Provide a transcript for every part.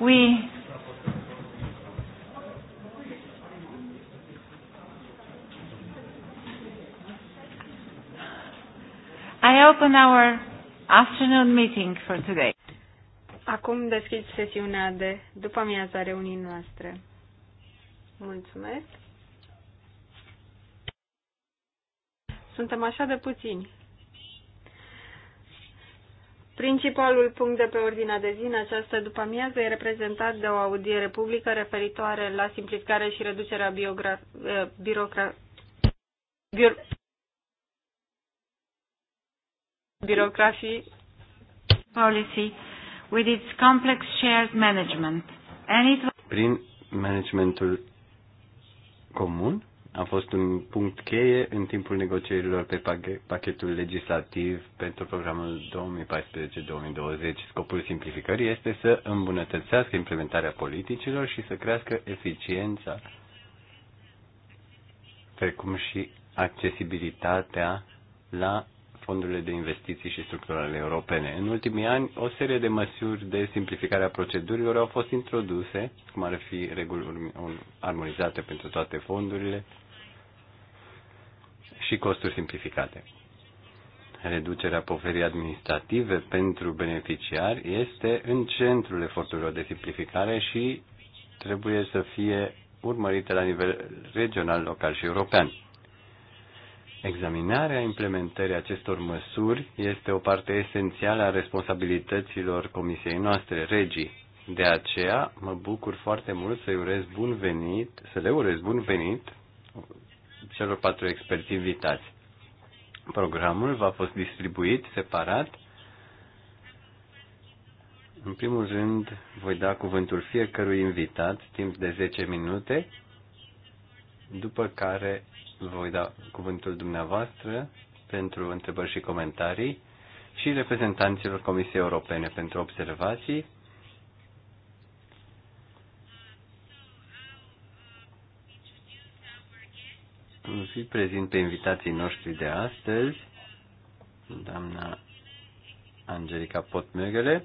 we I open our afternoon meeting for today. Acum deschid sesiunea de după amiaza reunii noastre. Mulțumesc. Suntem așa de puțini. Principalul punct de pe ordinea de zi în această după-amiază e reprezentat de o audiere publică referitoare la simplificarea și reducerea eh, birocrafii. policy with its complex shared management. And it... Prin managementul comun a fost un punct cheie în timpul negocierilor pe pachetul legislativ pentru programul 2014-2020. Scopul simplificării este să îmbunătățească implementarea politicilor și să crească eficiența, precum și accesibilitatea la fondurile de investiții și structurale europene. În ultimii ani, o serie de măsuri de simplificare a procedurilor au fost introduse, cum ar fi reguli armonizate pentru toate fondurile și costuri simplificate. Reducerea poverii administrative pentru beneficiari este în centrul eforturilor de simplificare și trebuie să fie urmărite la nivel regional, local și european Examinarea implementării acestor măsuri este o parte esențială a responsabilităților comisiei noastre, regii. De aceea mă bucur foarte mult să-i urez bun venit, să le urez bun venit celor patru experți invitați. Programul va fost distribuit separat. În primul rând, voi da cuvântul fiecărui invitat timp de 10 minute, după care voi da cuvântul dumneavoastră pentru întrebări și comentarii și reprezentanților Comisiei Europene pentru observații. Vi prezint pe invitații noștri de astăzi, doamna Angelica Potmegele,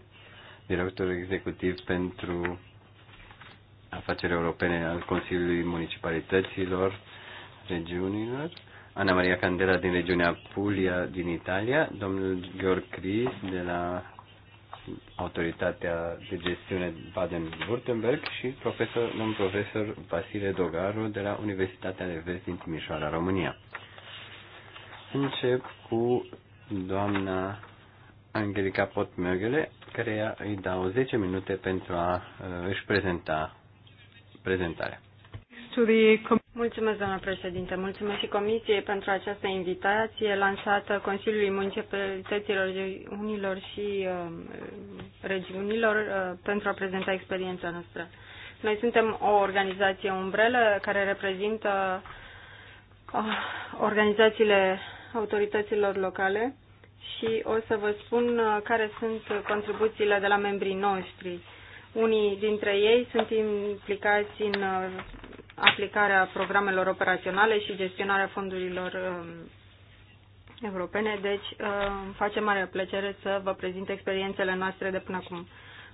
director executiv pentru afaceri europene al Consiliului Municipalităților regiunilor, Ana Maria Candela din regiunea Puglia din Italia, domnul Georg Cris de la Autoritatea de Gestiune Baden-Württemberg și profesor, domnul profesor Vasile Dogaru de la Universitatea de Vest din Timișoara, România. Încep cu doamna Angelica Potmögele, care îi dau 10 minute pentru a uh, își prezenta prezentarea. Mulțumesc, doamna președinte. Mulțumesc și Comisiei pentru această invitație lansată Consiliului Municipalităților Unilor și uh, Regiunilor uh, pentru a prezenta experiența noastră. Noi suntem o organizație umbrelă care reprezintă uh, organizațiile autorităților locale și o să vă spun uh, care sunt contribuțiile de la membrii noștri. Unii dintre ei sunt implicați în uh, aplicarea programelor operaționale și gestionarea fondurilor um, europene, deci um, îmi face mare plăcere să vă prezint experiențele noastre de până acum.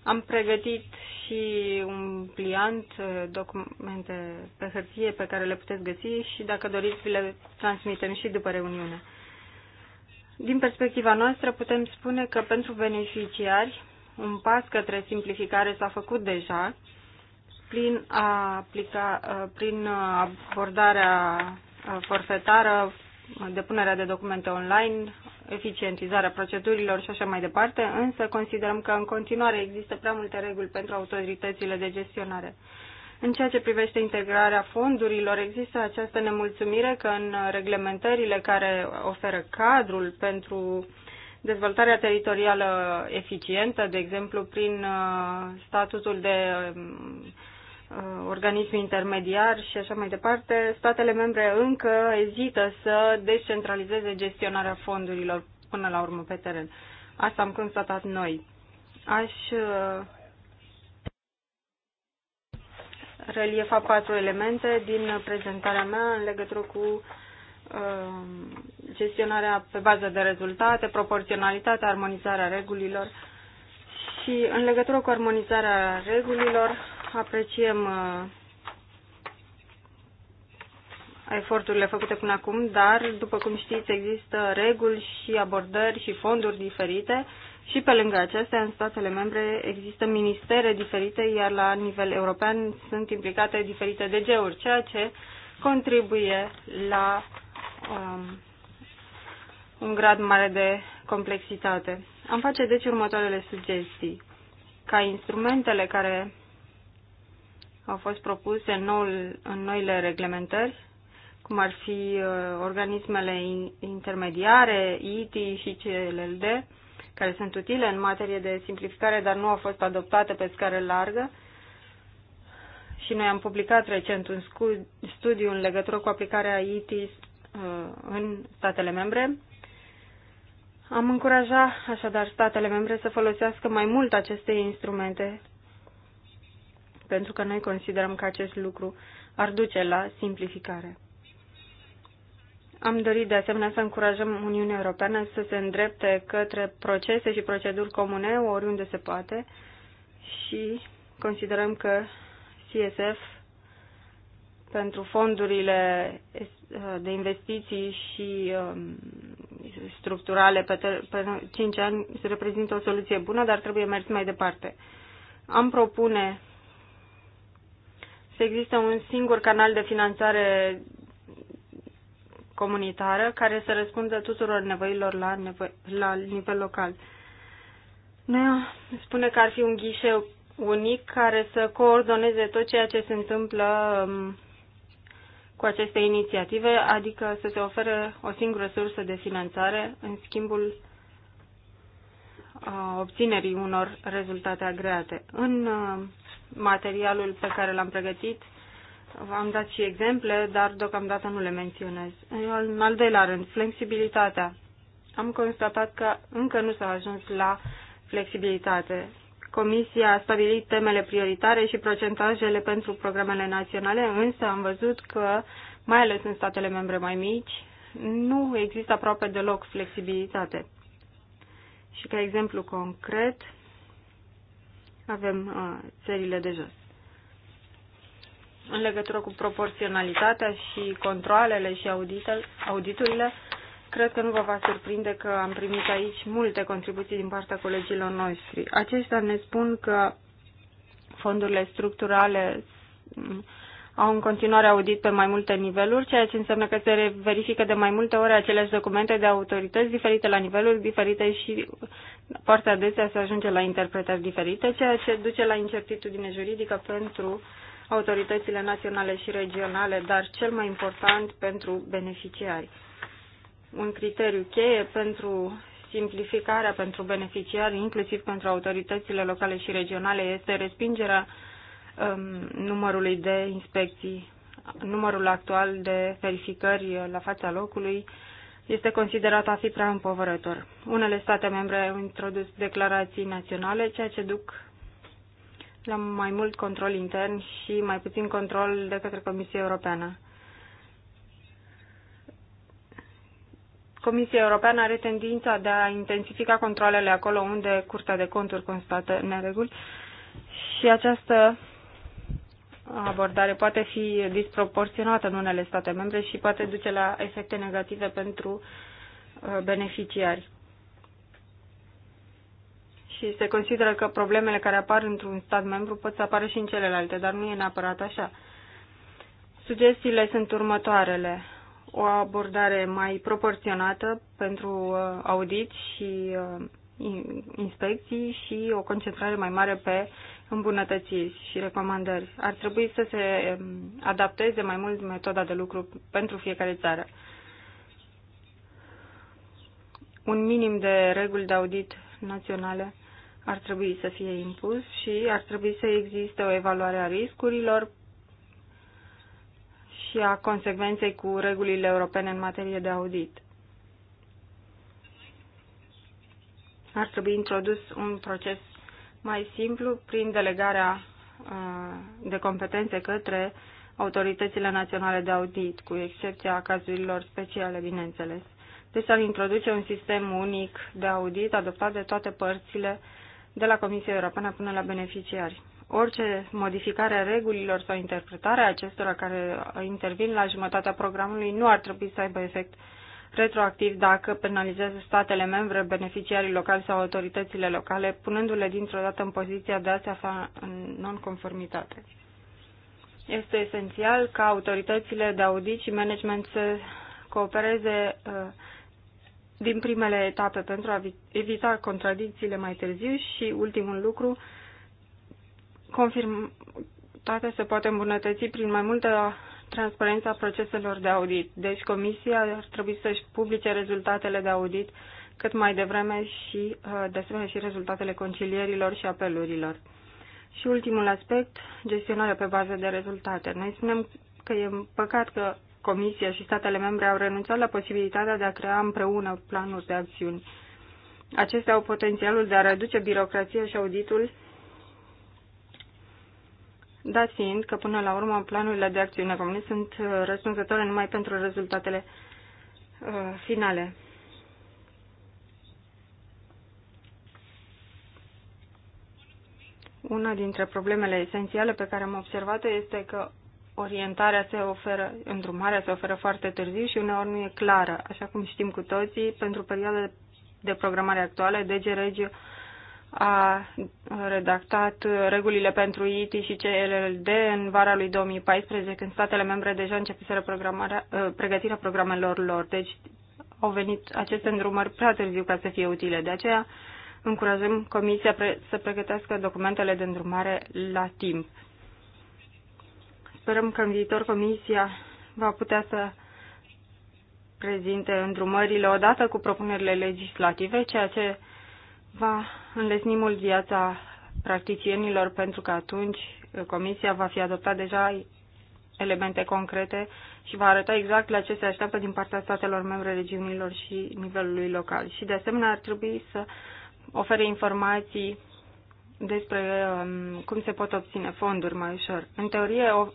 Am pregătit și un pliant, uh, documente pe hârtie pe care le puteți găsi și dacă doriți vi le transmitem și după reuniune. Din perspectiva noastră putem spune că pentru beneficiari un pas către simplificare s-a făcut deja prin, aplica, uh, prin uh, abordarea uh, forfetară, depunerea de documente online, eficientizarea procedurilor și așa mai departe, însă considerăm că în continuare există prea multe reguli pentru autoritățile de gestionare. În ceea ce privește integrarea fondurilor, există această nemulțumire că în reglementările care oferă cadrul pentru dezvoltarea teritorială eficientă, de exemplu prin statutul de um, Uh, organisme intermediari și așa mai departe, statele membre încă ezită să descentralizeze gestionarea fondurilor până la urmă pe teren. Asta am constatat noi. Aș uh, reliefa patru elemente din prezentarea mea în legătură cu uh, gestionarea pe bază de rezultate, proporționalitatea, armonizarea regulilor și în legătură cu armonizarea regulilor Apreciem uh, eforturile făcute până acum, dar, după cum știți, există reguli și abordări și fonduri diferite și pe lângă acestea, în statele membre există ministere diferite, iar la nivel european sunt implicate diferite DG-uri, ceea ce contribuie la um, un grad mare de complexitate. Am face deci următoarele sugestii. Ca instrumentele care au fost propuse în, noul, în noile reglementări, cum ar fi uh, organismele intermediare, IT și CLLD, care sunt utile în materie de simplificare, dar nu au fost adoptate pe scară largă. Și noi am publicat recent un studiu în legătură cu aplicarea IT uh, în statele membre. Am încurajat așadar statele membre să folosească mai mult aceste instrumente pentru că noi considerăm că acest lucru ar duce la simplificare. Am dorit de asemenea să încurajăm Uniunea Europeană să se îndrepte către procese și proceduri comune oriunde se poate și considerăm că CSF pentru fondurile uh, de investiții și um, structurale pe, 5 ani se reprezintă o soluție bună, dar trebuie mers mai departe. Am propune să existe un singur canal de finanțare comunitară care să răspundă tuturor nevoilor la, nevo- la nivel local. Ne spune că ar fi un ghișeu unic care să coordoneze tot ceea ce se întâmplă um, cu aceste inițiative, adică să se ofere o singură sursă de finanțare în schimbul uh, obținerii unor rezultate agreate. În uh, materialul pe care l-am pregătit. V-am dat și exemple, dar deocamdată nu le menționez. În al doilea rând, flexibilitatea. Am constatat că încă nu s-a ajuns la flexibilitate. Comisia a stabilit temele prioritare și procentajele pentru programele naționale, însă am văzut că, mai ales în statele membre mai mici, nu există aproape deloc flexibilitate. Și ca exemplu concret, avem uh, țările de jos. În legătură cu proporționalitatea și controlele și auditurile, cred că nu vă va surprinde că am primit aici multe contribuții din partea colegilor noștri. Aceștia ne spun că fondurile structurale mm, au în continuare audit pe mai multe niveluri, ceea ce înseamnă că se verifică de mai multe ori aceleași documente de autorități diferite la niveluri diferite și foarte adesea se ajunge la interpretări diferite, ceea ce duce la incertitudine juridică pentru autoritățile naționale și regionale, dar cel mai important pentru beneficiari. Un criteriu cheie pentru simplificarea pentru beneficiari, inclusiv pentru autoritățile locale și regionale, este respingerea um, numărului de inspecții, numărul actual de verificări la fața locului este considerat a fi prea împovărător. Unele state membre au introdus declarații naționale, ceea ce duc la mai mult control intern și mai puțin control de către Comisia Europeană. Comisia Europeană are tendința de a intensifica controlele acolo unde Curtea de Conturi constată nereguli și această abordare poate fi disproporționată în unele state membre și poate duce la efecte negative pentru uh, beneficiari. Și se consideră că problemele care apar într-un stat membru pot să apară și în celelalte, dar nu e neapărat așa. Sugestiile sunt următoarele. O abordare mai proporționată pentru uh, audit și uh, inspecții și o concentrare mai mare pe îmbunătățiri și recomandări. Ar trebui să se um, adapteze mai mult metoda de lucru pentru fiecare țară. Un minim de reguli de audit naționale ar trebui să fie impus și ar trebui să existe o evaluare a riscurilor și a consecvenței cu regulile europene în materie de audit. Ar trebui introdus un proces mai simplu prin delegarea uh, de competențe către autoritățile naționale de audit, cu excepția cazurilor speciale, bineînțeles. Deci ar introduce un sistem unic de audit adoptat de toate părțile, de la Comisia Europeană până la beneficiari. Orice modificare a regulilor sau interpretare a acestora care intervin la jumătatea programului nu ar trebui să aibă efect uh, retroactiv dacă penalizează statele membre, beneficiarii locali sau autoritățile locale, punându-le dintr-o dată în poziția de a se afla în nonconformitate. Este esențial ca autoritățile de audit și management să coopereze uh, din primele etape pentru a evita contradicțiile mai târziu și ultimul lucru, confirm, toate se poate îmbunătăți prin mai multă transparența proceselor de audit. Deci Comisia ar trebui să-și publice rezultatele de audit cât mai devreme și, uh, de asemenea, și rezultatele concilierilor și apelurilor. Și ultimul aspect, gestionarea pe bază de rezultate. Noi spunem că e păcat că Comisia și statele membre au renunțat la posibilitatea de a crea împreună planuri de acțiuni. Acestea au potențialul de a reduce birocrația și auditul dat fiind că până la urmă planurile de acțiune comune sunt uh, răspunzătoare numai pentru rezultatele uh, finale. Una dintre problemele esențiale pe care am observat-o este că orientarea se oferă, îndrumarea se oferă foarte târziu și uneori nu e clară. Așa cum știm cu toții, pentru perioada de programare actuală, DG Regio a redactat regulile pentru IT și CLLD în vara lui 2014, când statele membre deja începuseră ă, pregătirea programelor lor. Deci au venit aceste îndrumări prea târziu ca să fie utile. De aceea încurajăm Comisia să pregătească documentele de îndrumare la timp. Sperăm că în viitor Comisia va putea să prezinte îndrumările odată cu propunerile legislative, ceea ce va înlesni mult viața practicienilor pentru că atunci uh, Comisia va fi adoptat deja elemente concrete și va arăta exact la ce se așteaptă din partea statelor membre, regiunilor și nivelului local. Și de asemenea ar trebui să ofere informații despre um, cum se pot obține fonduri mai ușor. În teorie, o,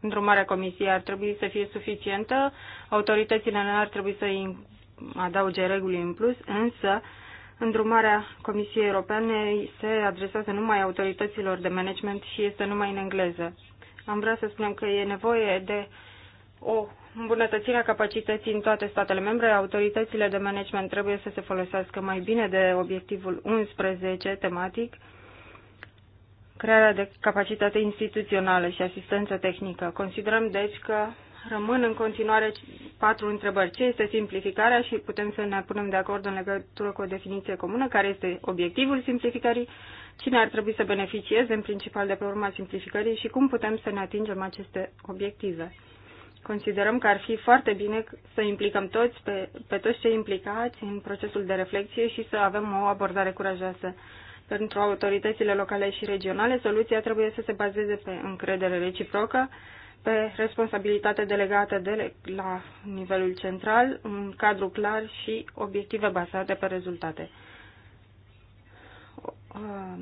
îndrumarea comisiei ar trebui să fie suficientă, autoritățile nu ar trebui să adauge reguli în plus, însă uh, Îndrumarea Comisiei Europene se adresează numai autorităților de management și este numai în engleză. Am vrea să spunem că e nevoie de o îmbunătățire a capacității în toate statele membre. Autoritățile de management trebuie să se folosească mai bine de obiectivul 11 tematic, crearea de capacitate instituțională și asistență tehnică. Considerăm, deci, că rămân în continuare patru întrebări. Ce este simplificarea și putem să ne punem de acord în legătură cu o definiție comună? Care este obiectivul simplificării? Cine ar trebui să beneficieze în principal de pe urma simplificării și cum putem să ne atingem aceste obiective? Considerăm că ar fi foarte bine să implicăm toți pe, pe toți cei implicați în procesul de reflexie și să avem o abordare curajoasă. Pentru autoritățile locale și regionale, soluția trebuie să se bazeze pe încredere reciprocă, pe responsabilitate delegată de la nivelul central, un cadru clar și obiective bazate pe rezultate. Um,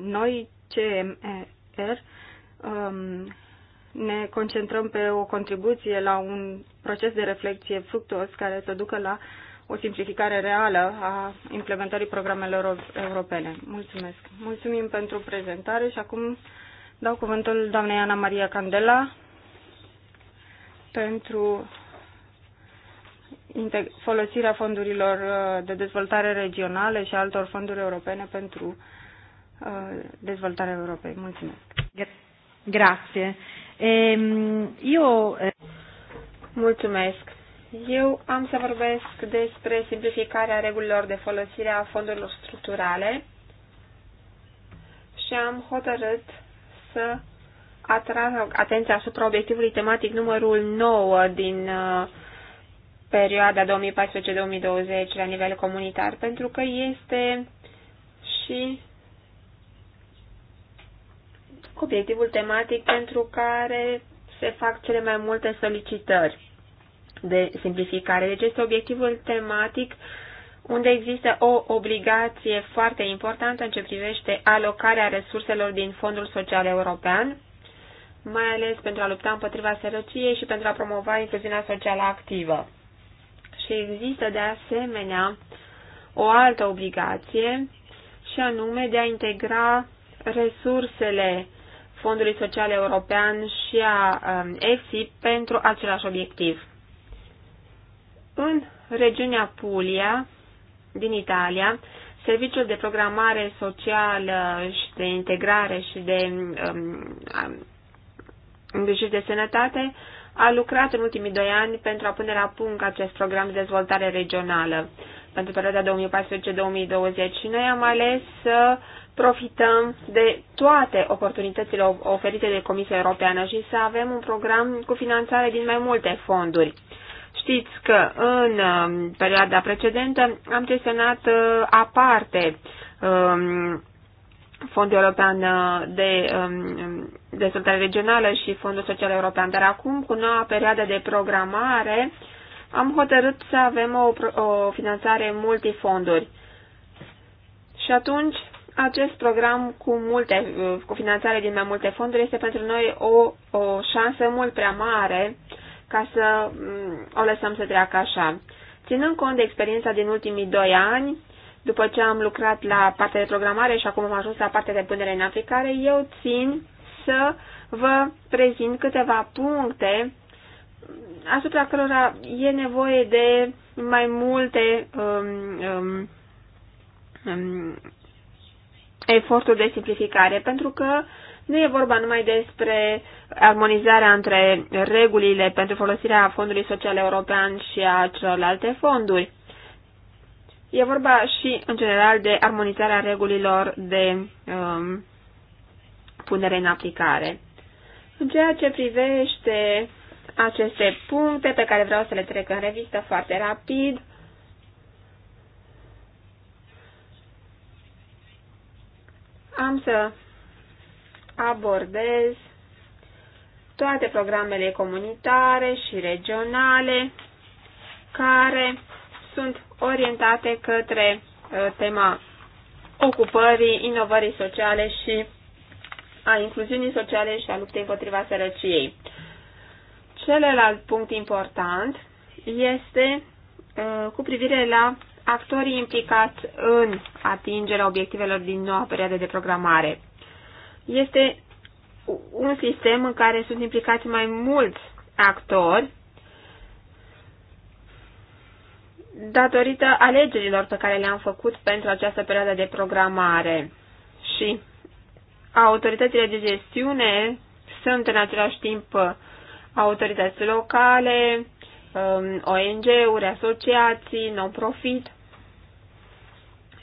noi, CMR, um, ne concentrăm pe o contribuție la un proces de reflexie fructuos care să ducă la o simplificare reală a implementării programelor europene. Mulțumesc! Mulțumim pentru prezentare și acum Dau cuvântul doamnei Ana Maria Candela pentru folosirea fondurilor uh, de dezvoltare regionale și altor fonduri europene pentru uh, dezvoltarea Europei. Mulțumesc. Grazie. Eu... Ehm, eh, Mulțumesc. Eu am să vorbesc despre simplificarea regulilor de folosire a fondurilor structurale și am hotărât să atrag atenția asupra obiectivului tematic numărul 9 din uh, perioada 2014-2020 la nivel comunitar, pentru că este și obiectivul tematic pentru care se fac cele mai multe solicitări de simplificare. Deci este obiectivul tematic uh, unde există o obligație foarte importantă în ce privește alocarea resurselor din Fondul Social European, mai ales pentru a lupta împotriva sărăciei și pentru a promova incluziunea socială activă. Și există de asemenea o altă obligație și anume de a integra resursele Fondului Social European și a um, EFSI pentru același obiectiv. În regiunea Puglia din Italia, Serviciul de Programare Socială și de Integrare și de um, Îngrijiri de Sănătate a lucrat în ultimii doi ani pentru a pune la punct acest program de dezvoltare regională. Pentru perioada 2014-2020 și noi am ales să profităm de toate oportunitățile oferite de Comisia Europeană și să avem un program cu finanțare din mai multe fonduri. Știți că în um, perioada precedentă am gestionat uh, aparte um, Fondul European uh, de um, Dezvoltare Regională și Fondul Social European, dar acum, cu noua perioadă de programare, am hotărât să avem o, o finanțare multifonduri. Și atunci, acest program cu, multe, uh, cu finanțare din mai multe fonduri este pentru noi o, o șansă mult prea mare ca să mm, o lăsăm să treacă așa. Ținând cont de experiența din ultimii doi ani, după ce am lucrat la partea de programare și acum am ajuns la partea de punere în aplicare, eu țin să vă prezint câteva puncte asupra cărora e nevoie de mai multe um, um, um, eforturi de simplificare, pentru că nu e vorba numai despre armonizarea între regulile pentru folosirea Fondului Social European și a celorlalte fonduri. E vorba și, în general, de armonizarea regulilor de um, punere în aplicare. În ceea ce privește aceste puncte pe care vreau să le trec în revistă foarte rapid, am să abordez toate programele comunitare și regionale care sunt orientate către uh, tema ocupării, inovării sociale și a incluziunii sociale și a luptei împotriva sărăciei. Celălalt punct important este uh, cu privire la actorii implicați în atingerea obiectivelor din noua perioadă de programare. Este un sistem în care sunt implicați mai mulți actori datorită alegerilor pe care le-am făcut pentru această perioadă de programare și autoritățile de gestiune sunt în același timp autorități locale, um, ONG-uri, asociații, non-profit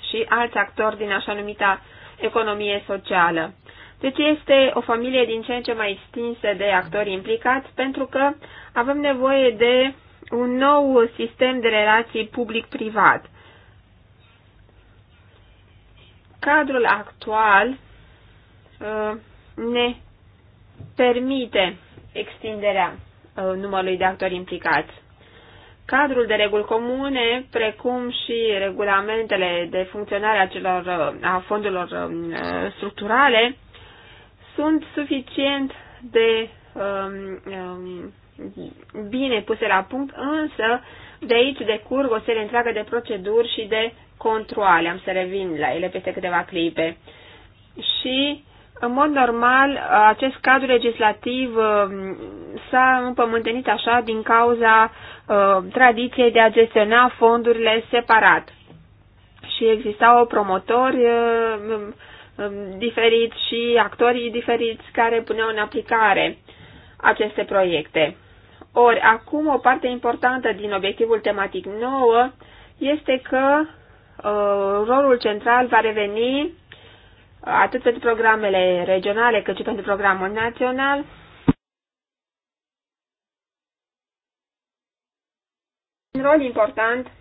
și alți actori din așa numita economie socială. Deci este o familie din ce în ce mai stinsă de actori implicați pentru că avem nevoie de un nou sistem de relații public-privat. Cadrul actual uh, ne permite extinderea uh, numărului de actori implicați. Cadrul de reguli comune, precum și regulamentele de funcționare a, celor, uh, a fondurilor structurale, sunt suficient de um, um, bine puse la punct, însă de aici decurg o serie întreagă de proceduri și de controle. Am să revin la ele peste câteva clipe. Și, în mod normal, acest cadru legislativ um, s-a împământenit așa din cauza um, tradiției de a gestiona fondurile separat. Și existau promotori um, Um, diferiți și actorii diferiți care puneau în aplicare aceste proiecte. Ori, acum o parte importantă din obiectivul tematic nouă este că uh, rolul central va reveni atât pentru programele regionale cât și pentru programul național un rol important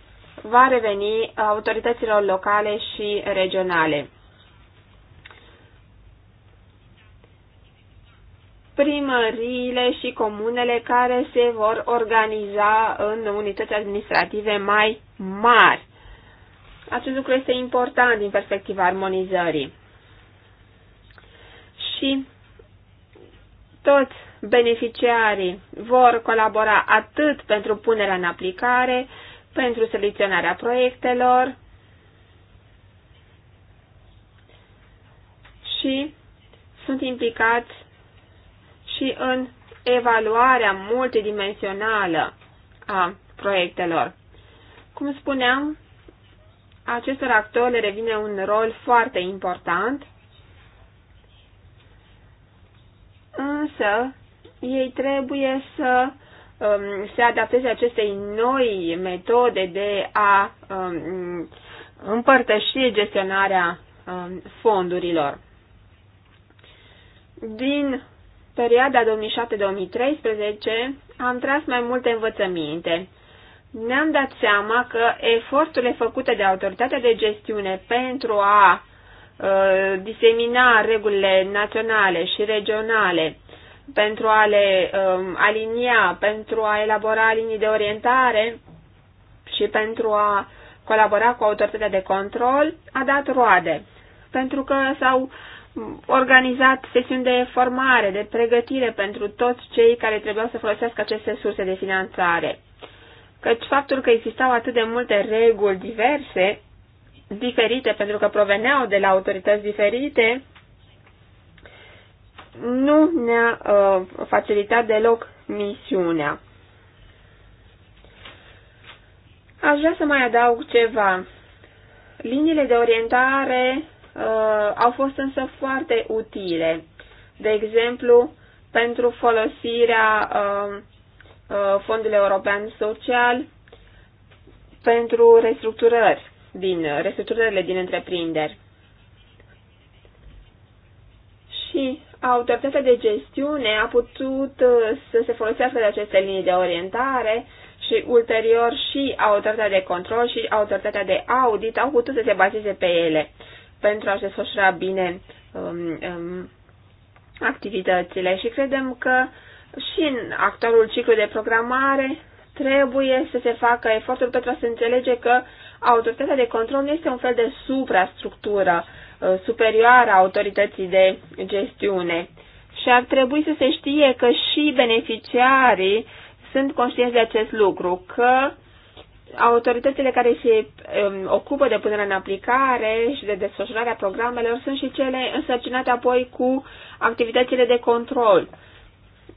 va reveni autorităților locale și regionale. primăriile și comunele care se vor organiza în unități administrative mai mari. Acest lucru este important din perspectiva armonizării. Și toți beneficiarii vor colabora atât pentru punerea în aplicare, pentru selecționarea proiectelor și sunt implicați și în evaluarea multidimensională a proiectelor. Cum spuneam, acestor actori le revine un rol foarte important, însă ei trebuie să um, se adapteze acestei noi metode de a um, împărtăși gestionarea um, fondurilor. Din perioada 2007-2013 am tras mai multe învățăminte. Ne-am dat seama că eforturile făcute de autoritatea de gestiune pentru a uh, disemina regulile naționale și regionale, pentru a le uh, alinia, pentru a elabora linii de orientare și pentru a colabora cu autoritatea de control, a dat roade, pentru că s-au organizat sesiuni de formare, de pregătire pentru toți cei care trebuiau să folosească aceste surse de finanțare. Căci faptul că existau atât de multe reguli diverse, diferite, pentru că proveneau de la autorități diferite, nu ne-a uh, facilitat deloc misiunea. Aș vrea să mai adaug ceva. Liniile de orientare uh, au fost însă foarte utile. De exemplu, pentru folosirea uh, uh, Fondului European Social pentru restructurări din restructurările din întreprinderi. Și autoritatea de gestiune a putut uh, să se folosească de aceste linii de orientare și ulterior și autoritatea de control și autoritatea de audit au putut să se bazeze pe ele pentru a-și desfășura bine um, um, activitățile și credem că și în actualul ciclu de programare trebuie să se facă efortul pentru a se înțelege că autoritatea de control nu este un fel de suprastructură uh, superioară a autorității de gestiune și ar trebui să se știe că și beneficiarii sunt conștienți de acest lucru, că autoritățile care se um, ocupă de punerea în aplicare și de desfășurarea programelor sunt și cele însărcinate apoi cu activitățile de control.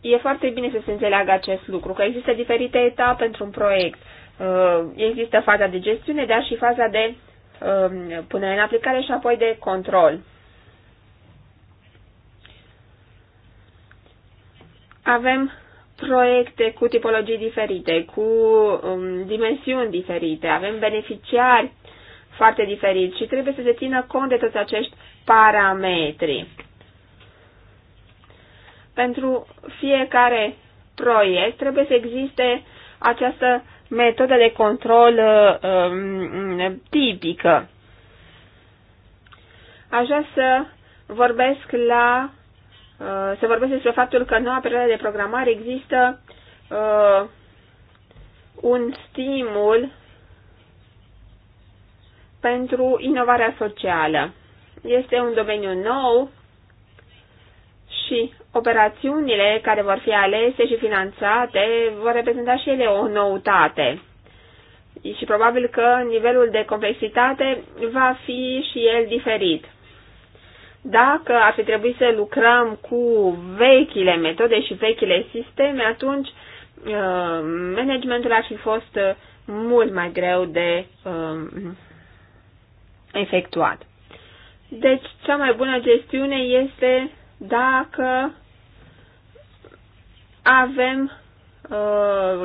E foarte bine să se înțeleagă acest lucru, că există diferite etape pentru un proiect. Uh, există faza de gestiune, dar și faza de uh, punere în aplicare și apoi de control. Avem proiecte cu tipologii diferite, cu um, dimensiuni diferite, avem beneficiari foarte diferiți și trebuie să se țină cont de toți acești parametri. Pentru fiecare proiect trebuie să existe această metodă de control um, tipică. Aș vrea să vorbesc la Uh, se vorbește despre faptul că în noua perioadă de programare există uh, un stimul pentru inovarea socială. Este un domeniu nou și operațiunile care vor fi alese și finanțate vor reprezenta și ele o noutate. Și probabil că nivelul de complexitate va fi și el diferit. Dacă ar fi trebuit să lucrăm cu vechile metode și vechile sisteme, atunci uh, managementul ar fi fost uh, mult mai greu de uh, efectuat. Deci, cea mai bună gestiune este dacă avem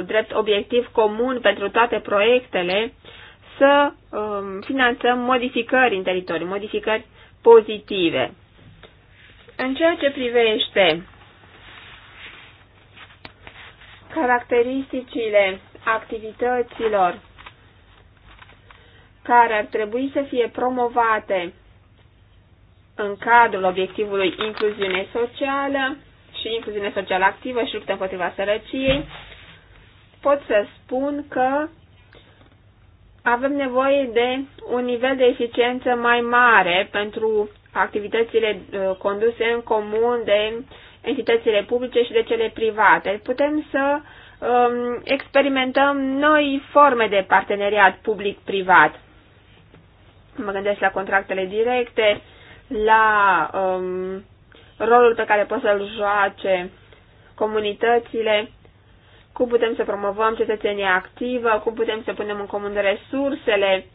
drept obiectiv comun pentru toate proiectele să um, finanțăm modificări în teritoriu, modificări pozitive. În ceea ce privește caracteristicile activităților care ar trebui să fie promovate în cadrul obiectivului incluziune socială și incluziune socială activă și luptă împotriva sărăciei, pot să spun că avem nevoie de un nivel de eficiență mai mare pentru activitățile uh, conduse în comun de entitățile publice și de cele private. Putem să um, experimentăm noi forme de parteneriat public-privat. Mă gândesc la contractele directe, la um, rolul pe care pot să-l joace comunitățile cum putem să promovăm cetățenia activă, cum putem să punem în comun resursele.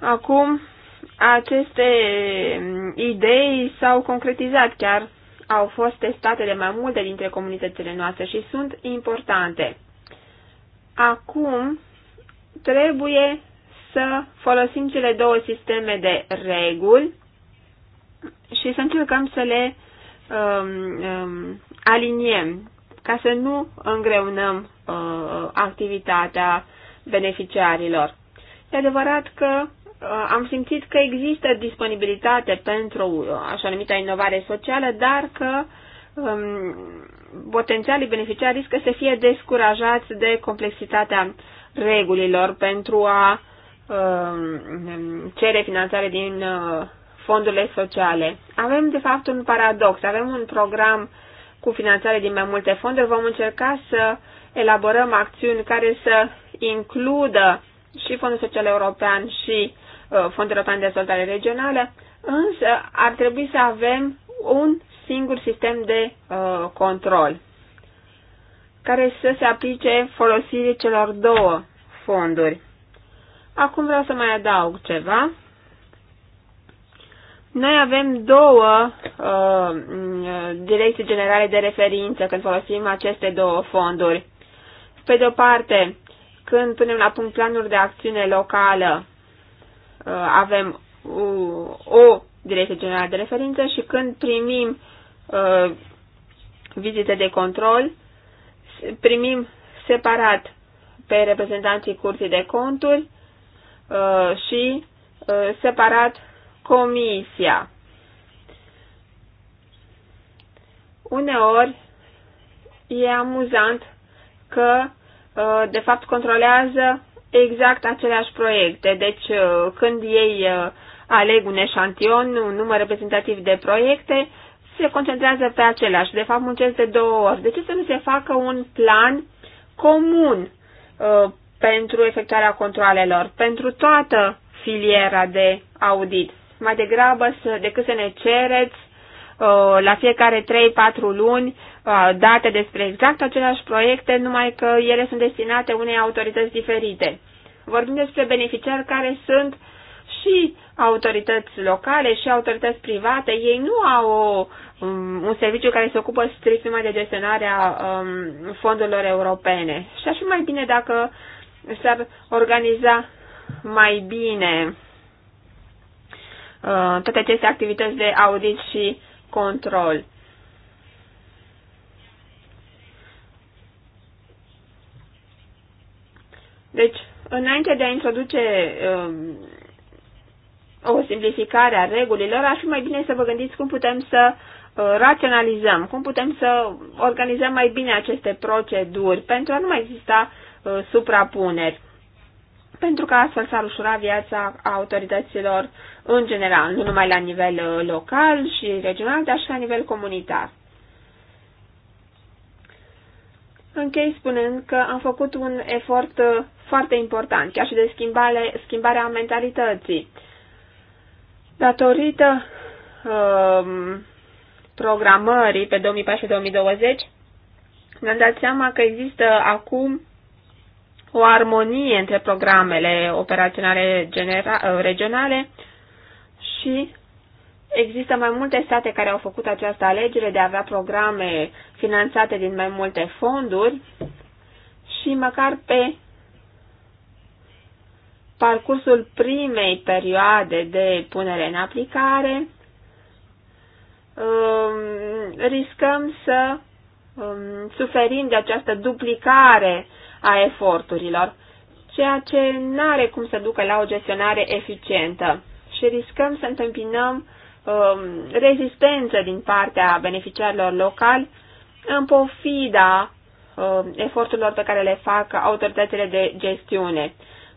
Acum, aceste idei s-au concretizat chiar, au fost testate de mai multe dintre comunitățile noastre și sunt importante. Acum, trebuie să folosim cele două sisteme de reguli și să încercăm să le um, um, aliniem ca să nu îngreunăm uh, activitatea beneficiarilor. E adevărat că uh, am simțit că există disponibilitate pentru uh, așa numită inovare socială, dar că um, potențialii beneficiari riscă să fie descurajați de complexitatea regulilor pentru a um, cere finanțare din uh, fondurile sociale. Avem, de fapt, un paradox. Avem un program uh, cu finanțare din mai multe fonduri, vom încerca să elaborăm acțiuni care să includă și Fondul Social European și uh, Fondul European de Dezvoltare Regională, însă ar trebui să avem un singur sistem de uh, control care să se aplice folosirii celor două fonduri. Acum vreau să mai adaug ceva. Noi avem două uh, direcții generale de referință când folosim aceste două fonduri. Pe de-o parte, când punem la punct planuri de acțiune locală, uh, avem uh, o direcție generală de referință și când primim uh, vizite de control, primim separat pe reprezentanții curții de conturi uh, și uh, separat comisia. Uneori e amuzant că, uh, de fapt, controlează exact aceleași proiecte. Deci, uh, când ei uh, aleg un eșantion, un număr reprezentativ de proiecte, se concentrează pe aceleași. De fapt, muncesc de două ori. De ce să nu se facă un plan comun pentru efectuarea controlelor pentru toată filiera de audit? mai degrabă să, decât să ne cereți uh, la fiecare 3-4 luni uh, date despre exact aceleași proiecte, numai că ele sunt destinate unei autorități diferite. Vorbim despre beneficiari care sunt și autorități locale și autorități private. Ei nu au o, um, un serviciu care se ocupă strict numai de gestionarea um, fondurilor europene. Și aș fi mai bine dacă s-ar organiza mai bine Uh, toate aceste activități de audit și control. Deci, înainte de a introduce um, o simplificare a regulilor, ar fi mai bine să vă gândiți cum putem să uh, raționalizăm, cum putem să organizăm mai bine aceste proceduri pentru a nu mai exista uh, suprapuneri pentru că astfel s-ar ușura viața autorităților în general, nu numai la nivel uh, local și regional, dar și la nivel comunitar. Închei spunând că am făcut un efort uh, foarte important, chiar și de schimbare, schimbarea mentalității. Datorită um, programării pe 2014-2020, ne-am dat seama că există acum o armonie între programele operaționale regionale și există mai multe state care au făcut această alegere de a avea programe finanțate din mai multe fonduri și măcar pe parcursul primei perioade de punere în aplicare, um, riscăm să um, suferim de această duplicare a eforturilor, ceea ce nu are cum să ducă la o gestionare eficientă și riscăm să întâmpinăm um, rezistență din partea beneficiarilor locali în pofida um, eforturilor pe care le fac autoritățile de gestiune.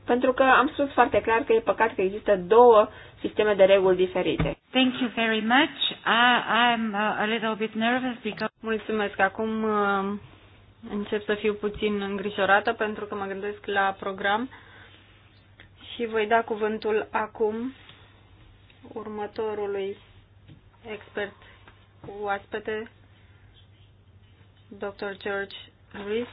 Pentru că am spus foarte clar că e păcat că există două sisteme de reguli diferite. Thank you very much. I, I'm uh, a little bit nervous because... Mulțumesc. Acum uh încep să fiu puțin îngrijorată pentru că mă gândesc la program și voi da cuvântul acum următorului expert oaspete, Dr. George Rees,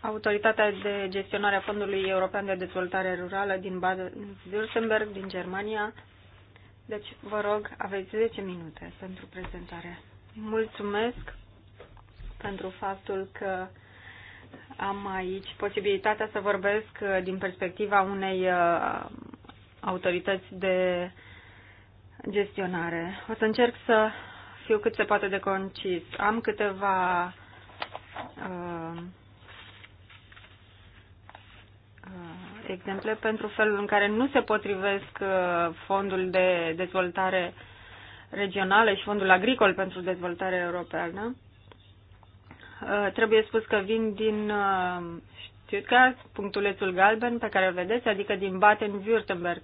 Autoritatea de Gestionare a Fondului European de Dezvoltare Rurală din Baden-Württemberg, din Germania. Deci, vă rog, aveți 10 minute pentru prezentare. Mulțumesc! pentru faptul că am aici posibilitatea să vorbesc uh, din perspectiva unei uh, autorități de gestionare. O să încerc să fiu cât se poate de concis. Am câteva uh, uh, exemple pentru felul în care nu se potrivesc uh, fondul de dezvoltare regională și fondul agricol pentru dezvoltare europeană Uh, trebuie spus că vin din uh, Stuttgart, punctulețul galben pe care îl vedeți, adică din Baden-Württemberg.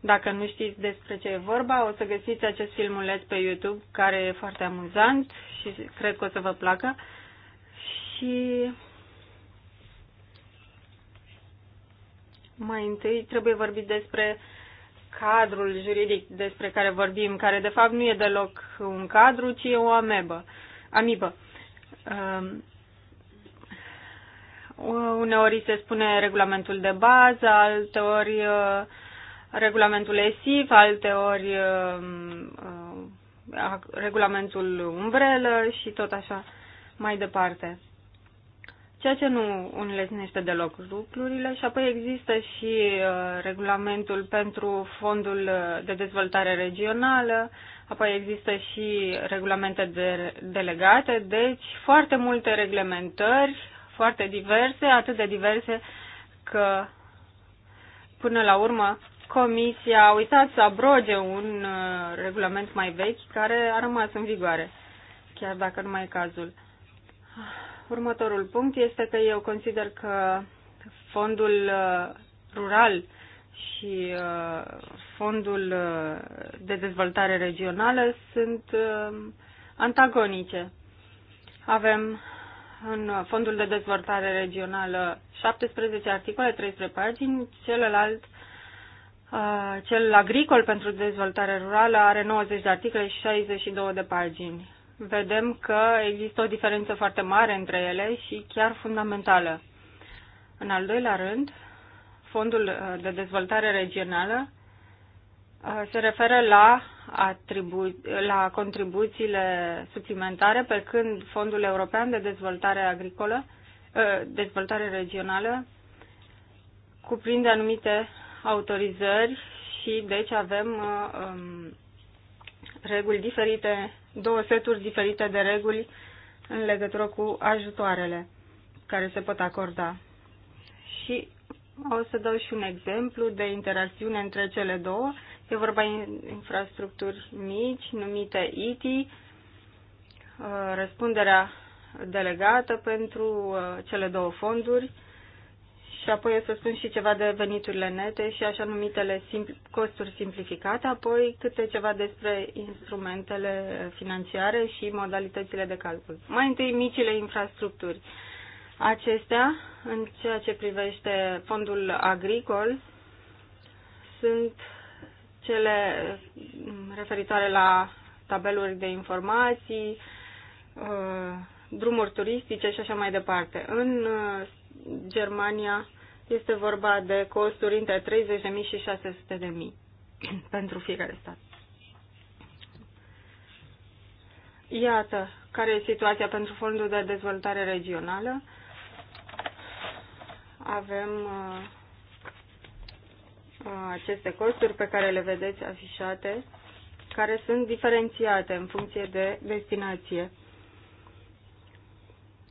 Dacă nu știți despre ce e vorba, o să găsiți acest filmuleț pe YouTube, care e foarte amuzant și cred că o să vă placă. Și mai întâi trebuie vorbit despre cadrul juridic despre care vorbim, care de fapt nu e deloc un cadru, ci e o amebă. amibă. Um, uneori se spune regulamentul de bază, alteori uh, regulamentul ESIF, alteori um, uh, regulamentul umbrelă și tot așa mai departe. Ceea ce nu înlesnește deloc lucrurile și apoi există și uh, regulamentul pentru fondul de dezvoltare regională, apoi există și regulamente de, delegate, deci foarte multe reglementări, foarte diverse, atât de diverse că până la urmă Comisia a uitat să abroge un uh, regulament mai vechi care a rămas în vigoare, chiar dacă nu mai e cazul. Următorul punct este că eu consider că fondul uh, rural și uh, Fondul uh, de Dezvoltare Regională sunt uh, antagonice. Avem în Fondul de Dezvoltare Regională 17 articole, 13 pagini, celălalt cel agricol pentru dezvoltare rurală are 90 de articole și 62 de pagini. Vedem că există o diferență foarte mare între ele și chiar fundamentală. În al doilea rând, Fondul uh, de Dezvoltare Regională uh, se referă la, atribu- la contribuțiile suplimentare, pe când Fondul European de Dezvoltare Agricolă, uh, Dezvoltare Regională, cuprinde anumite autorizări și deci avem um, reguli diferite, două seturi diferite de reguli în legătură cu ajutoarele care se pot acorda. Și o să dau și un exemplu de interacțiune între cele două. E vorba de infrastructuri mici, numite ITI, uh, răspunderea delegată pentru uh, cele două fonduri și apoi o să spun și ceva de veniturile nete și așa numitele simpl- costuri simplificate, apoi câte ceva despre instrumentele financiare și modalitățile de calcul. Mai întâi micile infrastructuri. Acestea, în ceea ce privește fondul agricol, sunt cele referitoare la tabeluri de informații, uh, drumuri turistice și așa mai departe. În uh, Germania este vorba de costuri între 30.000 și 600.000 pentru fiecare stat. Iată care e situația pentru Fondul de Dezvoltare Regională avem uh, uh, aceste costuri pe care le vedeți afișate, care sunt diferențiate în funcție de destinație.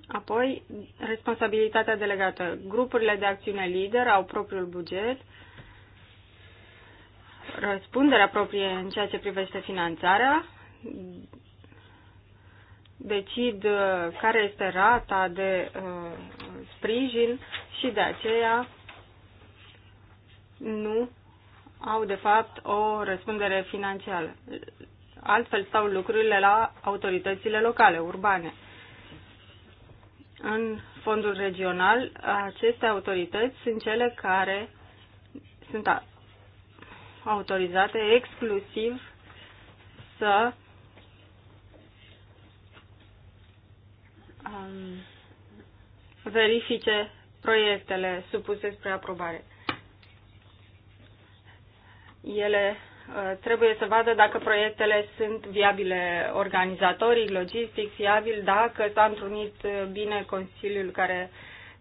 Apoi, responsabilitatea delegată. Grupurile de acțiune lider au propriul buget, răspunderea proprie în ceea ce privește finanțarea, decid uh, care este rata de uh, sprijin și de aceea nu au de fapt o răspundere financiară. Altfel stau lucrurile la autoritățile locale, urbane. În fondul regional, aceste autorități sunt cele care sunt autorizate exclusiv să um, verifice proiectele supuse spre aprobare. Ele uh, trebuie să vadă dacă proiectele sunt viabile organizatorii, logistic, fiabil, dacă s-a întrunit uh, bine Consiliul care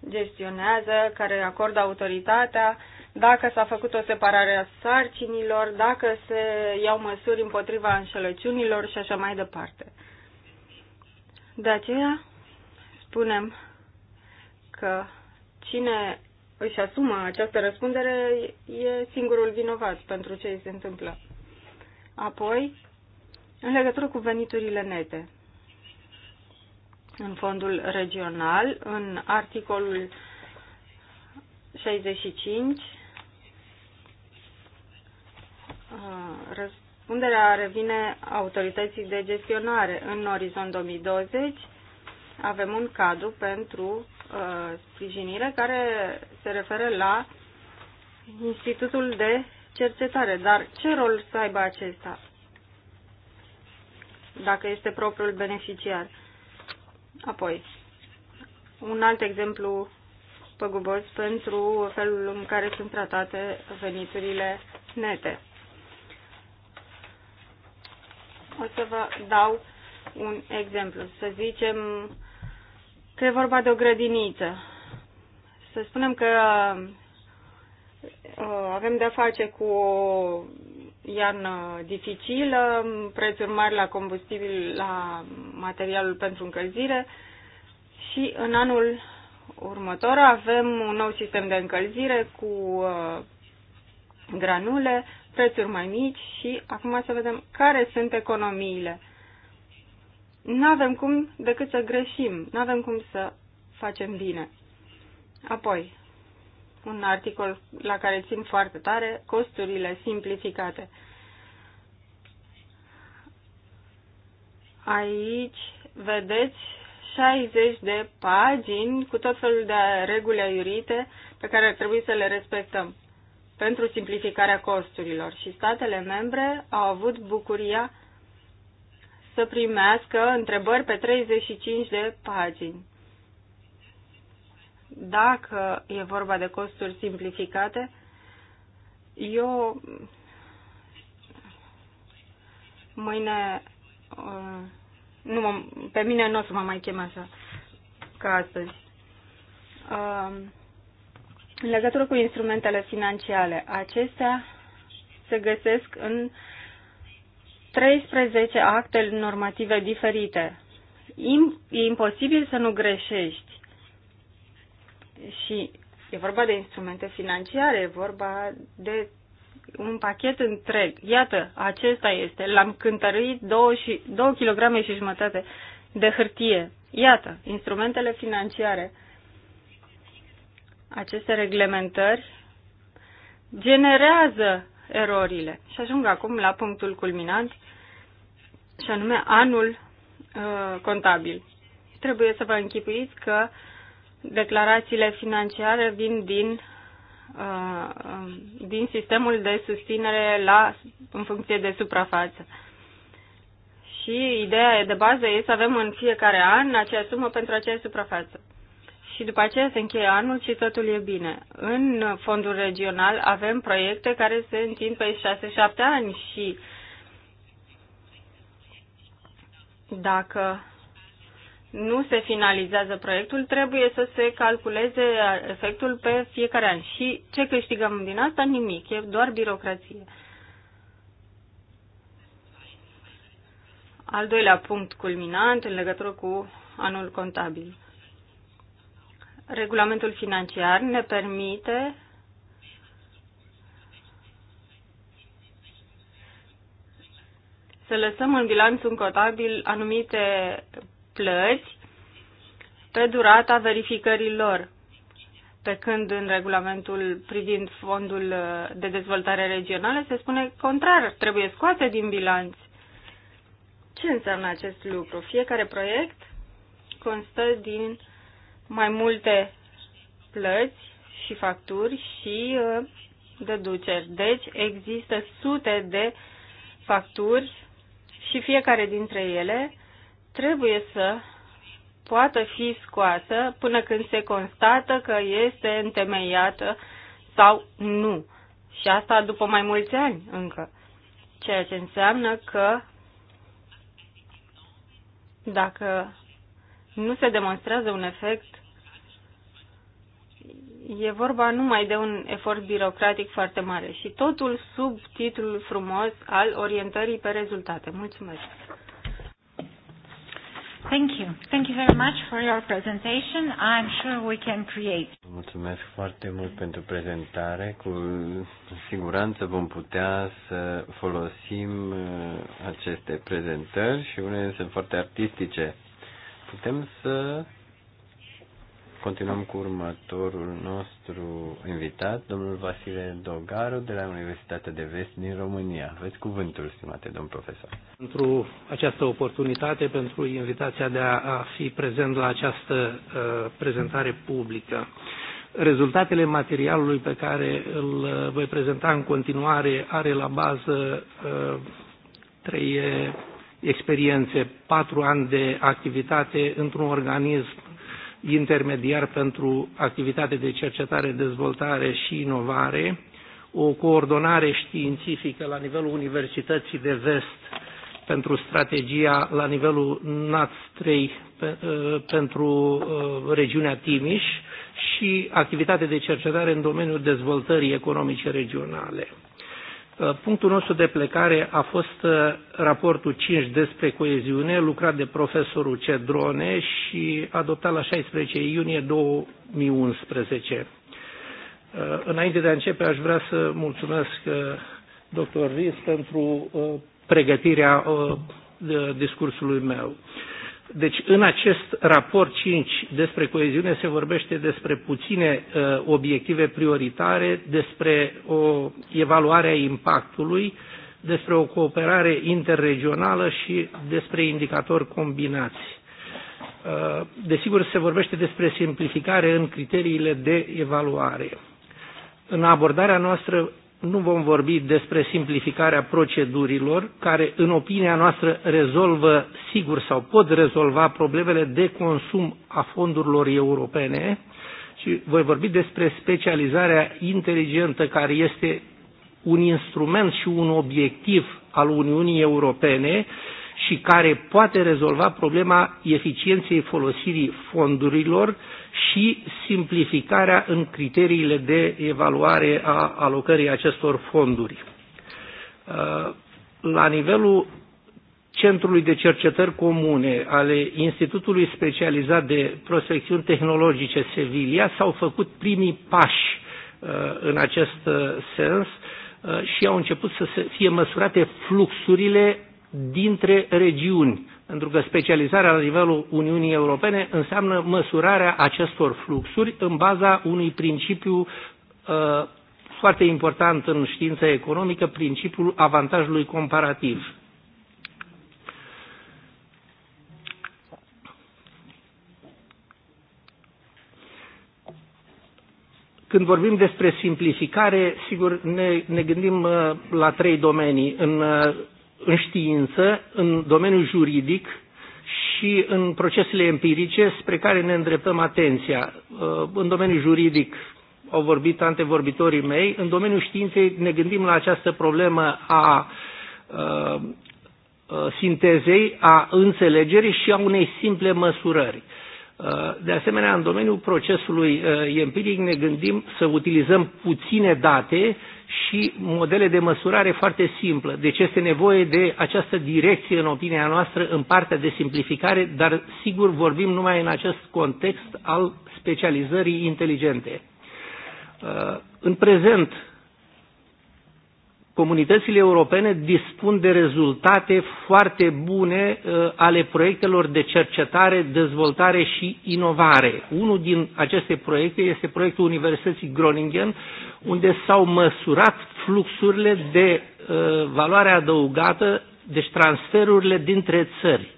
gestionează, care acordă autoritatea, dacă s-a făcut o separare a sarcinilor, dacă se iau măsuri împotriva înșelăciunilor și așa mai departe. De aceea spunem că cine își asumă această răspundere e singurul vinovat pentru ce îi se întâmplă. Apoi, în legătură cu veniturile nete, în fondul regional, în articolul 65, ă, răspunderea revine autorității de gestionare. În orizont 2020 avem un cadru pentru Uh, sprijinire care se referă la Institutul de Cercetare. Dar ce rol să aibă acesta dacă este propriul beneficiar? Apoi, un alt exemplu păgubos pentru felul în care sunt tratate veniturile nete. O să vă dau un exemplu. Să zicem, că e vorba de o grădiniță. Să spunem că uh, avem de-a face cu o iarnă dificilă, prețuri mari la combustibil, la materialul pentru încălzire și în anul următor avem un nou sistem de încălzire cu uh, granule, prețuri mai mici și acum să vedem care sunt economiile nu avem cum decât să greșim, nu avem cum să facem bine. Apoi, un articol la care țin foarte tare, costurile simplificate. Aici vedeți 60 de pagini cu tot felul de reguli aiurite pe care ar trebui să le respectăm pentru simplificarea costurilor și statele membre au avut bucuria să primească întrebări pe 35 de pagini. Dacă e vorba de costuri simplificate, eu mâine uh, nu mă, pe mine nu o să mă mai chem așa ca astăzi. Uh, în legătură cu instrumentele financiare, acestea se găsesc în 13 acte normative diferite. E imposibil să nu greșești. Și e vorba de instrumente financiare, e vorba de un pachet întreg. Iată, acesta este. L-am cântărit 2 și, două kilograme și jumătate de hârtie. Iată, instrumentele financiare. Aceste reglementări generează erorile. Și ajung acum la punctul culminant, și anume anul uh, contabil. Trebuie să vă închipuiți că declarațiile financiare vin din, uh, um, din sistemul de susținere la, în funcție de suprafață. Și ideea de bază e să avem în fiecare an acea sumă pentru acea suprafață. Și după aceea se încheie anul și totul e bine. În fondul regional avem proiecte care se întind pe 6-7 ani și uh, Dacă nu se finalizează proiectul, trebuie să se calculeze efectul pe fiecare an. Și ce câștigăm din asta? Nimic. E doar birocrație. Al doilea punct culminant în legătură cu anul contabil. Regulamentul financiar ne permite să lăsăm în bilanț un cotabil anumite plăți pe durata verificărilor, pe când în regulamentul privind fondul uh, de dezvoltare regională se spune contrar, trebuie scoate din bilanț. Ce înseamnă acest lucru? Fiecare proiect constă din mai multe plăți și facturi și uh, deduceri. Deci există sute de facturi și fiecare dintre ele trebuie să poată fi scoasă până când se constată că este întemeiată sau nu. Și asta după mai mulți ani încă. Ceea ce înseamnă că dacă nu se demonstrează un efect e vorba numai de un efort birocratic foarte mare și totul sub titlul frumos al orientării pe rezultate. Mulțumesc! Thank you. Thank you very much for your presentation. I'm sure we can create. Mulțumesc foarte mult pentru prezentare. Cu siguranță vom putea să folosim uh, aceste prezentări și unele sunt foarte artistice. Putem să Continuăm cu următorul nostru invitat, domnul Vasile Dogaru, de la Universitatea de Vest din România. Veți cuvântul, stimate domn profesor. Pentru această oportunitate, pentru invitația de a fi prezent la această uh, prezentare publică. Rezultatele materialului pe care îl voi prezenta în continuare are la bază uh, trei experiențe, patru ani de activitate într-un organism intermediar pentru activitate de cercetare, dezvoltare și inovare, o coordonare științifică la nivelul Universității de Vest pentru strategia la nivelul NAT 3 pe, ă, pentru ă, regiunea Timiș și activitate de cercetare în domeniul dezvoltării economice regionale. Uh, punctul nostru de plecare a fost uh, raportul 5 despre coeziune, lucrat de profesorul Cedrone și adoptat la 16 iunie 2011. Uh, înainte de a începe, aș vrea să mulțumesc dr. Riz pentru pregătirea discursului meu. Deci în acest raport 5 despre coeziune se vorbește despre puține uh, obiective prioritare, despre o evaluare a impactului, despre o cooperare interregională și despre indicatori combinați. Uh, desigur, se vorbește despre simplificare în criteriile de evaluare. În abordarea noastră nu vom vorbi despre simplificarea procedurilor care, în opinia noastră, rezolvă sigur sau pot rezolva problemele de consum a fondurilor europene, ci voi vorbi despre specializarea inteligentă care este un instrument și un obiectiv al Uniunii Europene și care poate rezolva problema eficienței folosirii fondurilor și simplificarea în criteriile de evaluare a alocării acestor fonduri. Uh, la nivelul Centrului de Cercetări Comune ale Institutului Specializat de Prospecțiuni Tehnologice Sevilla s-au făcut primii pași uh, în acest uh, sens și au început să fie măsurate fluxurile dintre regiuni pentru că specializarea la nivelul Uniunii Europene înseamnă măsurarea acestor fluxuri în baza unui principiu uh, foarte important în știința economică, principiul avantajului comparativ. Când vorbim despre simplificare, sigur, ne, ne gândim uh, la trei domenii. În uh, în știință, în domeniul juridic și în procesele empirice spre care ne îndreptăm atenția. Uh, în domeniul juridic au vorbit antevorbitorii mei, în domeniul științei ne gândim la această problemă a uh, uh, sintezei, a înțelegerii și a unei simple măsurări. De asemenea, în domeniul procesului empiric ne gândim să utilizăm puține date și modele de măsurare foarte simplă. Deci este nevoie de această direcție, în opinia noastră, în partea de simplificare, dar sigur vorbim numai în acest context al specializării inteligente. Uh, în prezent, comunitățile europene dispun de rezultate foarte bune uh, ale proiectelor de cercetare, dezvoltare și inovare. Unul din aceste proiecte este proiectul Universității Groningen unde s-au măsurat fluxurile de uh, valoare adăugată, deci transferurile dintre țări.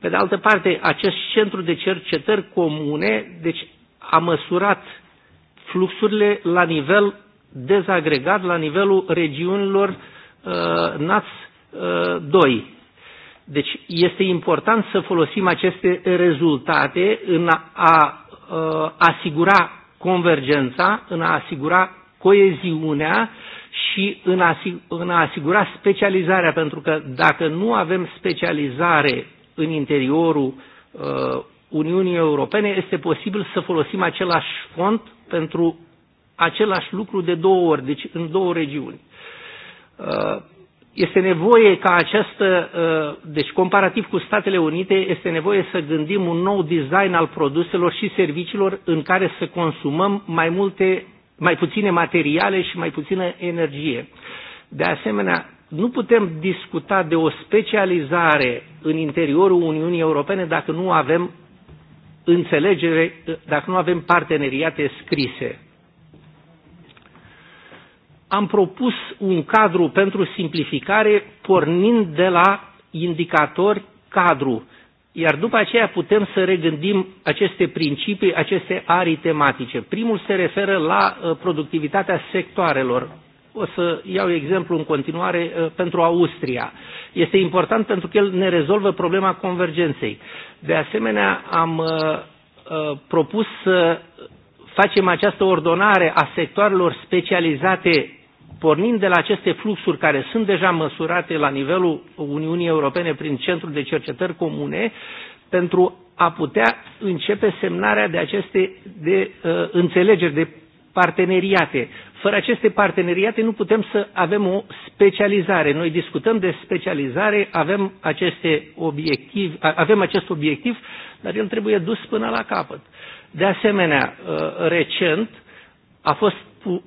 Pe de altă parte, acest centru de cercetări comune deci, a măsurat fluxurile la nivel dezagregat, la nivelul regiunilor uh, NAS uh, 2. Deci este important să folosim aceste rezultate în a, a uh, asigura convergența, în a asigura coeziunea și în a, în a asigura specializarea, pentru că dacă nu avem specializare în interiorul uh, Uniunii Europene, este posibil să folosim același fond pentru același lucru de două ori, deci în două regiuni. Uh, este nevoie ca această, uh, deci comparativ cu Statele Unite, este nevoie să gândim un nou design al produselor și serviciilor în care să consumăm mai multe, mai puține materiale și mai puțină energie. De asemenea, nu putem discuta de o specializare în interiorul Uniunii Europene dacă nu avem înțelegere, dacă nu avem parteneriate scrise am propus un cadru pentru simplificare pornind de la indicatori cadru, iar după aceea putem să regândim aceste principii, aceste arii tematice. Primul se referă la uh, productivitatea sectoarelor. O să iau exemplu în continuare uh, pentru Austria. Este important pentru că el ne rezolvă problema convergenței. De asemenea, am uh, propus să facem această ordonare a sectoarelor specializate pornind de la aceste fluxuri care sunt deja măsurate la nivelul Uniunii Europene prin Centrul de Cercetări Comune, pentru a putea începe semnarea de aceste de, uh, înțelegeri, de parteneriate. Fără aceste parteneriate nu putem să avem o specializare. Noi discutăm de specializare, avem, aceste obiectiv, avem acest obiectiv, dar el trebuie dus până la capăt. De asemenea, uh, recent a fost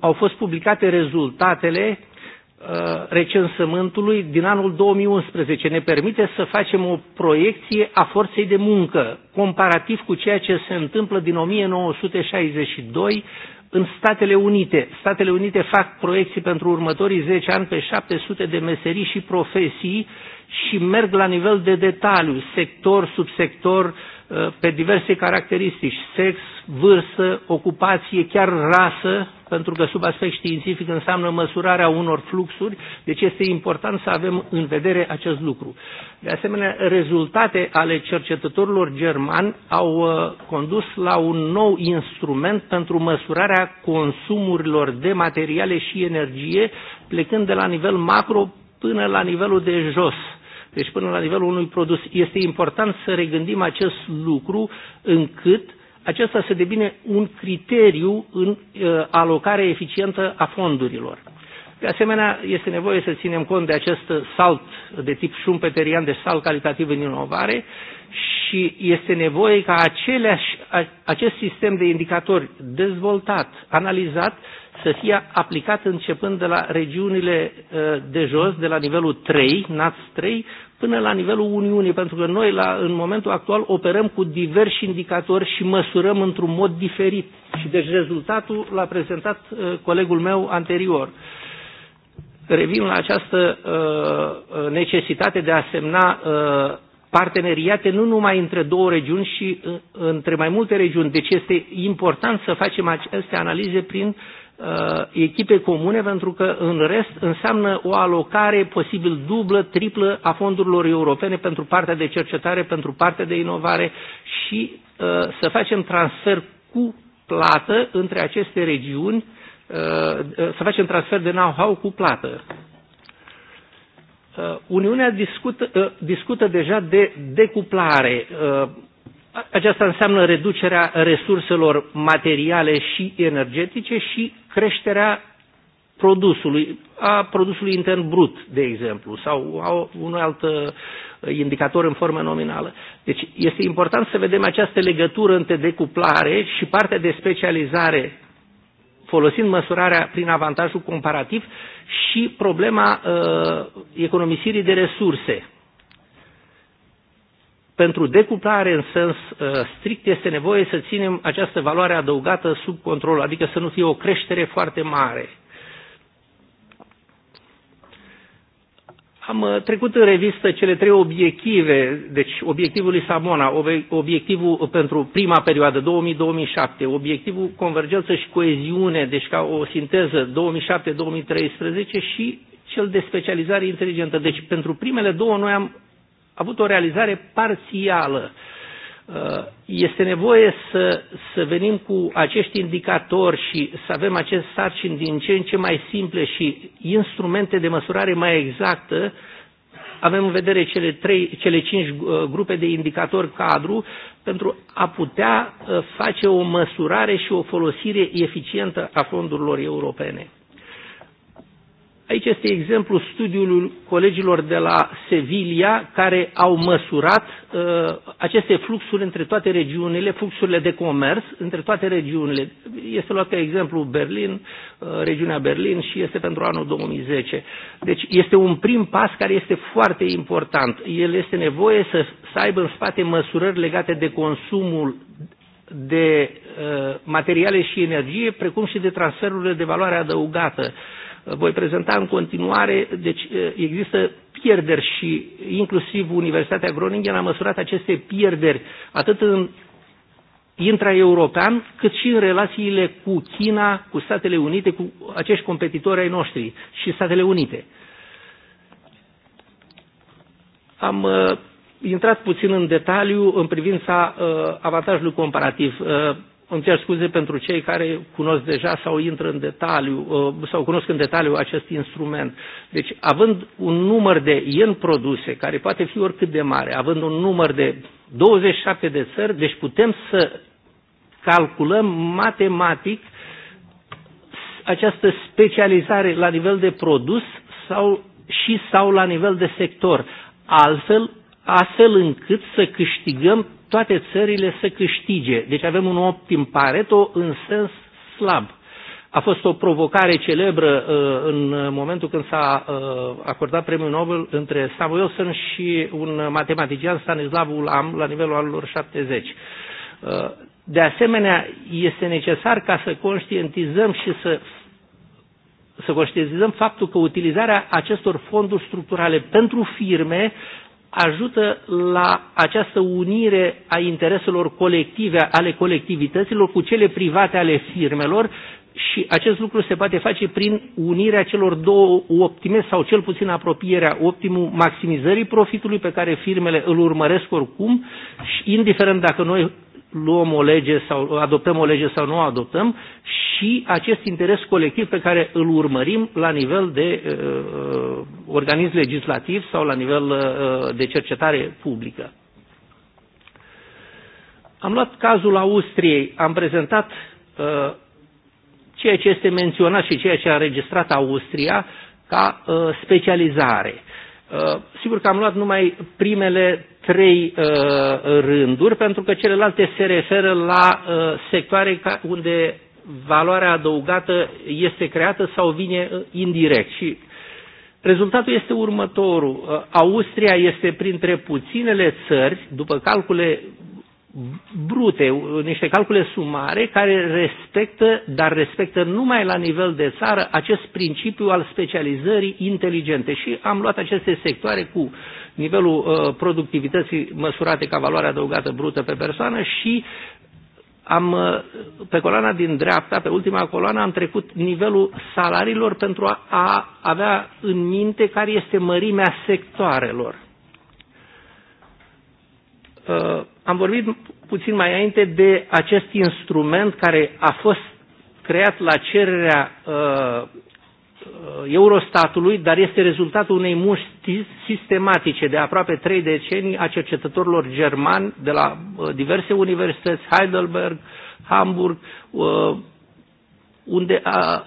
au fost publicate rezultatele uh, recensământului din anul 2011. Ne permite să facem o proiecție a forței de muncă, comparativ cu ceea ce se întâmplă din 1962 în Statele Unite. Statele Unite fac proiecții pentru următorii 10 ani pe 700 de meserii și profesii și merg la nivel de detaliu, sector, subsector, uh, pe diverse caracteristici, sex, vârstă, ocupație, chiar rasă, pentru că sub aspect științific înseamnă măsurarea unor fluxuri, deci este important să avem în vedere acest lucru. De asemenea, rezultate ale cercetătorilor germani au uh, condus la un nou instrument pentru măsurarea consumurilor de materiale și energie, plecând de la nivel macro până la nivelul de jos deci până la nivelul unui produs. Este important să regândim acest lucru încât acesta să devine un criteriu în uh, alocarea eficientă a fondurilor. De asemenea, este nevoie să ținem cont de acest salt de tip șumpeterian, de salt calitativ în inovare și este nevoie ca aceleași, acest sistem de indicatori dezvoltat, analizat, să fie aplicat începând de la regiunile uh, de jos, de la nivelul 3, NAT 3, până la nivelul Uniunii, pentru că noi la, în momentul actual operăm cu diversi indicatori și măsurăm într-un mod diferit. Și deci rezultatul l-a prezentat uh, colegul meu anterior. Revin la această uh, uh necesitate de a semna uh, parteneriate nu numai între două regiuni și uh, între mai multe regiuni. Deci este important să facem aceste analize prin uh, Uh, echipe comune, pentru că în rest înseamnă o alocare posibil dublă, triplă a fondurilor europene pentru partea de cercetare, pentru partea de inovare și uh, să facem transfer cu plată între aceste regiuni, uh, să facem transfer de know-how cu plată. Uniunea discută, discută deja de decuplare. Aceasta înseamnă reducerea resurselor materiale și energetice și creșterea produsului, a produsului intern brut, de exemplu, sau a unui alt uh, indicator în formă nominală. Deci este important să vedem această legătură între decuplare și partea de specializare folosind măsurarea prin avantajul comparativ și problema uh, economisirii de resurse pentru decuplare în sens uh, strict este nevoie să ținem această valoare adăugată sub control, adică să nu fie o creștere foarte mare. Am uh, trecut în revistă cele trei obiective, deci obiectivul Lisabona, obiectivul pentru prima perioadă, 2000-2007, obiectivul convergență și coeziune, deci ca o sinteză, 2007-2013 și cel de specializare inteligentă. Deci pentru primele două noi am avut o realizare parțială. Uh, este nevoie să, să venim cu acești indicatori și să avem acest sarcin din ce în ce mai simple și instrumente de măsurare mai exactă. Avem în vedere cele, trei, cele cinci uh, grupe de indicatori cadru pentru a putea uh, face o măsurare și o folosire eficientă a fondurilor europene. Aici este exemplu studiului colegilor de la Sevilla care au măsurat uh, aceste fluxuri între toate regiunile, fluxurile de comerț între toate regiunile. Este luat ca exemplu Berlin, uh, regiunea Berlin și este pentru anul 2010. Deci este un prim pas care este foarte important. El este nevoie să, să aibă în spate măsurări legate de consumul de uh, materiale și energie, precum și de transferurile de valoare adăugată. Uh, voi prezenta în continuare, deci există pierderi și inclusiv Universitatea Groningen a măsurat aceste pierderi atât în intraeuropean, cât și în relațiile cu China, cu Statele Unite, cu acești competitori ai noștri și Statele Unite. Am uh, intrat puțin în detaliu în privința uh, avantajului comparativ. Uh, îmi cer scuze pentru cei care cunosc deja sau intră în detaliu uh, sau cunosc în detaliu acest instrument. Deci, având un număr de ien produse, care poate fi oricât de mare, având un număr de 27 de țări, deci putem să calculăm matematic această specializare la nivel de produs sau și sau la nivel de sector. Altfel, astfel încât să câștigăm toate țările să câștige. Deci avem un optim pareto în sens slab. A fost o provocare celebră uh, în momentul când s-a uh, acordat premiul Nobel între Sam Wilson și un matematician, Stanislav Ulam, la nivelul anilor 70. Uh, de asemenea, este necesar ca să conștientizăm și să să conștientizăm faptul că utilizarea acestor fonduri structurale pentru firme ajută la această unire a intereselor colective, ale colectivităților cu cele private ale firmelor și acest lucru se poate face prin unirea celor două optime sau cel puțin apropierea optimul maximizării profitului pe care firmele îl urmăresc oricum și indiferent dacă noi luăm o lege sau adoptăm o lege sau nu o adoptăm și acest interes colectiv pe care îl urmărim la nivel de uh, uh, organism legislativ sau la nivel uh, de cercetare publică. Am luat cazul Austriei, am prezentat uh, ceea ce este menționat și ceea ce a înregistrat Austria ca uh, specializare. Uh, Uh, sigur că am luat numai primele trei uh, rânduri, pentru că celelalte se referă la uh, sectoare unde valoarea adăugată este creată sau vine indirect. Și rezultatul este următorul. Austria este printre puținele țări, după calcule brute, niște calcule sumare care respectă, dar respectă numai la nivel de țară acest principiu al specializării inteligente. Și am luat aceste sectoare cu nivelul uh, productivității măsurate ca valoare adăugată brută pe persoană și am, uh, pe coloana din dreapta, pe ultima coloană, am trecut nivelul salariilor pentru a, a avea în minte care este mărimea sectoarelor. Uh, am vorbit puțin mai înainte de acest instrument care a fost creat la cererea uh, uh, Eurostatului, dar este rezultatul unei muști sistematice de aproape trei decenii a cercetătorilor germani de la uh, diverse universități, Heidelberg, Hamburg, uh, unde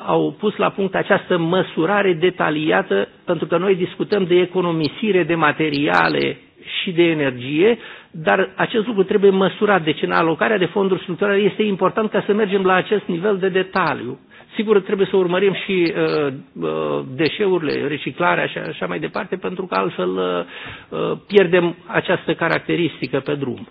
au pus la punct această măsurare detaliată, pentru că noi discutăm de economisire de materiale și de energie, dar acest lucru trebuie măsurat. Deci în alocarea de fonduri structurale este important ca să mergem la acest nivel de detaliu. Sigur, trebuie să urmărim și uh, uh deșeurile, reciclarea și așa mai departe, pentru că altfel uh, uh pierdem această caracteristică pe drum.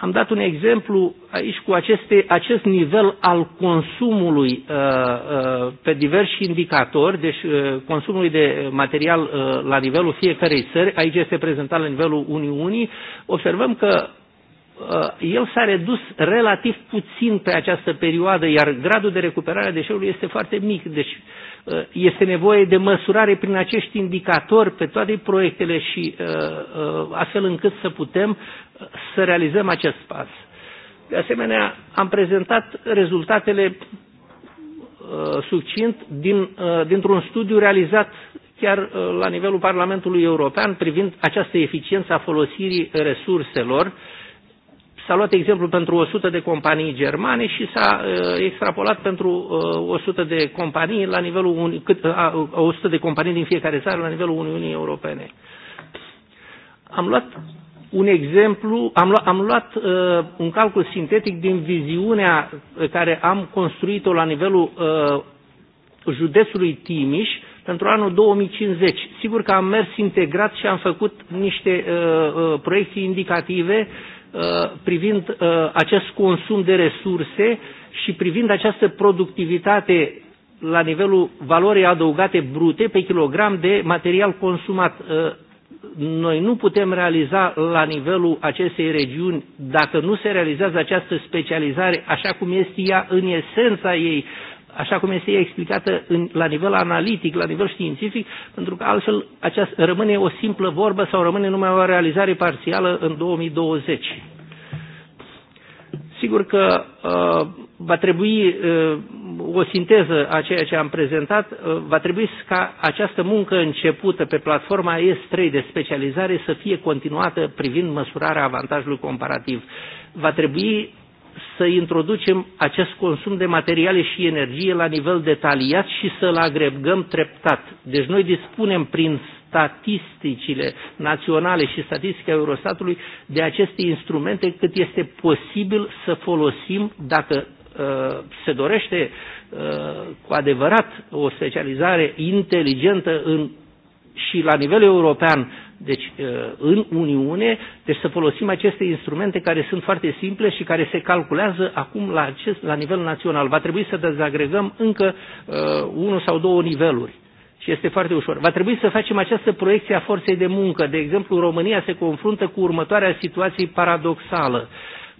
Am dat un exemplu aici cu aceste, acest nivel al consumului uh, uh, pe diversi indicatori, deci uh, consumului de material uh, la nivelul fiecarei țări, aici este prezentat la nivelul Uniunii, observăm că uh, el s-a redus relativ puțin pe această perioadă, iar gradul de recuperare a deșeurilor este foarte mic. Deci Eh, este nevoie de măsurare prin acești indicatori pe toate proiectele și eh, eh, astfel încât să putem să realizăm acest pas. De asemenea, am prezentat rezultatele succint din, dintr-un studiu realizat chiar la nivelul Parlamentului European privind această eficiență a folosirii resurselor S-a luat exemplu pentru 100 de companii germane și s-a uh, extrapolat pentru 100 uh, de companii la nivelul cât, 100 uh, de companii din fiecare țară la nivelul Uniunii Europene. Am luat un exemplu, am luat, am luat uh, un calcul sintetic din viziunea pe care am construit-o la nivelul uh, județului Timiș pentru anul 2050. Sigur că am mers integrat și am făcut niște uh, uh, proiecții indicative uh, Uh, privind uh, acest consum de resurse și privind această productivitate la nivelul valorii adăugate brute pe kilogram de material consumat. Uh, noi nu putem realiza la nivelul acestei regiuni, dacă nu se realizează această specializare așa cum este ea în esența ei, așa cum este explicată în, la nivel analitic, la nivel științific, pentru că altfel aceasta rămâne o simplă vorbă sau rămâne numai o realizare parțială în 2020. Sigur că uh, va trebui uh, o sinteză a ceea ce am prezentat, uh, va trebui ca această muncă începută pe platforma S3 de specializare să fie continuată privind măsurarea avantajului comparativ. Va trebui să introducem acest consum de materiale și energie la nivel detaliat și să-l agregăm treptat. Deci noi dispunem prin statisticile naționale și statistica Eurostatului de aceste instrumente cât este posibil să folosim dacă uh, se dorește uh, cu adevărat o specializare inteligentă în, și la nivel european deci, uh, în Uniune, deci să folosim aceste instrumente care sunt foarte simple și care se calculează acum la, acest, la nivel național. Va trebui să dezagregăm încă uh, unul sau două niveluri și este foarte ușor. Va trebui să facem această proiecție a forței de muncă. De exemplu, România se confruntă cu următoarea situație paradoxală.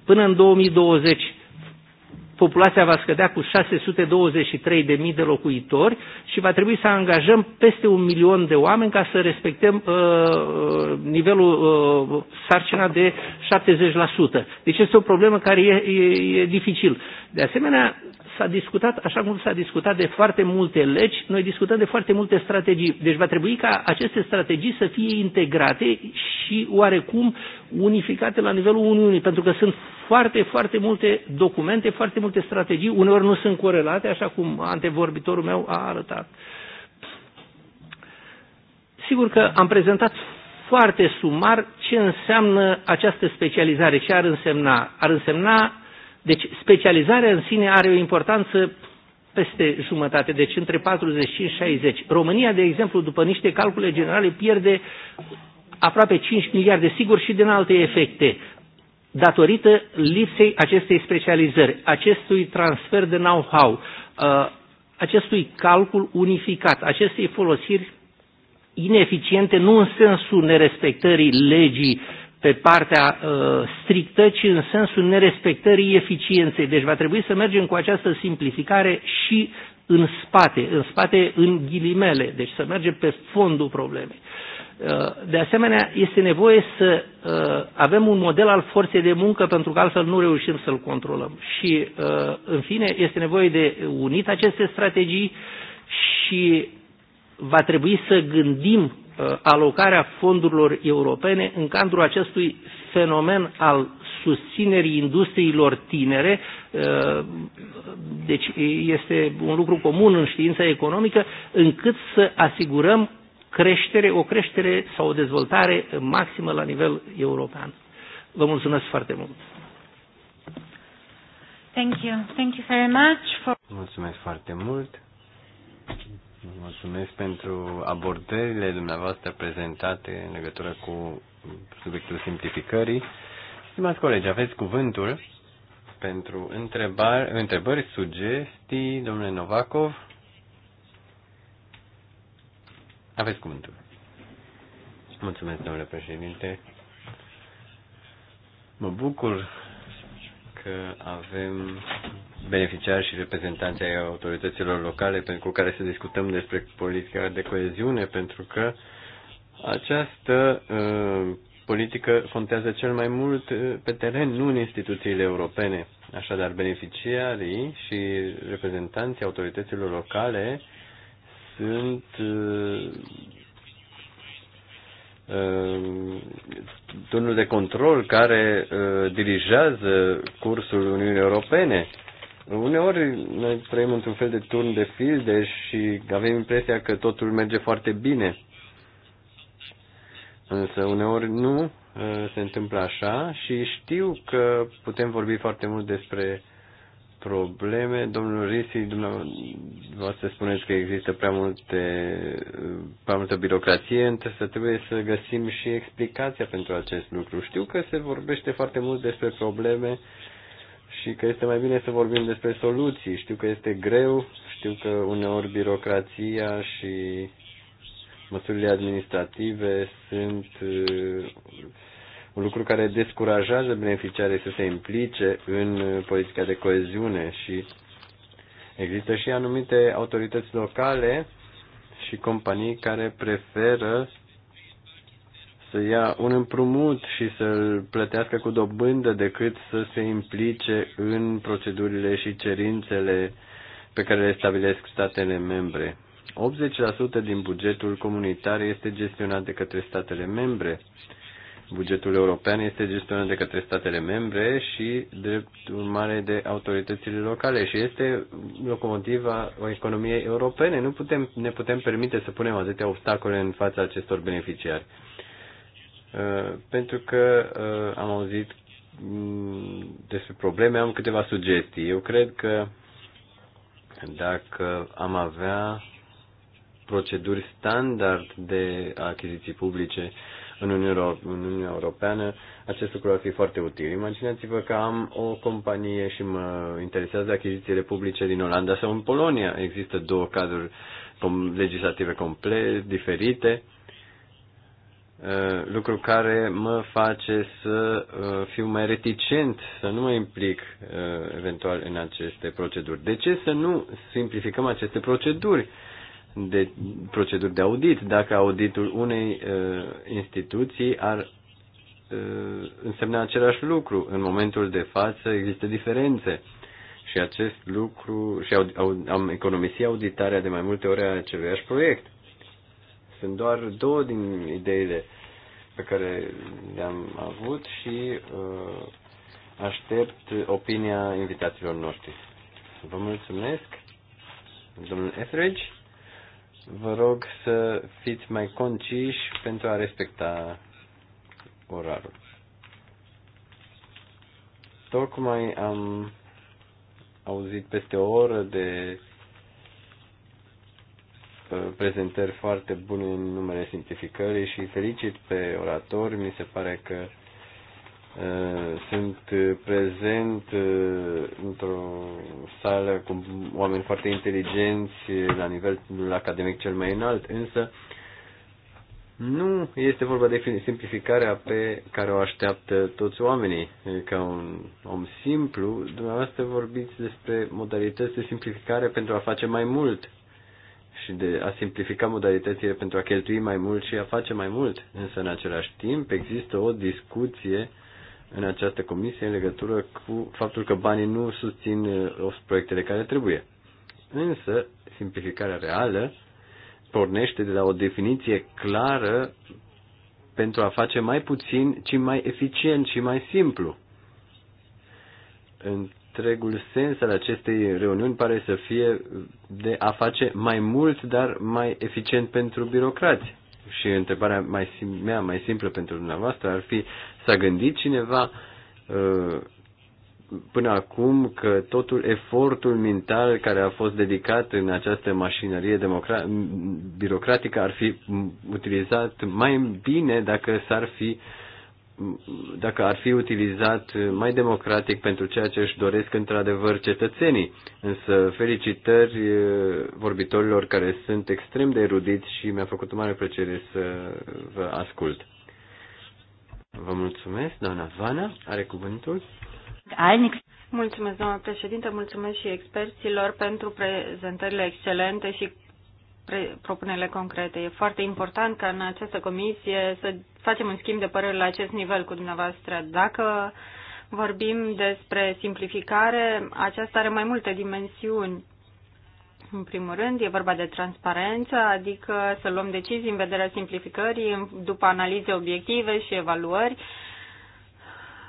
Până în 2020, populația va scădea cu 623.000 de de locuitori și va trebui să angajăm peste un milion de oameni ca să respectăm uh, uh nivelul uh, sarcina de 70%. Deci este o problemă care e, e, e dificil. De asemenea, s-a discutat, așa cum s-a discutat de foarte multe legi, noi discutăm de foarte multe strategii. Deci va trebui ca aceste strategii să fie integrate și oarecum unificate la nivelul Uniunii, pentru că sunt foarte, foarte multe documente, foarte multe strategii, uneori nu sunt corelate, așa cum antevorbitorul meu a arătat. Sigur că am prezentat foarte sumar ce înseamnă această specializare, ce ar însemna. Ar însemna deci specializarea în sine are o importanță peste jumătate, deci între 45-60. România, de exemplu, după niște calcule generale, pierde aproape 5 miliarde, sigur, și din alte efecte, datorită lipsei acestei specializări, acestui transfer de know-how, uh, acestui calcul unificat, acestei folosiri ineficiente, nu în sensul nerespectării legii uh, pe partea uh, strictă, ci în sensul nerespectării eficienței. Deci va trebui să mergem cu această simplificare și în spate, în spate în ghilimele, deci să mergem pe fondul problemei. Uh, de asemenea, este nevoie să uh, avem un model al forței de muncă pentru că altfel nu reușim să-l controlăm. Și, uh, în fine, este nevoie de unit aceste strategii și va trebui să gândim Uh, alocarea fondurilor europene în cadrul acestui fenomen al susținerii industriilor tinere, uh, deci este un lucru comun în știința economică, încât să asigurăm creștere, o creștere sau o dezvoltare maximă la nivel european. Vă mulțumesc foarte mult! Thank you. Thank you very much for... Mulțumesc foarte mult Mulțumesc pentru abordările dumneavoastră prezentate în legătură cu subiectul simplificării. Stimați colegi, aveți cuvântul pentru întrebări, întrebări sugestii, domnule Novakov. Aveți cuvântul. Mulțumesc, domnule președinte. Mă bucur că avem beneficiari și reprezentanții ai autorităților locale pentru care să discutăm despre politica de coeziune, pentru că această uh, politică contează cel mai mult uh, pe teren, nu în instituțiile europene. Așadar, beneficiarii și reprezentanții autorităților locale sunt uh, turnul uh, de control care uh, dirigează cursul Uniunii Europene Uneori noi trăim într-un fel de turn de filde și avem impresia că totul merge foarte bine. Însă uneori nu uh, se întâmplă așa și știu că putem vorbi foarte mult despre probleme. Domnul Risi, dumneavoastră spuneți că există prea, multe, prea multă birocrație, însă trebuie să găsim și explicația pentru acest lucru. Știu că se vorbește foarte mult despre probleme și că este mai bine să vorbim despre soluții. Știu că este greu, știu că uneori birocrația și măsurile administrative sunt uh, un lucru care descurajează beneficiarii să se implice în uh, politica de coeziune și există și anumite autorități locale și companii care preferă să ia un împrumut și să-l plătească cu dobândă decât să se implice în procedurile și cerințele pe care le stabilesc statele membre. 80% din bugetul comunitar este gestionat de către statele membre. Bugetul european este gestionat de către statele membre și, drept urmare, de autoritățile locale și este locomotiva economiei europene. Nu putem, ne putem permite să punem atâtea obstacole în fața acestor beneficiari. Uh, pentru că uh, am auzit mm, despre probleme, am câteva sugestii. Eu cred că dacă am avea proceduri standard de achiziții publice în Uniunea Europeană, acest lucru ar fi foarte util. Imaginați-vă că am o companie și mă interesează achizițiile publice din Olanda sau în Polonia. Există două cadruri legislative complet diferite Uh, lucru care mă face să uh, fiu mai reticent, să nu mă implic uh, eventual în aceste proceduri. De ce să nu simplificăm aceste proceduri? de proceduri de audit, dacă auditul unei uh, instituții ar uh, însemna același lucru. În momentul de față există diferențe și acest lucru și aud, aud, am economisit auditarea de mai multe ori a aceluiași proiect. Uh, sunt doar două din ideile pe care le-am avut și uh, aștept opinia invitațiilor noștri. Vă mulțumesc, domnul Etheridge. Vă rog să fiți mai conciși pentru a respecta orarul. Tocmai am auzit peste o oră de prezentări foarte bune în numele simplificării și felicit pe oratori. Mi se pare că sunt prezent într-o sală cu oameni foarte inteligenți la nivelul academic cel mai înalt, însă nu este vorba de simplificarea pe care o așteaptă toți oamenii. Ca un om simplu, dumneavoastră vorbiți despre modalități de simplificare pentru a face mai mult și de a simplifica modalitățile pentru a cheltui mai mult și a face mai mult. Însă, în același timp, există o discuție în această comisie în legătură cu faptul că banii nu susțin uh, proiectele care trebuie. Însă, simplificarea reală pornește de la o definiție clară pentru a face mai puțin, ci mai eficient și mai simplu. În întregul sens al acestei reuniuni pare să fie de a face mai mult, dar mai eficient pentru birocrați. Și întrebarea mai, mea mai simplă pentru dumneavoastră ar fi, s-a gândit cineva uh, până acum că totul efortul mental care a fost dedicat în această mașinărie democra- birocratică ar fi utilizat mai bine dacă s-ar fi uh, dacă ar fi utilizat mai democratic pentru ceea ce își doresc într-adevăr cetățenii. Însă felicitări vorbitorilor care sunt extrem de erudiți și mi-a făcut o mare plăcere să vă ascult. Vă mulțumesc, doamna Vana, are cuvântul. Mulțumesc, doamna președinte, mulțumesc și experților pentru prezentările excelente și propunerile concrete. E foarte important ca în această comisie să facem un schimb de păreri la acest nivel cu dumneavoastră. Dacă vorbim despre simplificare, aceasta are mai multe dimensiuni. În primul rând, e vorba de transparență, adică să luăm decizii în vederea simplificării după analize obiective și evaluări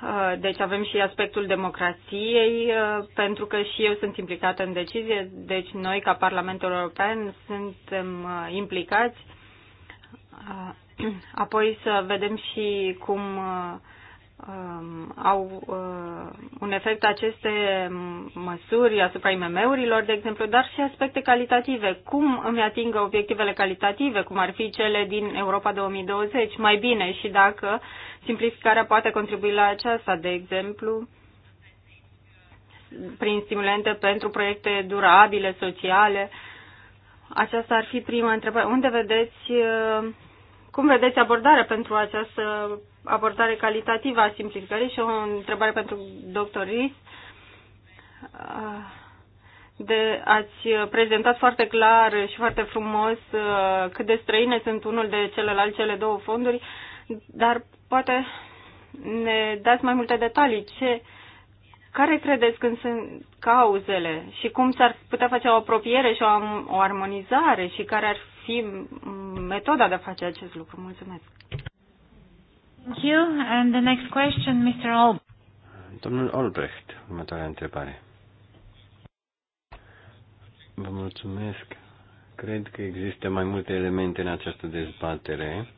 Uh, deci avem și aspectul democrației, uh, pentru că și eu sunt implicată în decizie, deci noi ca Parlamentul European suntem uh, implicați. Apoi să vedem și cum Um, au uh, un efect aceste măsuri asupra IMM-urilor, de exemplu, dar și aspecte calitative. Cum îmi atingă obiectivele calitative, cum ar fi cele din Europa 2020, mai bine și dacă simplificarea poate contribui la aceasta, de exemplu, prin stimulente pentru proiecte durabile, sociale. Aceasta ar fi prima întrebare. Unde vedeți, uh, cum vedeți abordarea pentru această abordare calitativă a simplificării și o întrebare pentru doctor Ris. De, ați prezentat foarte clar și foarte frumos uh, cât de străine sunt unul de celălalt cele două fonduri, dar poate ne dați mai multe detalii. Ce, care credeți când sunt cauzele și cum s-ar putea face o apropiere și o, o armonizare și care ar fi metoda de a face acest lucru? Mulțumesc! Thank you. And the next question, Mr. Albrecht. Domnul Albrecht, următoarea întrebare. Vă mulțumesc. Cred că există mai multe elemente în această dezbatere.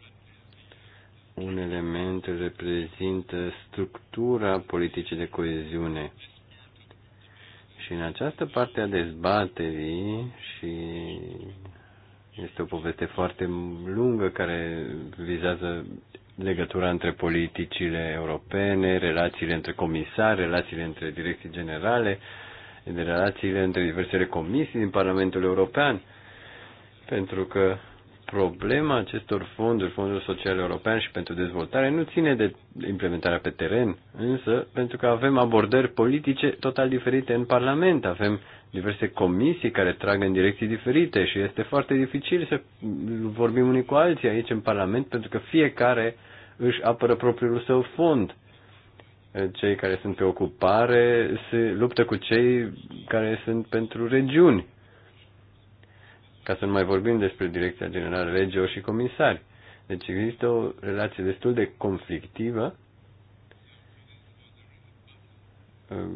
Un element reprezintă structura politicii de coeziune. Și în această parte a dezbaterii și este o poveste foarte lungă care vizează legătura între politicile europene, relațiile între comisari, relațiile între direcții generale, relațiile între diversele comisii din Parlamentul European, pentru că problema acestor fonduri, Fondul Social European și pentru dezvoltare, nu ține de implementarea pe teren, însă pentru că avem abordări politice total diferite în Parlament, avem diverse comisii care trag în direcții diferite și este foarte dificil să vorbim unii cu alții aici în Parlament pentru că fiecare își apără propriul său fond. Cei care sunt pe ocupare se luptă cu cei care sunt pentru regiuni. Ca să nu mai vorbim despre Direcția Generală Regio și Comisari. Deci există o relație destul de conflictivă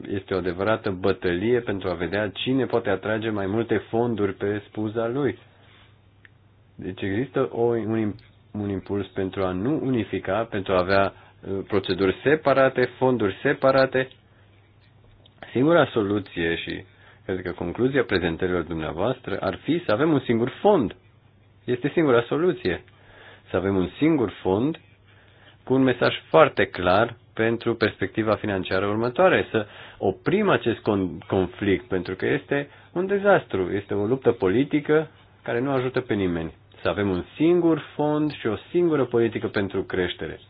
este o adevărată bătălie pentru a vedea cine poate atrage mai multe fonduri pe spuza lui. Deci există o, un, un impuls pentru a nu unifica, pentru a avea uh, proceduri separate, fonduri separate. Singura soluție și cred că concluzia prezentărilor dumneavoastră ar fi să avem un singur fond. Este singura soluție. Să avem un singur fond cu un mesaj foarte clar pentru perspectiva financiară următoare, să oprim acest conflict, pentru că este un dezastru, este o luptă politică care nu ajută pe nimeni. Să avem un singur fond și o singură politică pentru creștere.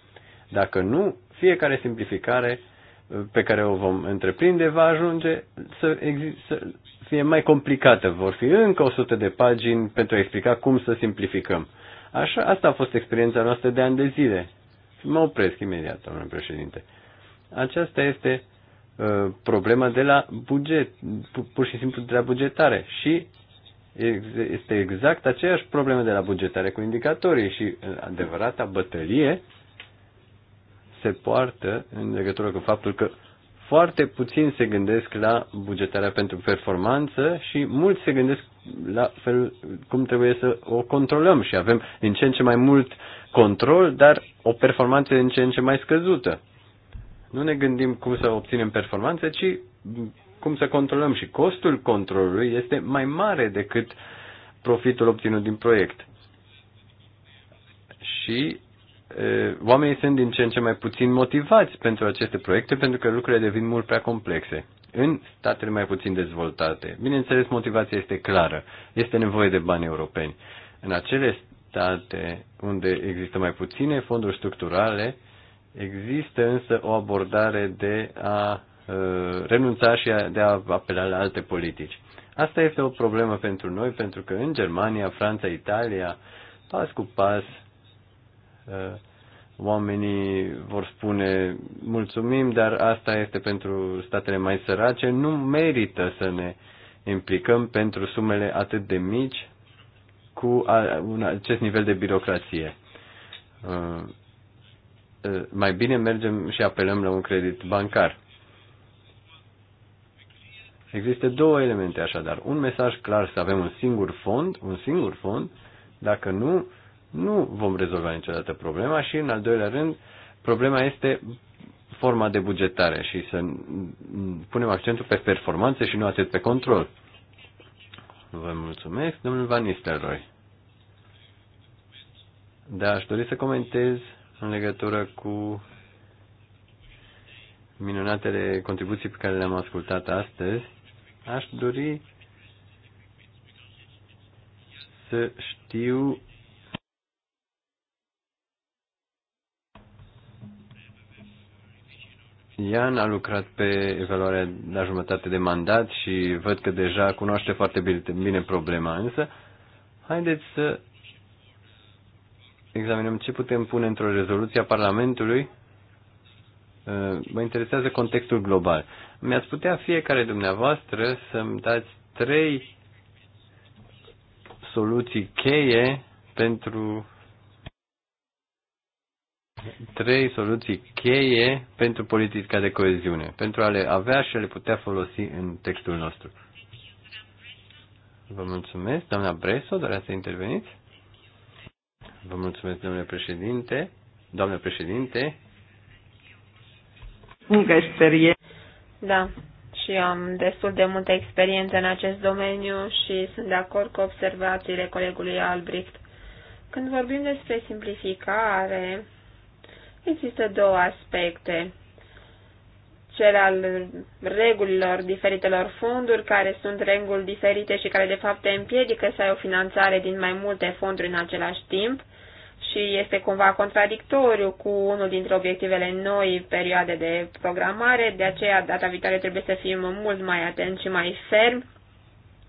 Dacă nu, fiecare simplificare uh, pe care o vom întreprinde va ajunge să, să fie mai complicată. Vor fi încă 100 de pagini pentru a explica cum să simplificăm. Așa, asta a fost experiența noastră de ani de zile. Mă opresc imediat, domnule președinte. Aceasta este uh, problema de la buget, pur și simplu de la bugetare și este exact aceeași problemă de la bugetare cu indicatorii și uh, adevărata bătălie se poartă în legătură cu faptul că foarte puțin se gândesc la bugetarea pentru performanță și mulți se gândesc la fel cum trebuie să o controlăm și avem din ce în ce mai mult control, dar o performanță din ce în ce mai scăzută. Nu ne gândim cum să obținem performanță, ci cum să controlăm și costul controlului este mai mare decât profitul obținut din proiect. Și e, oamenii sunt din ce în ce mai puțin motivați pentru aceste proiecte pentru că lucrurile devin mult prea complexe în statele mai puțin dezvoltate. Bineînțeles, motivația este clară. Este nevoie de bani europeni. În acele state unde există mai puține fonduri structurale, există însă o abordare de a uh, renunța și de a apela la alte politici. Asta este o problemă pentru noi, pentru că în Germania, Franța, Italia, pas cu pas, uh, oamenii vor spune mulțumim, dar asta este pentru statele mai sărace, nu merită să ne implicăm pentru sumele atât de mici cu acest nivel de birocrație. Uh, uh, mai bine mergem și apelăm la un credit bancar. Există două elemente așadar. Un mesaj clar să avem un singur fond, un singur fond, dacă nu, nu vom rezolva niciodată problema și în al doilea rând, problema este forma de bugetare și să punem accentul pe performanțe și nu atât pe control. Vă mulțumesc, domnul Van Nistelrooy. Da, aș dori să comentez în legătură cu minunatele contribuții pe care le-am ascultat astăzi. Aș dori să știu Ian a lucrat pe evaluarea la jumătate de mandat și văd că deja cunoaște foarte bine problema, însă haideți să examinăm ce putem pune într-o rezoluție a Parlamentului. Uh, mă interesează contextul global. Mi-ați putea fiecare dumneavoastră să-mi dați trei soluții cheie pentru trei soluții cheie pentru politica de coeziune, pentru a le avea și a le putea folosi în textul nostru. Vă mulțumesc, doamna Breso, doreați să interveniți? Vă mulțumesc, domnule președinte. Doamne președinte. Încă experiență. Da, și am destul de multă experiență în acest domeniu și sunt de acord cu observațiile colegului Albrecht. Când vorbim despre simplificare, Există două aspecte. Cel al regulilor diferitelor fonduri, care sunt reguli diferite și care de fapt te împiedică să ai o finanțare din mai multe fonduri în același timp și este cumva contradictoriu cu unul dintre obiectivele noi perioade de programare, de aceea data viitoare trebuie să fim mult mai atenți și mai fermi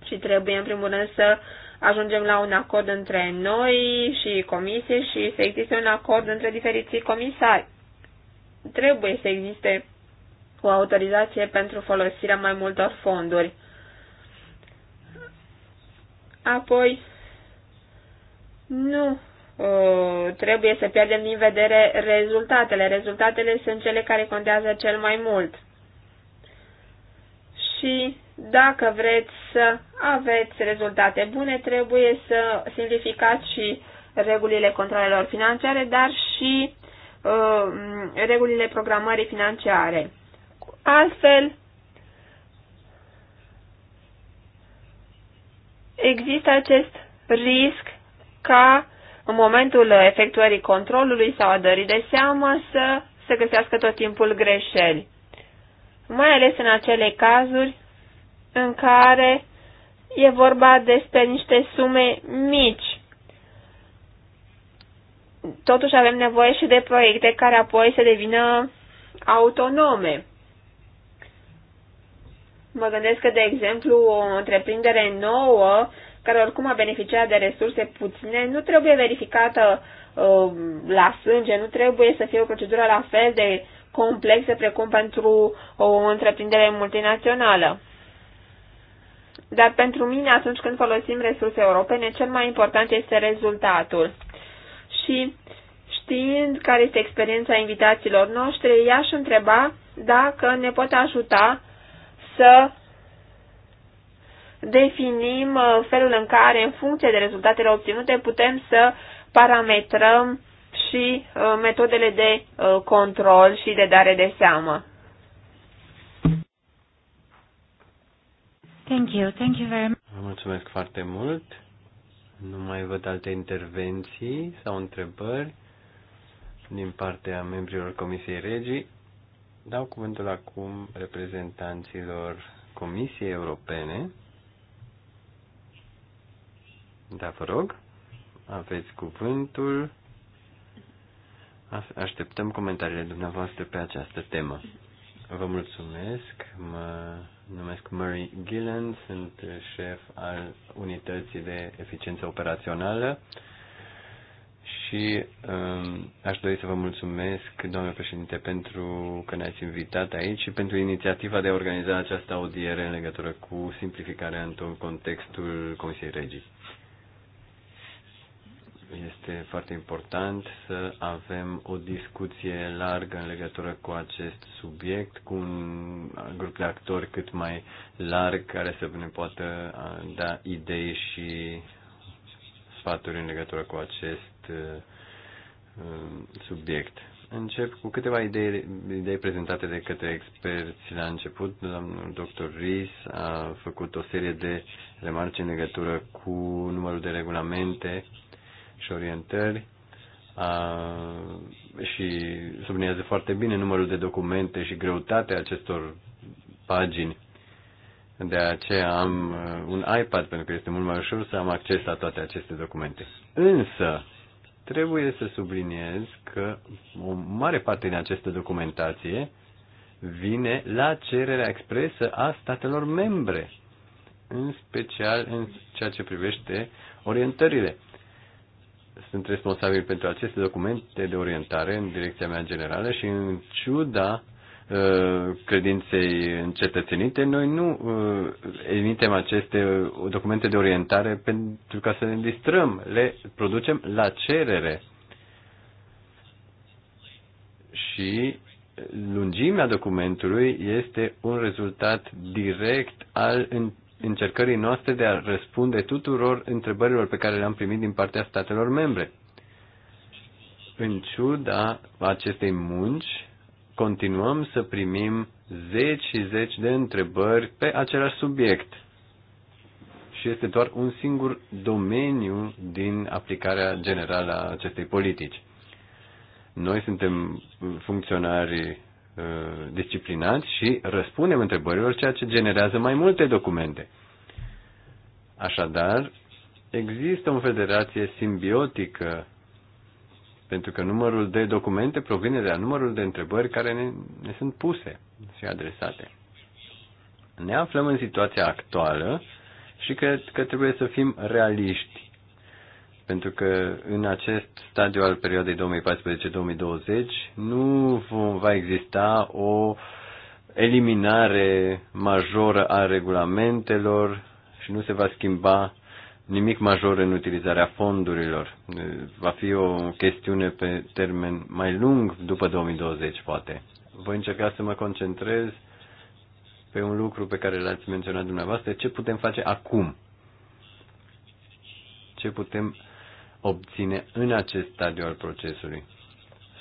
și trebuie în primul rând să uh, ajungem la un acord între noi și comisie și să existe un acord între diferiții comisari. Trebuie să existe o autorizație pentru folosirea mai multor fonduri. Apoi, nu uh, trebuie să pierdem din vedere rezultatele. Rezultatele sunt cele care contează cel mai mult. Și dacă vreți să aveți rezultate bune, trebuie să simplificați și regulile controlelor financiare, dar și uh, regulile programării financiare. Altfel, există acest risc ca în momentul efectuării controlului sau a dării de seamă să se găsească tot timpul greșeli. Mai ales în acele cazuri în care e vorba despre niște sume mici. Totuși avem nevoie și de proiecte care apoi să devină autonome. Mă gândesc că, de exemplu, o întreprindere nouă, care oricum a beneficiat de resurse puține, nu trebuie verificată uh, la sânge, nu trebuie să fie o procedură la fel de complexă precum pentru o întreprindere multinațională. Dar pentru mine, atunci când folosim resurse europene, cel mai important este rezultatul. Și știind care este experiența invitaților noștri, i-aș întreba dacă ne pot ajuta să definim uh, felul în care, în funcție de rezultatele obținute, putem să parametrăm și uh, metodele de uh, control și de dare de seamă. Thank you, thank you very much. Vă mulțumesc foarte mult. Nu mai văd alte intervenții sau întrebări din partea membrilor Comisiei Regii. Dau cuvântul acum reprezentanților Comisiei Europene. Da, vă rog, aveți cuvântul. Așteptăm comentariile dumneavoastră pe această temă. Vă mulțumesc, mă numesc Murray Gillen, sunt șef al unității de eficiență operațională și um, aș dori să vă mulțumesc, domnule președinte, pentru că ne-ați invitat aici și pentru inițiativa de a organiza această audiere în legătură cu simplificarea într-un contextul Comisiei Regii este foarte important să avem o discuție largă în legătură cu acest subiect, cu un grup de actori cât mai larg care să ne poată da idei și sfaturi în legătură cu acest subiect. Încep cu câteva idei, idei prezentate de către experți la început. Domnul dr. Ries a făcut o serie de remarci în legătură cu numărul de regulamente și orientări a, și subliniază foarte bine numărul de documente și greutatea acestor pagini. De aceea am uh, un iPad pentru că este mult mai ușor să am acces la toate aceste documente. Însă, trebuie să subliniez că o mare parte din această documentație vine la cererea expresă a statelor membre, în special în ceea ce privește orientările sunt responsabil pentru aceste documente de orientare în direcția mea generală și în ciuda uh, credinței încetățenite, noi nu uh, emitem aceste uh, documente de orientare pentru ca să ne distrăm, le producem la cerere. Și lungimea documentului este un rezultat direct al încercării noastre de a răspunde tuturor întrebărilor pe care le-am primit din partea statelor membre. În ciuda acestei munci, continuăm să primim zeci și zeci de întrebări pe același subiect. Și este doar un singur domeniu din aplicarea generală a acestei politici. Noi suntem funcționari Uh, disciplinați și răspundem întrebărilor, ceea ce generează mai multe documente. Așadar, există o federație simbiotică pentru că numărul de documente provine de la numărul de întrebări care ne, ne sunt puse și adresate. Ne aflăm în situația actuală și cred că trebuie să fim realiști pentru că în acest stadiu al perioadei 2014-2020 nu va exista o eliminare majoră a regulamentelor și nu se va schimba nimic major în utilizarea fondurilor. Va fi o chestiune pe termen mai lung, după 2020 poate. Voi încerca să mă concentrez pe un lucru pe care l-ați menționat dumneavoastră, ce putem face acum ce putem obține în acest stadiu al procesului.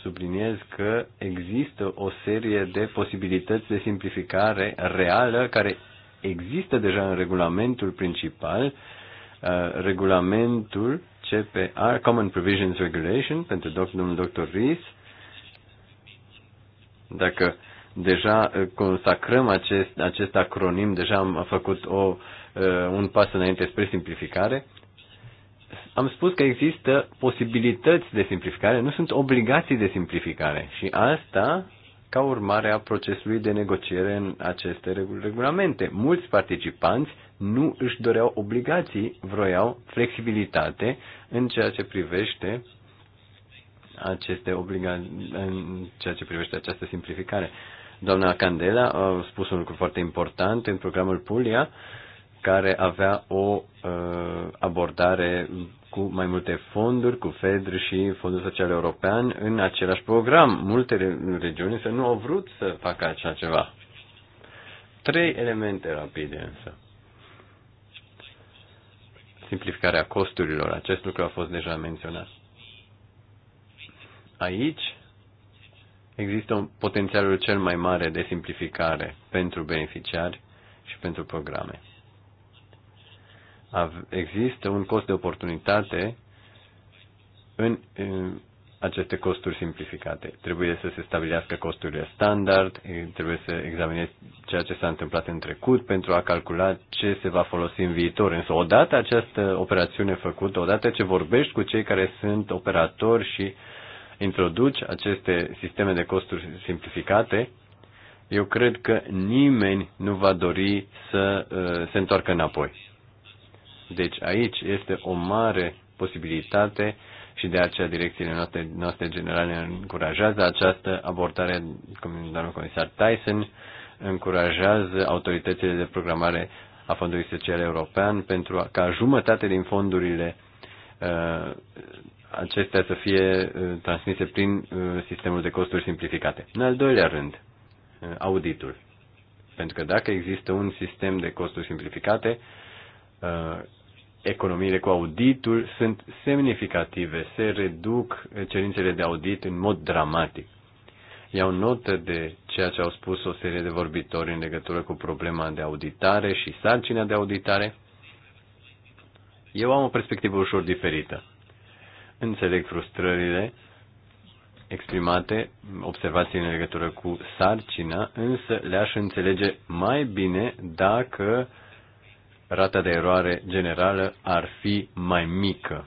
Subliniez că există o serie de posibilități de simplificare reală care există deja în regulamentul principal, uh, regulamentul CPR, Common Provisions Regulation, pentru domnul Dr. Rees. Dacă deja uh, consacrăm acest, acest acronim, deja am făcut o, uh, un pas înainte spre simplificare am spus că există posibilități de simplificare, nu sunt obligații de simplificare și asta ca urmare a procesului de negociere în aceste regulamente. Mulți participanți nu își doreau obligații, vroiau flexibilitate în ceea ce privește aceste obliga- în ceea ce privește această simplificare. Doamna Candela a spus un lucru foarte important în programul Pulia. uh, care avea o uh, abordare cu mai multe fonduri, cu FEDR și Fondul Social European în același program. Multe regiuni să nu au vrut să facă așa ceva. Trei elemente rapide însă. Simplificarea costurilor. Acest lucru a fost deja menționat. Aici există un potențialul cel mai mare de simplificare pentru beneficiari și pentru programe există un cost de oportunitate în, în aceste costuri simplificate. Trebuie să se stabilească costurile standard, trebuie să examinezi ceea ce s-a întâmplat în trecut pentru a calcula ce se va folosi în viitor. Însă odată această operațiune făcută, odată ce vorbești cu cei care sunt operatori și introduci aceste sisteme de costuri simplificate, eu cred că nimeni nu va dori să uh, se întoarcă înapoi. Deci aici este o mare posibilitate și de aceea direcțiile noastre, noastre generale încurajează această abordare, cum doamnă comisar Tyson încurajează autoritățile de programare a Fondului Social European pentru a, ca jumătate din fondurile uh, acestea să fie uh, transmise prin uh, sistemul de costuri simplificate. În al doilea rând, uh, auditul. Pentru că dacă există un sistem de costuri simplificate, uh, economiile cu auditul sunt semnificative, se reduc cerințele de audit în mod dramatic. Iau notă de ceea ce au spus o serie de vorbitori în legătură cu problema de auditare și sarcina de auditare. Eu am o perspectivă ușor diferită. Înțeleg frustrările exprimate, observații în legătură cu sarcina, însă le-aș înțelege mai bine dacă uh, rata de eroare generală ar fi mai mică.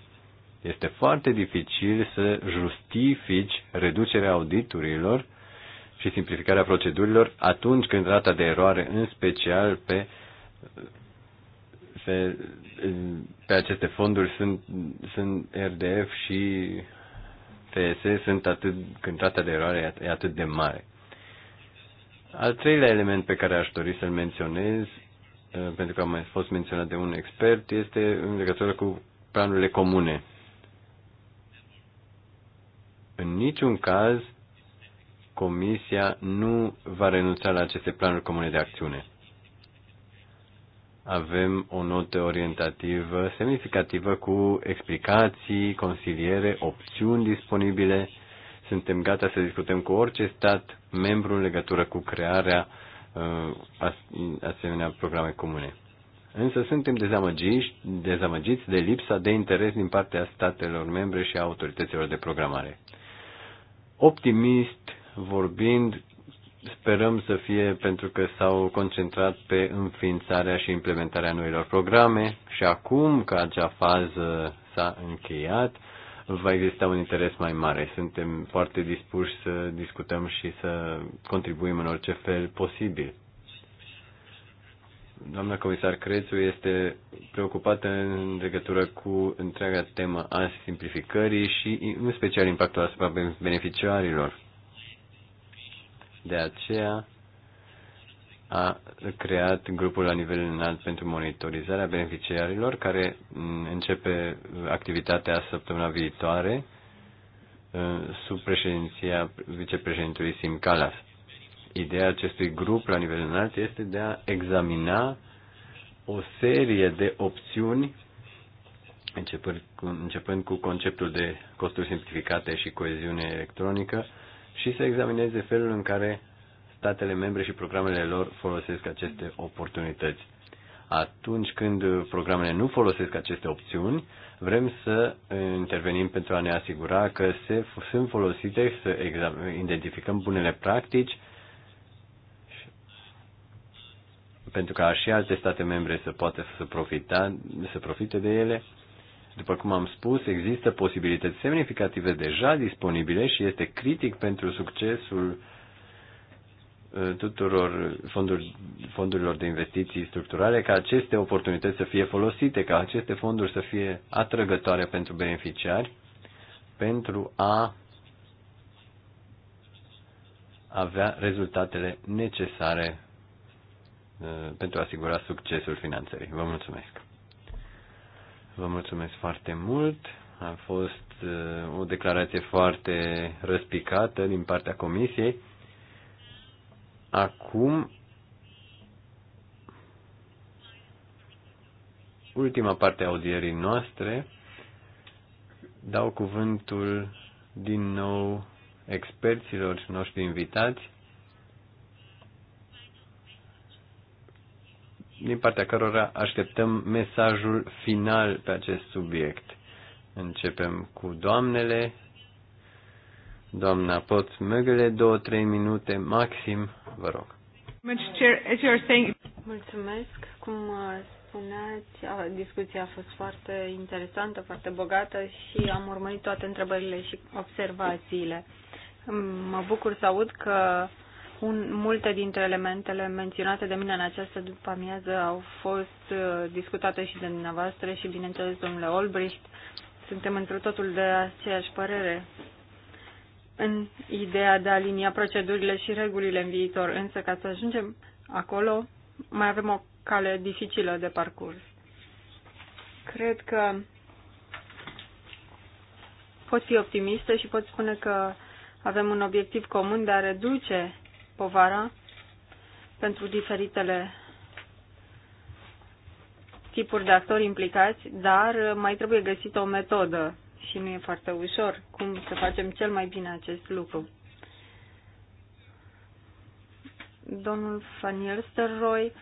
Este foarte dificil să justifici reducerea auditurilor și simplificarea procedurilor atunci când rata de eroare, în special pe, pe, pe aceste fonduri, sunt, sunt RDF și TSE, sunt atât, când rata de eroare e atât de mare. Al treilea element pe care aș dori să-l menționez Eh, pentru că a mai fost menționat de un expert, este în legătură cu planurile comune. În niciun caz, Comisia nu va renunța la aceste planuri comune de acțiune. Avem o notă orientativă semnificativă cu explicații, consiliere, opțiuni disponibile. Suntem gata să discutăm cu orice stat membru în legătură cu crearea uh, Uh, asemenea programe comune. Însă suntem dezamăgiți, dezamăgiți de lipsa de interes din partea statelor membre și a autorităților de programare. Optimist vorbind, sperăm să fie pentru că s-au concentrat pe înființarea și implementarea noilor programe și acum că acea fază s-a încheiat, va exista un interes mai mare. Suntem foarte dispuși să discutăm și să contribuim în orice fel posibil. Doamna comisar Crețu este preocupată în legătură cu întreaga temă a simplificării și în special impactul asupra beneficiarilor. De aceea a creat grupul la nivel înalt pentru monitorizarea beneficiarilor, care începe activitatea săptămâna viitoare uh, sub președinția vicepreședintului Sim Calas. Ideea acestui grup la nivel înalt este de a examina o serie de opțiuni, începând cu, conceptul de costuri simplificate și coeziune electronică, și să examineze felul în care statele membre și programele lor folosesc aceste oportunități. Atunci când programele nu folosesc aceste opțiuni, vrem să intervenim pentru a ne asigura că se, sunt folosite, să identificăm bunele practici pentru ca și alte state membre să poată să, profita, să profite de ele. După cum am spus, există posibilități semnificative deja disponibile și este critic pentru succesul uh, tuturor fonduri, fondurilor de investiții structurale ca aceste oportunități să fie folosite, ca aceste fonduri să fie atrăgătoare pentru beneficiari, pentru a avea rezultatele necesare uh, pentru a asigura succesul finanțării. Vă mulțumesc! Vă mulțumesc foarte mult! A fost uh, o declarație foarte răspicată din partea Comisiei. Acum, ultima parte a audierii noastre, dau cuvântul din nou experților noștri invitați, din partea cărora așteptăm mesajul final pe acest subiect. Începem cu doamnele. Doamna Pot Măgăle, două-trei minute maxim vă rog. Mulțumesc. Cum uh, spuneați, discuția a fost foarte interesantă, foarte bogată și am urmărit toate întrebările și observațiile. Mă bucur să aud că un, multe dintre elementele menționate de mine în această după-amiază au fost uh, discutate și de dumneavoastră și, bineînțeles, domnule Olbricht. Suntem într totul de aceeași părere în ideea de a alinia procedurile și regulile în viitor, însă ca să ajungem acolo mai avem o cale dificilă de parcurs. Cred că pot fi optimistă și pot spune că avem un obiectiv comun de a reduce povara pentru diferitele tipuri de actori implicați, dar mai trebuie găsită o metodă și nu e foarte ușor cum să facem cel mai bine acest lucru. Domnul Faniel Elsterroy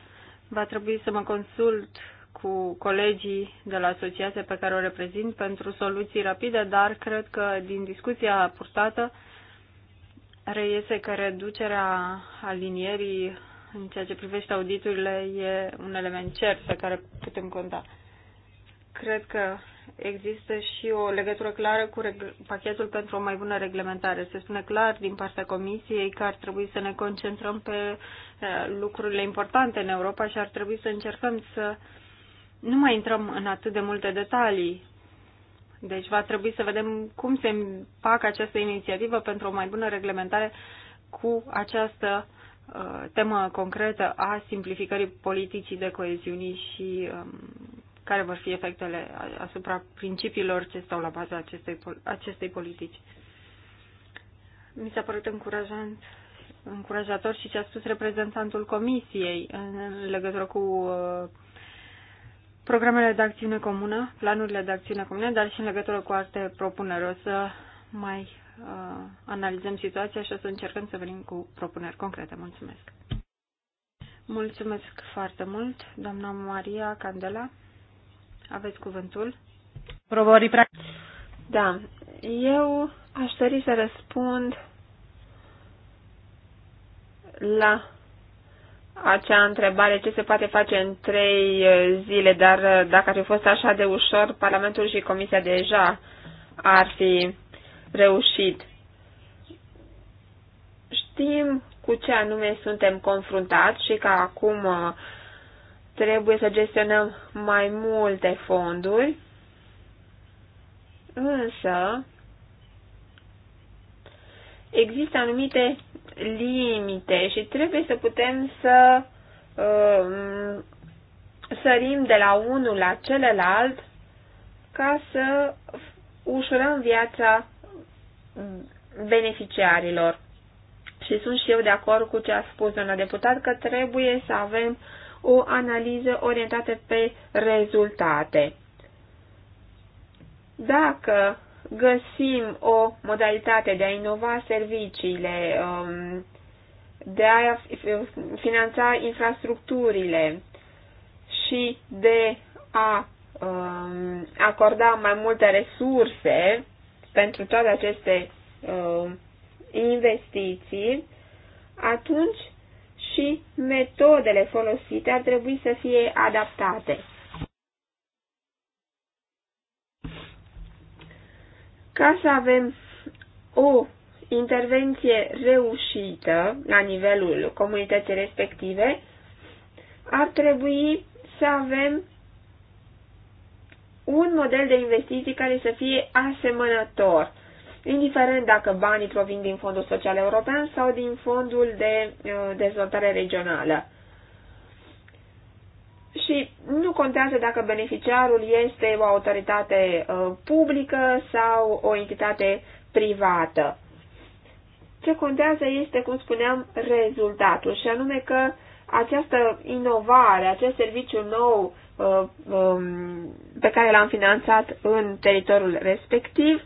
va trebui să mă consult cu colegii de la asociație pe care o reprezint pentru soluții rapide, dar cred că din discuția purtată reiese că reducerea alinierii în ceea ce privește auditurile e un element cert pe care putem conta. Cred că există și o legătură clară cu pachetul pentru o mai bună reglementare. Se spune clar din partea Comisiei că ar trebui să ne concentrăm pe eh, lucrurile importante în Europa și ar trebui să încercăm să nu mai intrăm în atât de multe detalii. Deci va trebui să vedem cum se împacă această inițiativă pentru o mai bună reglementare cu această eh, temă concretă a simplificării politicii de coeziunii și ehm, care vor fi efectele asupra principiilor ce stau la baza acestei, acestei politici. Mi s-a părut încurajant, încurajator și ce a spus reprezentantul Comisiei în legătură cu uh, programele de acțiune comună, planurile de acțiune comună, dar și în legătură cu alte propuneri. O să mai uh, analizăm situația și o să încercăm să venim cu propuneri concrete. Mulțumesc! Mulțumesc foarte mult, doamna Maria Candela aveți cuvântul. Provări Da, eu aș dori să răspund la acea întrebare ce se poate face în trei uh, zile, dar uh, dacă ar fi fost așa de ușor, Parlamentul și Comisia deja ar fi reușit. Știm cu ce anume suntem confruntați și că acum uh, Trebuie să gestionăm mai multe fonduri, însă există anumite limite și trebuie să putem să uh, sărim de la unul la celălalt ca să ușurăm viața beneficiarilor. Și sunt și eu de acord cu ce a spus doamna deputat că trebuie să avem o analiză orientată pe rezultate. Dacă găsim o modalitate de a inova serviciile, um, de a finanța infrastructurile și de a um, acorda mai multe resurse pentru toate aceste um, investiții, atunci și metodele folosite ar trebui să fie adaptate. Ca să avem o intervenție reușită la nivelul comunității respective, ar trebui să avem un model de investiții care să fie asemănător indiferent dacă banii provin din Fondul Social European sau din Fondul de uh, Dezvoltare Regională. Și nu contează dacă beneficiarul este o autoritate uh, publică sau o entitate privată. Ce contează este, cum spuneam, rezultatul, și anume că această inovare, acest serviciu nou uh, um, pe care l-am finanțat în teritoriul respectiv,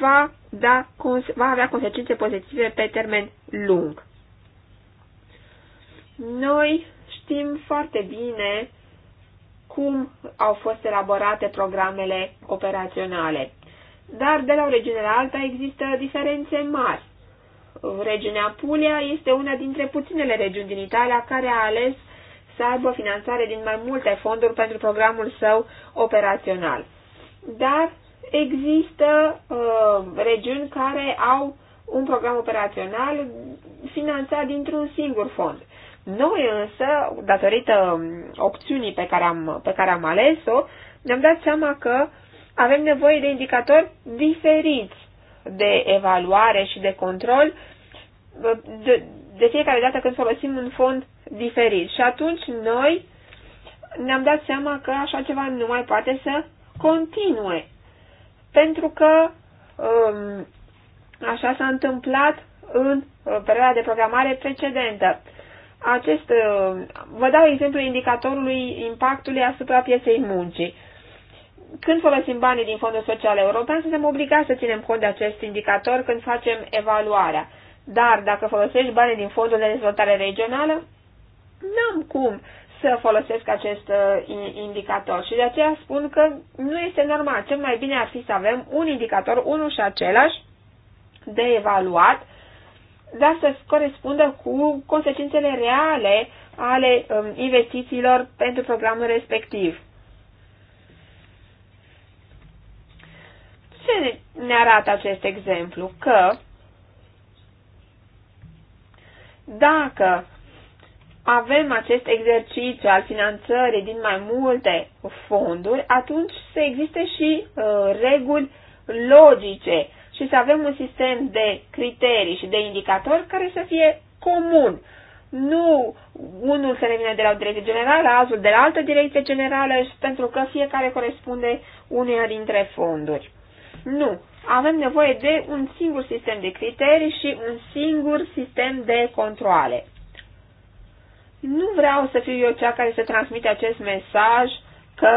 va, da, va avea consecințe pozitive pe termen lung. Noi știm foarte bine cum au fost elaborate programele operaționale. Dar de la o regiune la alta există diferențe mari. Regiunea Puglia este una dintre puținele regiuni din Italia care a ales să aibă finanțare din mai multe fonduri pentru programul său operațional. Dar există uh, regiuni care au un program operațional finanțat dintr-un singur fond. Noi însă, datorită um, opțiunii pe care am, pe care am ales-o, ne-am dat seama că avem nevoie de indicatori diferiți de evaluare și de control uh, de, de fiecare dată când folosim un fond diferit. Și atunci noi ne-am dat seama că așa ceva nu mai poate să continue pentru că um, așa s-a întâmplat în uh, perioada de programare precedentă. Acest, uh, vă dau exemplu indicatorului impactului asupra pieței muncii. Când folosim banii din Fondul Social European, suntem obligați să ținem cont de acest indicator când facem evaluarea. Dar dacă folosești banii din Fondul de Dezvoltare Regională, n-am cum să folosesc acest uh, indicator și de aceea spun că nu este normal. Cel mai bine ar fi să avem un indicator, unul și același, de evaluat, dar să corespundă cu consecințele reale ale um, investițiilor pentru programul respectiv. Ce ne arată acest exemplu? Că dacă avem acest exercițiu al finanțării din mai multe fonduri, atunci să existe și uh, reguli logice și să avem un sistem de criterii și de indicatori care să fie comun. Nu unul să ne vină de la o direcție generală, altul de la altă direcție generală, pentru că fiecare corespunde uneia dintre fonduri. Nu. Avem nevoie de un singur sistem de criterii și un singur sistem de controle. Nu vreau să fiu eu cea care să transmite acest mesaj că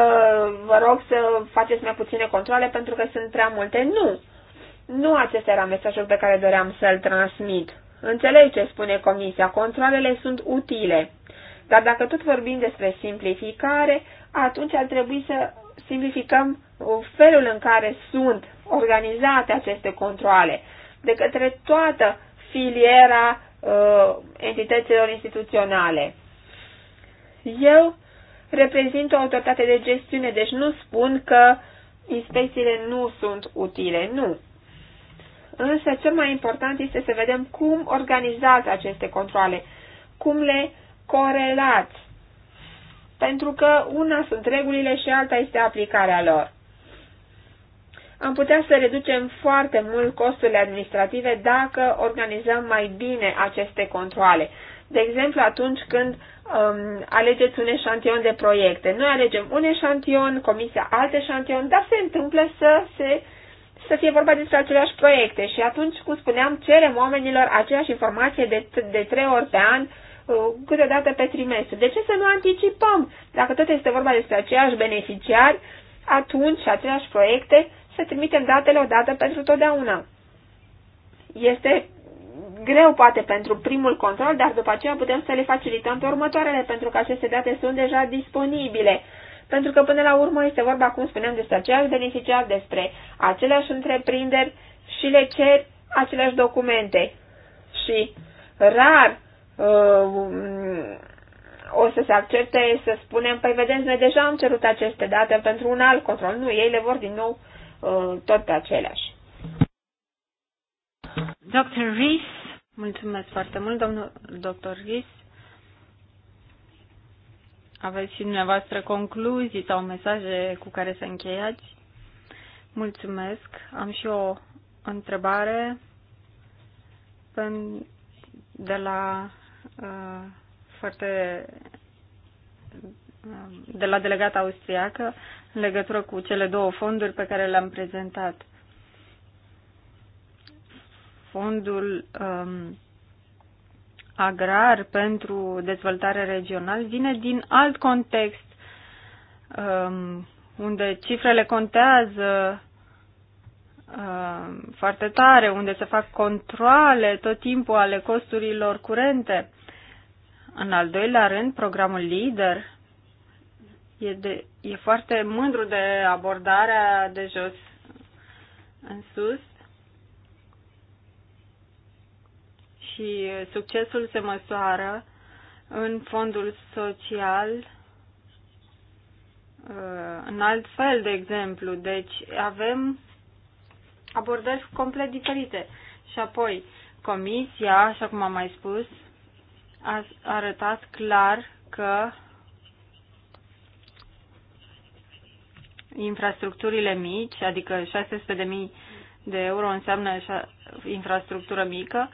vă rog să faceți mai puține controle pentru că sunt prea multe. Nu! Nu acesta era mesajul pe care doream să-l transmit. Înțeleg ce spune Comisia, controlele sunt utile. Dar dacă tot vorbim despre simplificare, atunci ar trebui să simplificăm felul în care sunt organizate aceste controle de către toată filiera uh, entităților instituționale. Eu reprezint o autoritate de gestiune, deci nu spun că inspecțiile nu sunt utile, nu. Însă cel mai important este să vedem cum organizați aceste controle, cum le corelați. Pentru că una sunt regulile și alta este aplicarea lor am putea să reducem foarte mult costurile administrative dacă organizăm mai bine aceste controle. De exemplu, atunci când um, alegeți un eșantion de proiecte. Noi alegem un eșantion, comisia alt eșantion, dar se întâmplă să, se, să fie vorba despre aceleași proiecte și atunci, cum spuneam, cerem oamenilor aceeași informație de, de trei ori pe an, uh, câteodată pe trimestru. De ce să nu anticipăm? Dacă tot este vorba despre aceiași beneficiari, atunci aceleași proiecte, să trimitem datele odată pentru totdeauna. Este greu poate pentru primul control, dar după aceea putem să le facilităm pe următoarele, pentru că aceste date sunt deja disponibile. Pentru că până la urmă este vorba, cum spuneam, despre aceeași beneficiar, despre aceleași întreprinderi și le cer aceleași documente. Și rar uh, o să se accepte să spunem, păi vedeți, noi deja am cerut aceste date pentru un alt control. Nu, ei le vor din nou Uh, tot pe aceleași. Dr. Rees, mulțumesc foarte mult, domnul Dr. Rees. Aveți și dumneavoastră concluzii sau mesaje cu care să încheiați? Mulțumesc. Am și o întrebare de la uh, foarte de la delegata austriacă în legătură cu cele două fonduri pe care le-am prezentat. Fondul um, agrar pentru dezvoltare regional vine din alt context, um, unde cifrele contează um, foarte tare, unde se fac controle tot timpul ale costurilor curente. În al doilea rând, programul LIDER e, de, e foarte mândru de abordarea de jos în sus și succesul se măsoară în fondul social uh, în alt fel, de exemplu. Deci avem abordări complet diferite. Și apoi, comisia, așa cum am mai spus, a arătat clar că infrastructurile mici, adică 600.000 de euro înseamnă infrastructură mică,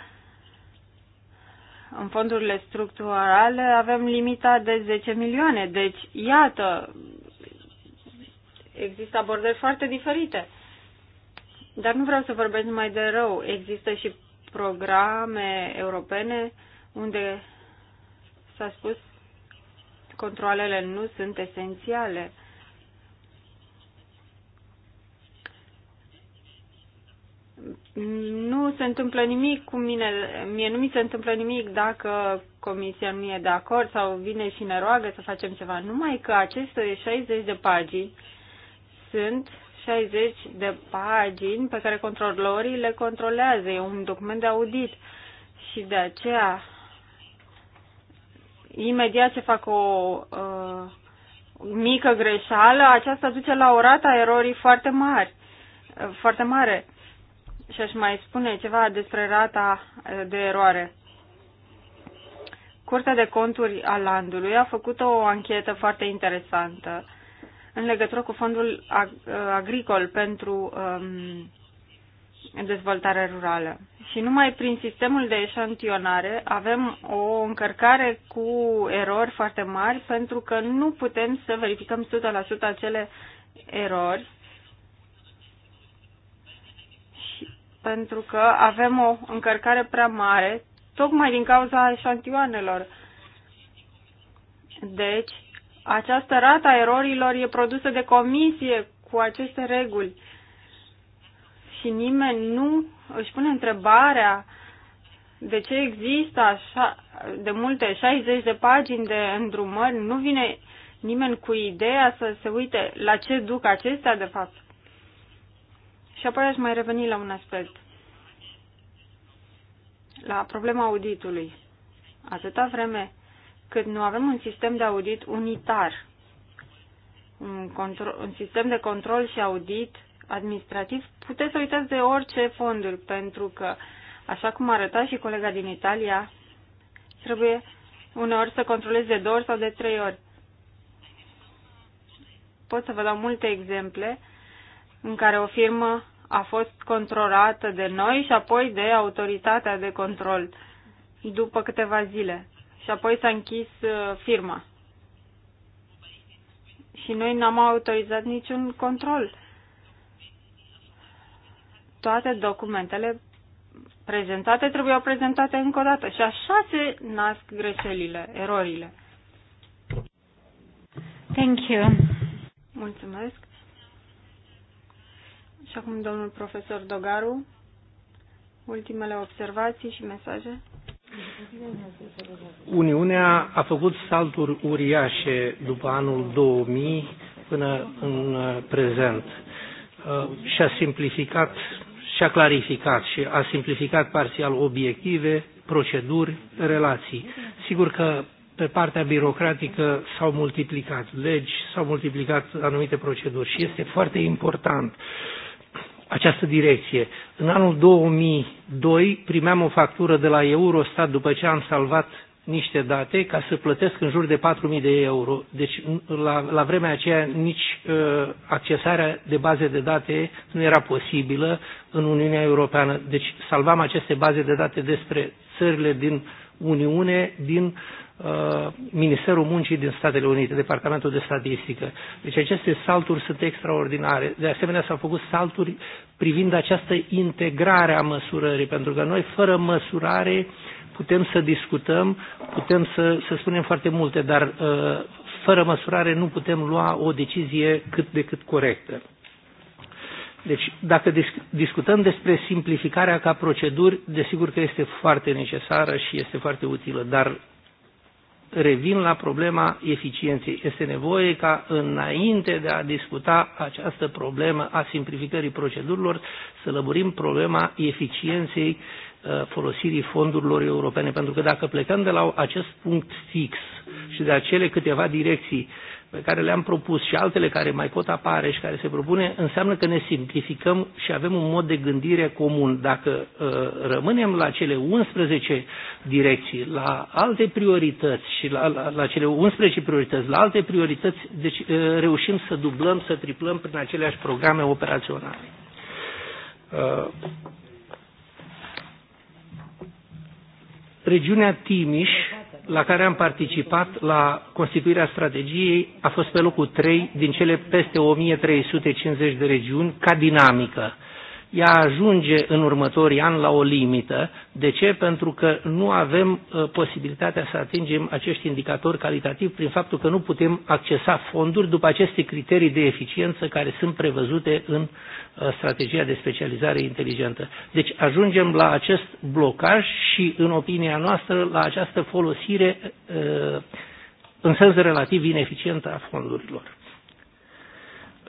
în fondurile structurale avem limita de 10 milioane. Deci, iată, există abordări foarte diferite. Dar nu vreau să vorbesc numai de rău. Există și programe europene unde s-a spus controlele nu sunt esențiale. nu se întâmplă nimic cu mine, mie nu mi se întâmplă nimic dacă comisia nu e de acord sau vine și ne roagă să facem ceva. Numai că aceste 60 de pagini sunt 60 de pagini pe care controlorii le controlează. E un document de audit și de aceea imediat ce fac o uh, mică greșeală, aceasta duce la o rată a erorii foarte mari, uh, foarte mare și aș mai spune ceva despre rata eh, de eroare. Curtea de conturi a landului a făcut o anchetă foarte interesantă în legătură cu fondul eh, agricol pentru um, dezvoltare rurală. Și numai prin sistemul de eșantionare avem o încărcare cu erori foarte mari pentru că nu putem să verificăm 100% acele erori pentru că avem o încărcare prea mare, tocmai din cauza eșantioanelor. Deci, această rată a erorilor e produsă de comisie cu aceste reguli. Și nimeni nu își pune întrebarea de ce există așa de multe, 60 de pagini de îndrumări, nu vine nimeni cu ideea să se uite la ce duc acestea de fapt. Și apoi aș mai reveni la un aspect, la problema auditului. Atâta vreme cât nu avem un sistem de audit unitar, un, control, un sistem de control și audit administrativ, puteți să uitați de orice fonduri, pentru că, așa cum arăta și colega din Italia, trebuie uneori să controlezi de două ori sau de trei ori. Pot să vă dau multe exemple în care o firmă a fost controlată de noi și apoi de autoritatea de control după câteva zile. Și apoi s-a închis uh, firma. Și noi n-am autorizat niciun control. Toate documentele prezentate trebuiau prezentate încă o dată. Și așa se nasc greșelile, erorile. Thank you. Mulțumesc. Și acum domnul profesor Dogaru, ultimele observații și mesaje. Uniunea a făcut salturi uriașe după anul 2000 până în uh, prezent uh, și-a simplificat și-a clarificat și a simplificat parțial obiective, proceduri, relații. Sigur că pe partea birocratică s-au multiplicat legi, s-au multiplicat anumite proceduri și este foarte important uh, această direcție. În anul 2002 primeam o factură de la Eurostat după ce am salvat niște date ca să plătesc în jur de 4.000 de euro. Deci la, la vremea aceea nici uh, accesarea de baze de date nu era posibilă în Uniunea Europeană. Deci salvam aceste baze de date despre țările din Uniune din Uh, Ministerul Muncii din Statele Unite, Departamentul de Statistică. Deci aceste salturi sunt extraordinare. De asemenea, s-au făcut salturi privind această integrare a măsurării, pentru că noi, fără măsurare, putem să discutăm, putem să, să spunem foarte multe, dar uh, fără măsurare nu putem lua o decizie cât de cât corectă. Deci, dacă discutăm despre simplificarea ca proceduri, desigur că este foarte necesară și este foarte utilă, dar revin la problema eficienței. Este nevoie ca înainte de a discuta această problemă a simplificării procedurilor să lăburim problema eficienței uh, Uh, folosirii fondurilor europene. Pentru că dacă plecăm de la acest punct fix și de acele câteva direcții pe care le-am propus și altele care mai pot apare și care se propune, înseamnă că ne simplificăm și avem un mod de gândire comun. Dacă uh, rămânem la cele 11 direcții, la alte priorități și la, la, la cele 11 priorități, la alte priorități, deci uh, reușim să dublăm, să triplăm prin aceleași programe operaționale. Uh, Regiunea Timiș, la care am participat la constituirea strategiei, a fost pe locul 3 din cele peste 1350 de regiuni ca dinamică ea ajunge în următorii ani la o limită. De ce? Pentru că nu avem uh, posibilitatea să atingem acești indicatori calitativ prin faptul că nu putem accesa fonduri după aceste criterii de eficiență care sunt prevăzute în uh, strategia de specializare inteligentă. Deci ajungem la acest blocaj și, în opinia noastră, la această folosire uh, în sens relativ ineficientă a fondurilor.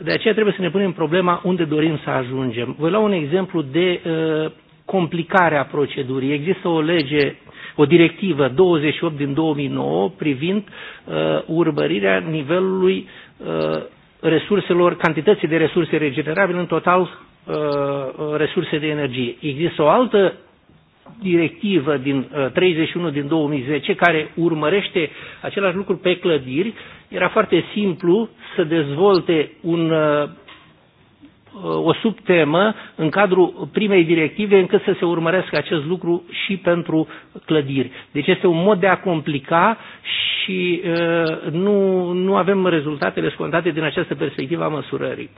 De aceea trebuie să ne punem problema unde dorim să ajungem. Voi lua un exemplu de uh, a procedurii. Există o lege, o directivă 28 din 2009 privind uh, urmărirea nivelului uh, resurselor, cantității de resurse regenerabile, în total uh, resurse de energie. Există o altă directivă din uh, 31 din 2010 care urmărește același lucru pe clădiri era foarte simplu să dezvolte un, uh, o subtemă în cadrul primei directive încât să se urmărească acest lucru și pentru clădiri. Deci este un mod de a complica și uh, nu, nu avem rezultatele scontate din această perspectivă a măsurării.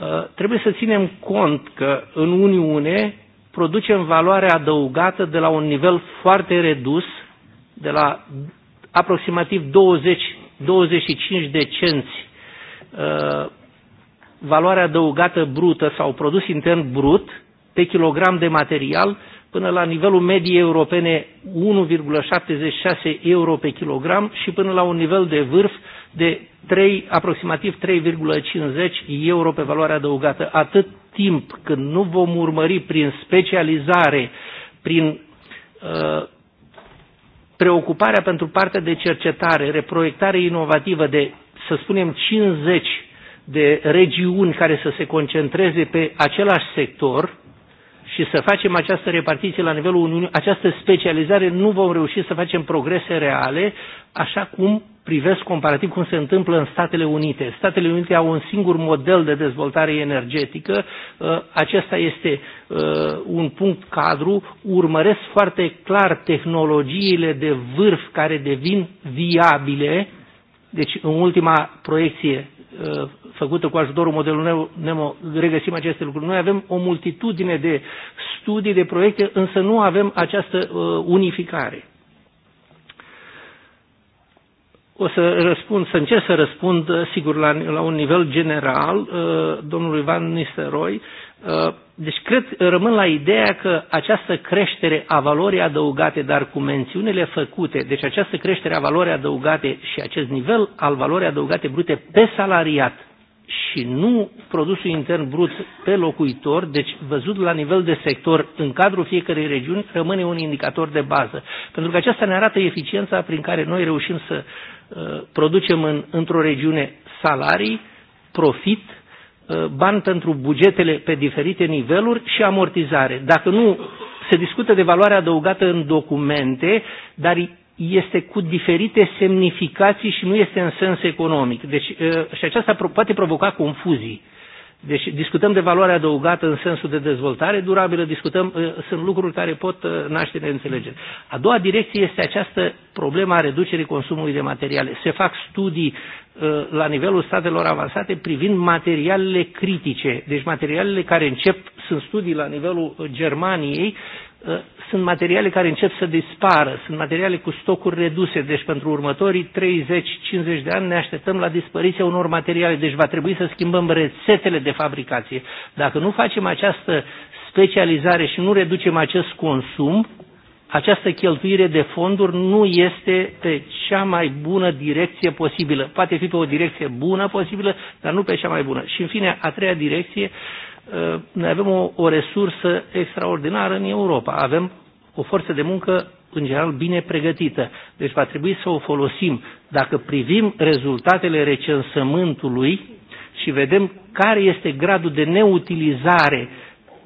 Uh, trebuie să ținem cont că în Uniune producem valoare adăugată de la un nivel foarte redus, de la aproximativ 20 25 de cenți uh, valoarea adăugată brută sau produs intern brut pe kilogram de material până la nivelul medii europene 1,76 euro pe kilogram și până la un nivel de vârf de 3, aproximativ 3,50 euro pe valoare adăugată. Atât timp când nu vom urmări prin specializare, prin uh, preocuparea pentru partea de cercetare, reproiectare inovativă de, să spunem, 50 de regiuni care să se concentreze pe același sector, și să facem această repartiție la nivelul Uniunii, această specializare, nu vom reuși să facem progrese reale, așa cum privesc comparativ cum se întâmplă în Statele Unite. Statele Unite au un singur model de dezvoltare energetică, uh, acesta este uh, un punct cadru, urmăresc foarte clar tehnologiile de vârf care devin viabile, deci în ultima proiecție uh, făcută cu ajutorul modelului NEMO, regăsim aceste lucruri. Noi avem o multitudine de studii, de proiecte, însă nu avem această uh, unificare. O să răspund, să încerc să răspund, uh, sigur, la, la un nivel general, uh, domnului Van Uh, Deci, cred, rămân la ideea că această creștere a valorii adăugate, dar cu mențiunile făcute, deci această creștere a valorii adăugate și acest nivel al valorii adăugate brute pe salariat, și nu produsul intern brut pe locuitor, deci văzut la nivel de sector în cadrul fiecărei regiuni, rămâne un indicator de bază. Pentru că aceasta ne arată eficiența prin care noi reușim să uh, producem în, într-o regiune salarii, profit, uh, bani pentru bugetele pe diferite niveluri și amortizare. Dacă nu se discută de valoare adăugată în documente, dar este cu diferite semnificații și nu este în sens economic. Deci, ă, și aceasta poate provoca confuzii. Deci discutăm de valoare adăugată în sensul de dezvoltare durabilă, discutăm, ă, sunt lucruri care pot ă, naște neînțelegeri. A doua direcție este această problemă a reducerii consumului de materiale. Se fac studii la nivelul statelor avansate privind materialele critice, deci materialele care încep, sunt studii la nivelul Germaniei, Uh, sunt materiale care încep să dispară, sunt materiale cu stocuri reduse, deci pentru următorii 30-50 de ani ne așteptăm la dispariția unor materiale, deci va trebui să schimbăm rețetele de fabricație. Dacă nu facem această specializare și nu reducem acest consum, această cheltuire de fonduri nu este pe cea mai bună direcție posibilă. Poate fi pe o direcție bună posibilă, dar nu pe cea mai bună. Și în fine, a treia direcție, uh, noi avem o, o resursă extraordinară în Europa. Avem o forță de muncă în general bine pregătită. Deci va trebui să o folosim. Dacă privim rezultatele recensământului și vedem care este gradul de neutilizare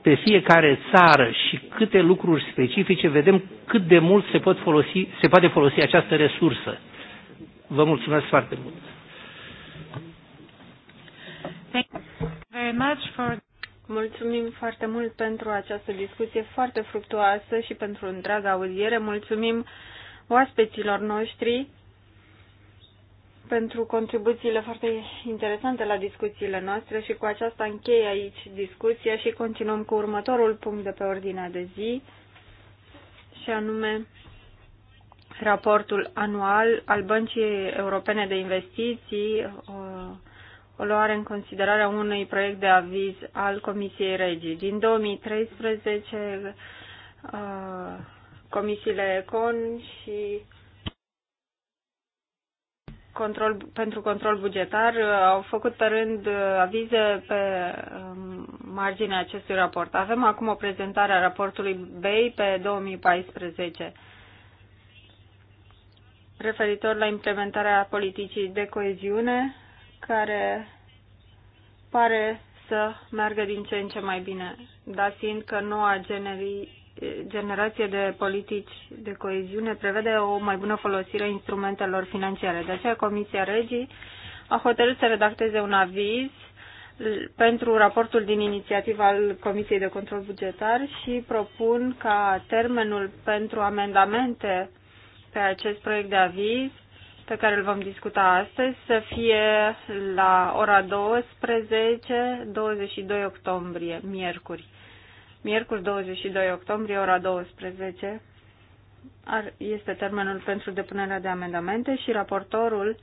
pe fiecare țară și câte lucruri specifice, vedem cât de mult se, pot folosi, se poate folosi această resursă. Vă mulțumesc foarte mult! Thank you very much for Mulțumim foarte mult pentru această discuție foarte fructuoasă și pentru întreaga audiere. Mulțumim oaspeților noștri pentru contribuțiile foarte interesante la discuțiile noastre și cu aceasta închei aici discuția și continuăm cu următorul punct de pe ordinea de zi și anume raportul anual al Băncii Europene de Investiții uh, o luare în considerare a unui proiect de aviz al Comisiei Regii. Din 2013, uh, comisiile Econ și control, pentru control bugetar uh, au făcut pe rând uh, avize pe um, marginea acestui raport. Avem acum o prezentare a raportului BEI pe 2014 referitor la implementarea politicii de coeziune care pare să meargă din ce în ce mai bine, dar fiind că noua generi, generație de politici de coeziune prevede o mai bună folosire a instrumentelor financiare. De aceea Comisia Regii a hotărât să redacteze un aviz pentru raportul din inițiativa al Comisiei de Control Bugetar și propun ca termenul pentru amendamente pe acest proiect de aviz pe care îl vom discuta astăzi să fie la ora 12, 22 octombrie, miercuri. Miercuri 22 octombrie, ora 12, ar, este termenul pentru depunerea de amendamente și raportorul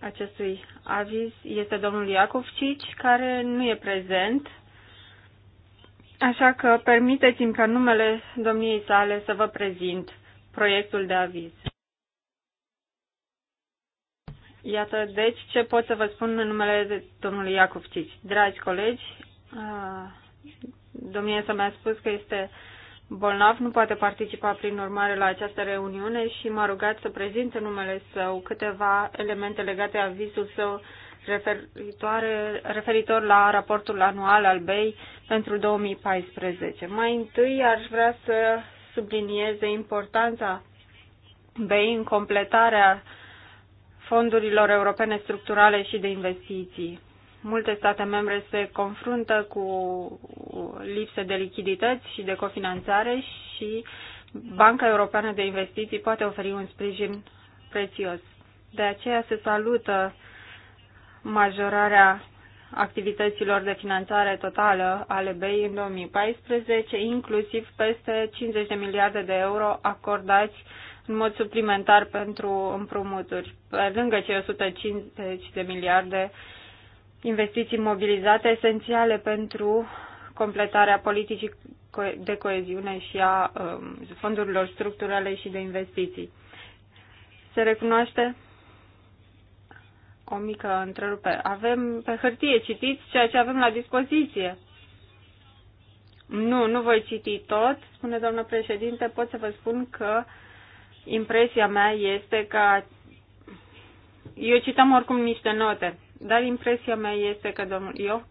acestui aviz este domnul Cici, care nu e prezent, așa că permiteți-mi ca numele domniei sale să vă prezint proiectul de aviz. Iată, deci, ce pot să vă spun în numele domnului Iacov Cici. Dragi colegi, domnia să mi-a spus că este bolnav, nu poate participa prin urmare la această reuniune și m-a rugat să prezint în numele său câteva elemente legate visul său referitoare, referitor la raportul anual al BEI pentru 2014. Mai întâi aș vrea să sublinieze importanța BEI în completarea fondurilor europene structurale și de investiții. Multe state membre se confruntă cu lipsă de lichidități și de cofinanțare și Banca Europeană de Investiții poate oferi un sprijin prețios. De aceea se salută majorarea activităților de finanțare totală ale BEI în 2014, inclusiv peste 50 de miliarde de euro acordați în mod suplimentar pentru împrumuturi, pe lângă cei 150 de miliarde investiții mobilizate esențiale pentru completarea politicii de coeziune și a um, fondurilor structurale și de investiții. Se recunoaște o mică întrerupere. Avem pe hârtie, citiți ceea ce avem la dispoziție. Nu, nu voi citi tot, spune doamna președinte, pot să vă spun că uh, impresia mea este că eu citam oricum niște note, dar impresia mea este că domnul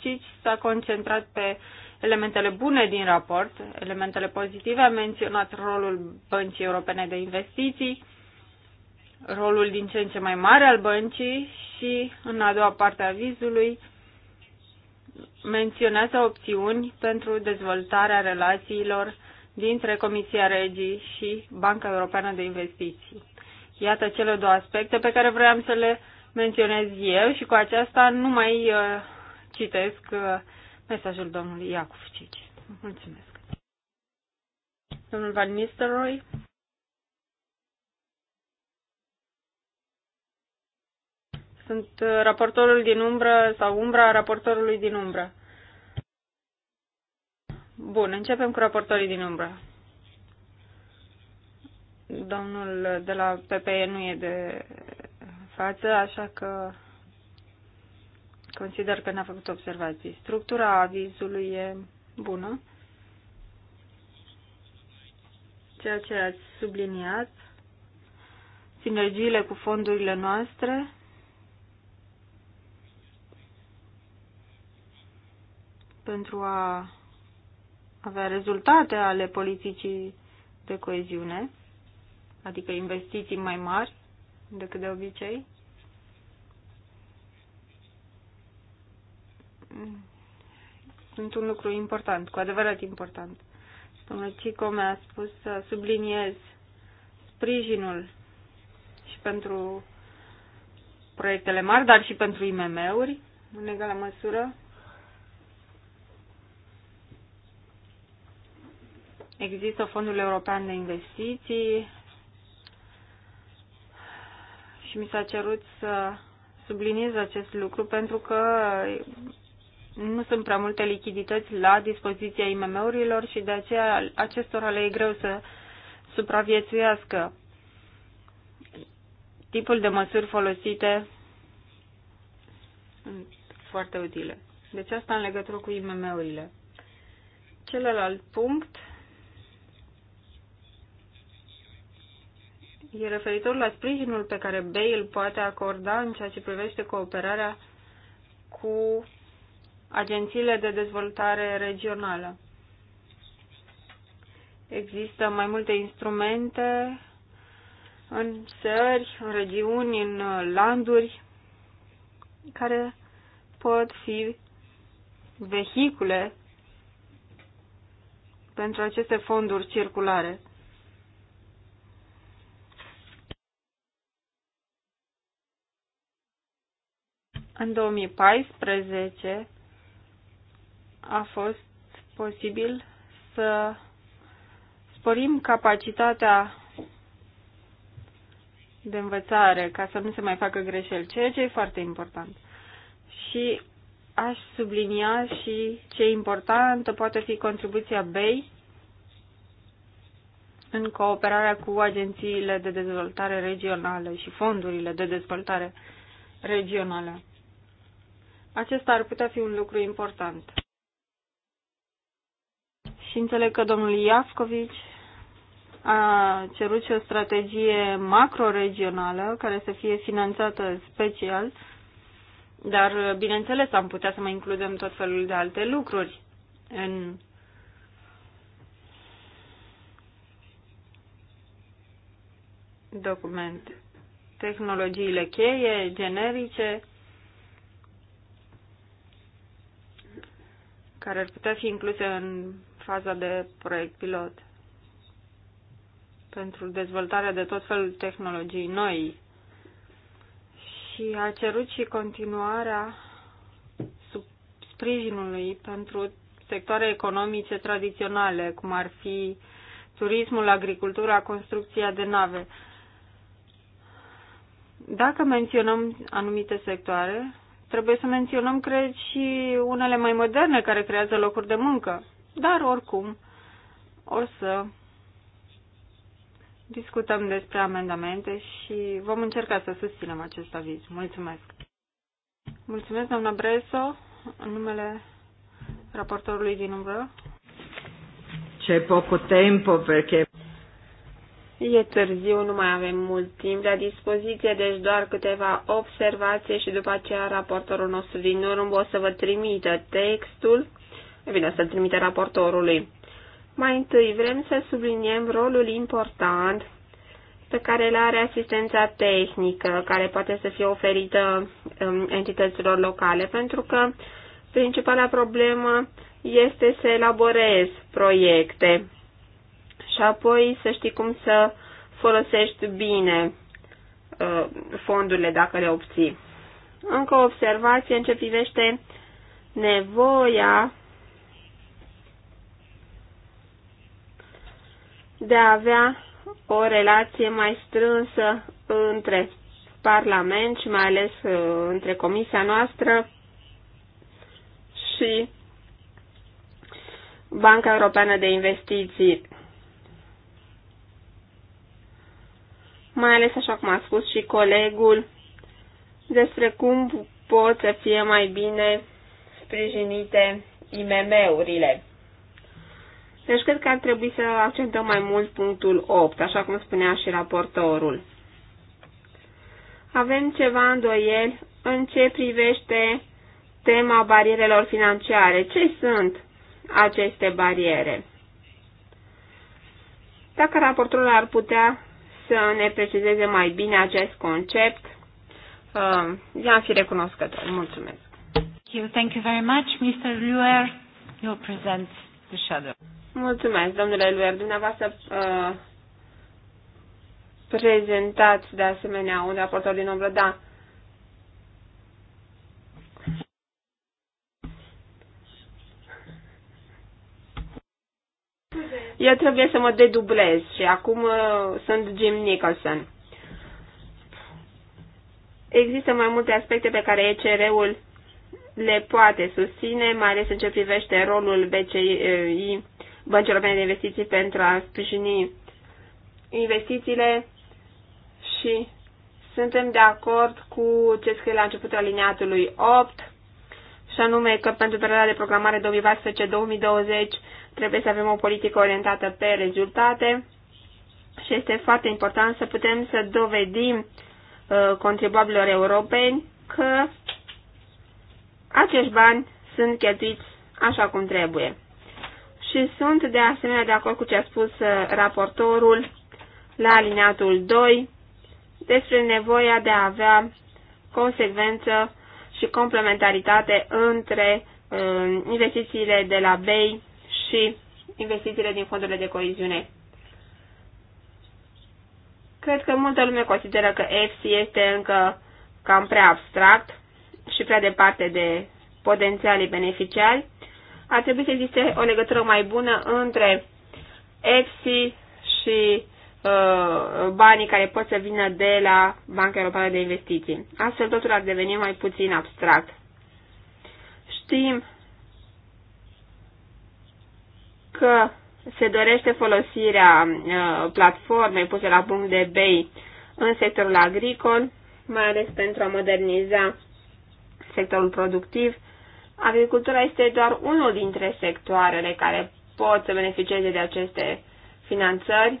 Cici s-a concentrat pe elementele bune din raport, elementele pozitive, a menționat rolul Băncii Europene de Investiții, rolul din ce în ce mai mare al băncii și, în a doua parte a vizului, menționează opțiuni pentru dezvoltarea relațiilor dintre Comisia Regii și Banca Europeană de Investiții. Iată cele două aspecte pe care vreau să le menționez eu și cu aceasta nu mai uh, citesc uh, mesajul domnului Cici. Mulțumesc. Domnul Van Nistelrooy. Sunt uh, raportorul din umbră sau umbra raportorului din umbră. Bun, începem cu raportorii din umbră. Domnul de la PPE nu e de față, așa că consider că n-a făcut observații. Structura avizului e bună. Ceea ce ați subliniat, sinergiile cu fondurile noastre, pentru a avea rezultate ale politicii de coeziune, adică investiții mai mari decât de obicei. Sunt un lucru important, cu adevărat important. Domnul Cico mi-a spus să subliniez sprijinul și pentru proiectele mari, dar și pentru IMM-uri, în egală măsură, Există Fondul European de Investiții și mi s-a cerut să subliniez acest lucru pentru că nu sunt prea multe lichidități la dispoziția IMM-urilor și de aceea acestora le e greu să supraviețuiască. Tipul de măsuri folosite sunt foarte utile. Deci asta în legătură cu IMM-urile. Celălalt punct e referitor la sprijinul pe care BEI îl poate acorda în ceea ce privește cooperarea cu agențiile de dezvoltare regională. Există mai multe instrumente în țări, în regiuni, în landuri care pot fi vehicule pentru aceste fonduri circulare. În 2014 a fost posibil să sporim capacitatea de învățare ca să nu se mai facă greșeli, ceea ce e foarte important. Și aș sublinia și ce importantă poate fi contribuția BEI în cooperarea cu agențiile de dezvoltare regională și fondurile de dezvoltare regională. Acesta ar putea fi un lucru important. Și înțeleg că domnul Iafcovici a cerut și o strategie macroregională care să fie finanțată special, dar bineînțeles am putea să mai includem tot felul de alte lucruri în document. Tehnologiile cheie, generice, care ar putea fi incluse în faza de proiect pilot pentru dezvoltarea de tot felul de tehnologii noi și a cerut și continuarea sub sprijinului pentru sectoare economice tradiționale, cum ar fi turismul, agricultura, construcția de nave. Dacă menționăm anumite sectoare, Trebuie să menționăm, cred, și unele mai moderne care creează locuri de muncă. Dar, oricum, o să discutăm despre amendamente și vom încerca să susținem acest aviz. Mulțumesc! Mulțumesc, doamna Breso, în numele raportorului din umbră. Ce poco tempo, perché... E târziu, nu mai avem mult timp la dispoziție, deci doar câteva observații și după aceea raportorul nostru din urmă o să vă trimită textul, e bine, o să-l trimite raportorului. Mai întâi vrem să subliniem rolul important pe care îl are asistența tehnică, care poate să fie oferită um, entităților locale, pentru că principala problemă este să elaborez proiecte și apoi să știi cum să folosești bine uh, fondurile dacă le obții. Încă o observație în ce privește nevoia de a avea o relație mai strânsă între Parlament și mai ales uh, între comisia noastră și Banca Europeană de Investiții. mai ales așa cum a spus și colegul, despre cum pot să fie mai bine sprijinite IMM-urile. Deci cred că ar trebui să accentăm mai mult punctul 8, așa cum spunea și raportorul. Avem ceva îndoieli în ce privește tema barierelor financiare. Ce sunt aceste bariere? Dacă raportorul ar putea să ne precizeze mai bine acest concept. Uh, I-am fi recunoscător. Mulțumesc. Thank you. Thank you very much, Mr. Luer. You present the shadow. Mulțumesc, domnule Luer. Dumneavoastră uh, prezentați de asemenea un raportor din umbră. Da, eu trebuie să mă dedublez și acum uh, sunt Jim Nicholson. Există mai multe aspecte pe care ECR-ul le poate susține, mai ales în ce privește rolul BCI, Băncii Europene de Investiții, pentru a sprijini investițiile și suntem de acord cu ce scrie la începutul aliniatului 8, și anume că pentru perioada de programare 2014-2020 Trebuie să avem o politică orientată pe rezultate și este foarte important să putem să dovedim uh, contribuabilor europeni că acești bani sunt cheltuiți așa cum trebuie. Și sunt de asemenea de acord cu ce a spus uh, raportorul la alineatul 2 despre nevoia de a avea consecvență și complementaritate între uh, investițiile de la BEI și investițiile din fondurile de coeziune. Cred că multă lume consideră că EFSI este încă cam prea abstract și prea departe de potențialii beneficiari. Ar trebui să existe o legătură mai bună între EFSI și uh, banii care pot să vină de la Banca Europeană de Investiții. Astfel totul ar deveni mai puțin abstract. Știm că se dorește folosirea uh, platformei puse la punct de BEI în sectorul agricol, mai ales pentru a moderniza sectorul productiv. Agricultura este doar unul dintre sectoarele care pot să beneficieze de aceste finanțări,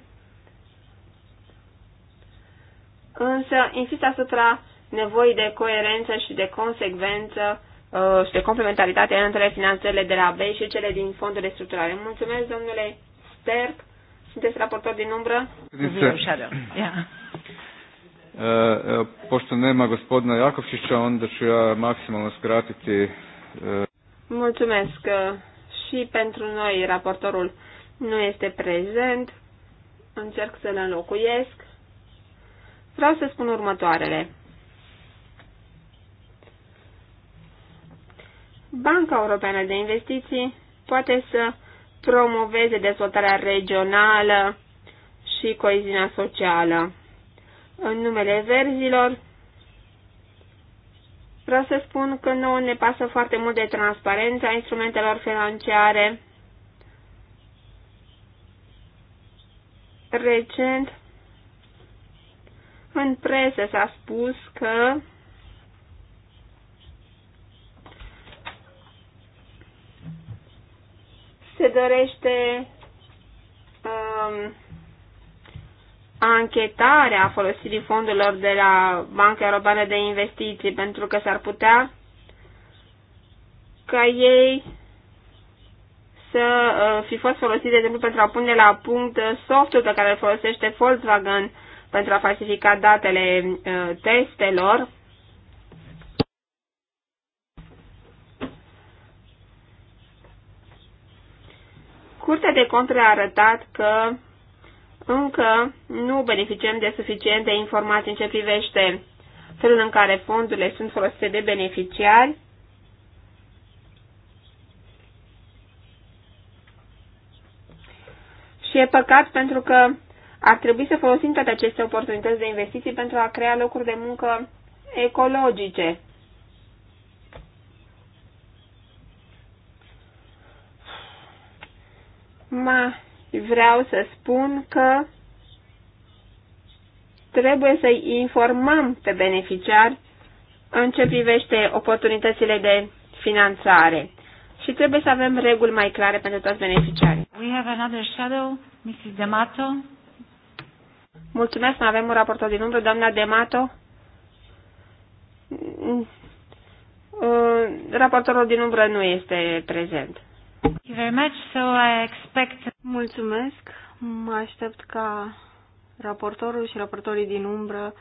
însă insist asupra nevoii de coerență și de consecvență Uh, și de complementaritate între finanțele de la B și cele din fondul de structurare. Mulțumesc, domnule Sterk. Sunteți raportor din umbră? Uh, pošto nema gospodina Jakovčića, onda ću ja maksimalno skratiti. Uh, Mulțumesc. Și pentru noi raportorul nu este prezent. Încerc să-l înlocuiesc. Vreau să spun următoarele. Banca Europeană de Investiții poate să promoveze dezvoltarea regională și coeziunea socială. În numele verzilor, vreau să spun că nouă ne pasă foarte mult de transparența instrumentelor financiare. Recent, în presă s-a spus că se dorește um, anchetarea folosirii fondurilor de la Banca Europeană de Investiții, pentru că s-ar putea ca ei să uh, fi fost folosiți, de exemplu, pentru a pune la punct uh, softul pe care îl folosește Volkswagen pentru a falsifica datele uh, testelor Curtea de Contre a arătat că încă nu beneficiem de suficiente informații în ce privește felul în care fondurile sunt folosite de beneficiari, Și e păcat pentru că ar trebui să folosim toate aceste oportunități de investiții pentru a crea locuri de muncă ecologice. Ma vreau să spun că trebuie să-i informăm pe beneficiari în ce privește oportunitățile de finanțare și trebuie să avem reguli mai clare pentru toți beneficiarii. We have another shadow, Mrs. Demato. Mulțumesc, mai avem un raportor din umbră, doamna Demato. Mm. Mm. Uh, raportorul din umbră nu este prezent. Thank you very much. So I expect... Mulțumesc. Mă aștept ca raportorul și raportorii din umbră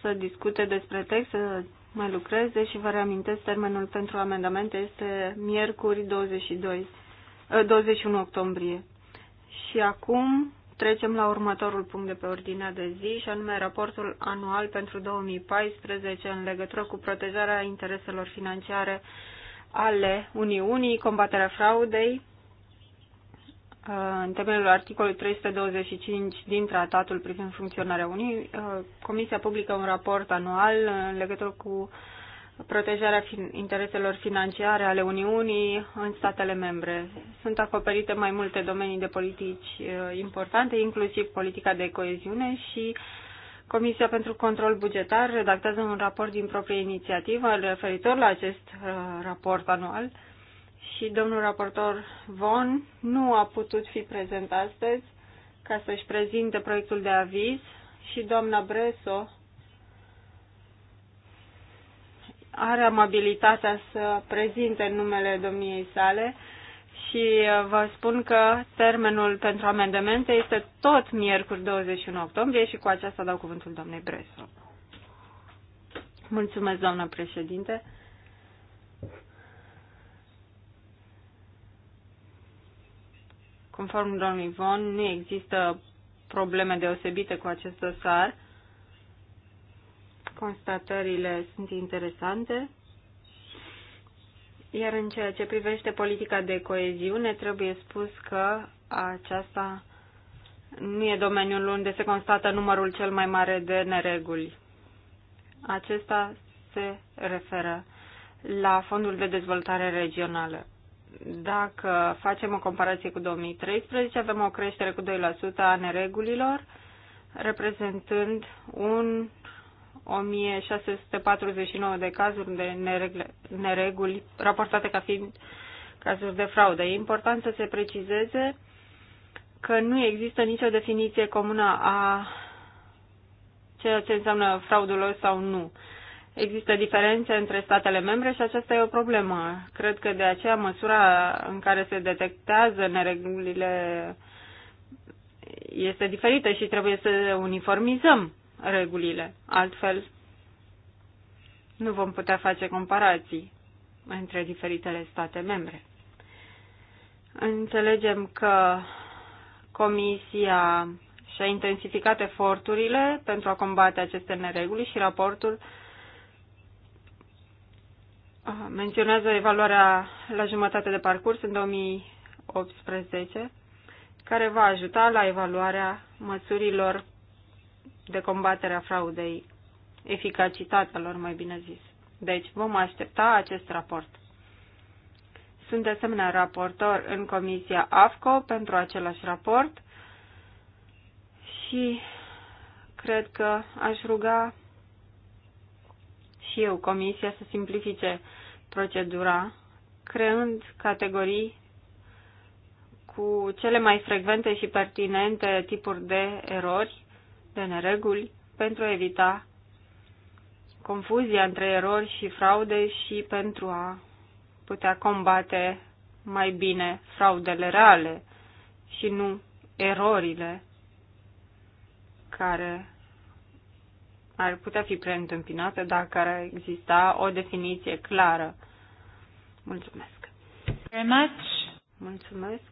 să discute despre text, să mai lucreze și vă reamintesc termenul pentru amendamente este miercuri 22, 21 ă, octombrie. Și acum trecem la următorul punct de pe ordinea de zi și anume raportul anual pentru 2014 în legătură cu protejarea intereselor financiare ale Uniunii, combaterea fraudei, uh, în temelul articolului 325 din tratatul privind funcționarea Uniunii, uh, Comisia publică un raport anual în legătură cu protejarea intereselor financiare ale Uniunii în statele membre. Sunt acoperite mai multe domenii de politici uh, importante, inclusiv politica de coeziune și Comisia pentru Control Bugetar redactează un raport din proprie inițiativă referitor la acest uh, raport anual și domnul raportor Von nu a putut fi prezent astăzi ca să-și prezinte proiectul de aviz și doamna Breso are amabilitatea să prezinte numele domniei sale și uh, vă spun că termenul pentru amendamente este tot miercuri 21 octombrie și cu aceasta dau cuvântul doamnei Bresu. Mulțumesc, doamnă președinte. Conform domnului Ivon, nu există probleme deosebite cu acest dosar. Constatările sunt interesante. Iar în ceea ce privește politica de coeziune, trebuie spus că aceasta nu e domeniul unde se constată numărul cel mai mare de nereguli. Acesta se referă la Fondul de Dezvoltare Regională. Dacă facem o comparație cu 2013, avem o creștere cu 2% a neregulilor, reprezentând un 1649 de cazuri de nereguli raportate ca fiind cazuri de fraudă. E important să se precizeze că nu există nicio definiție comună a ceea ce înseamnă fraudulos sau nu. Există diferențe între statele membre și aceasta e o problemă. Cred că de aceea măsura în care se detectează neregulile este diferită și trebuie să uniformizăm regulile. Altfel, nu vom putea face comparații între diferitele state membre. Înțelegem că Comisia și-a intensificat eforturile pentru a combate aceste nereguli și raportul uh, menționează evaluarea la jumătate de parcurs în 2018, care va ajuta la evaluarea măsurilor de combaterea fraudei, eficacitatea lor, mai bine zis. Deci vom aștepta acest raport. Sunt de asemenea raportor în Comisia AFCO pentru același raport și cred că aș ruga și eu Comisia să simplifice procedura, creând categorii cu cele mai frecvente și pertinente tipuri de erori de nereguli pentru a evita confuzia între erori și fraude și pentru a putea combate mai bine fraudele reale și nu erorile care ar putea fi preîntâmpinată dacă ar exista o definiție clară. Mulțumesc. Very much. Mulțumesc.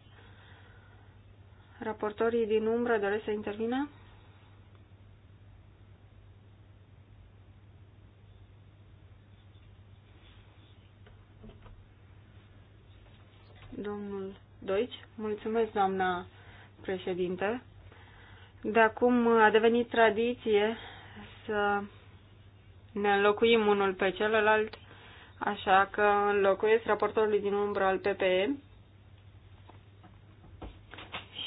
Raportorii din umbră doresc să intervină? Domnul Doici, mulțumesc, doamna președinte. De acum a devenit tradiție să ne înlocuim unul pe celălalt, așa că înlocuiesc raportorului din umbră al PPE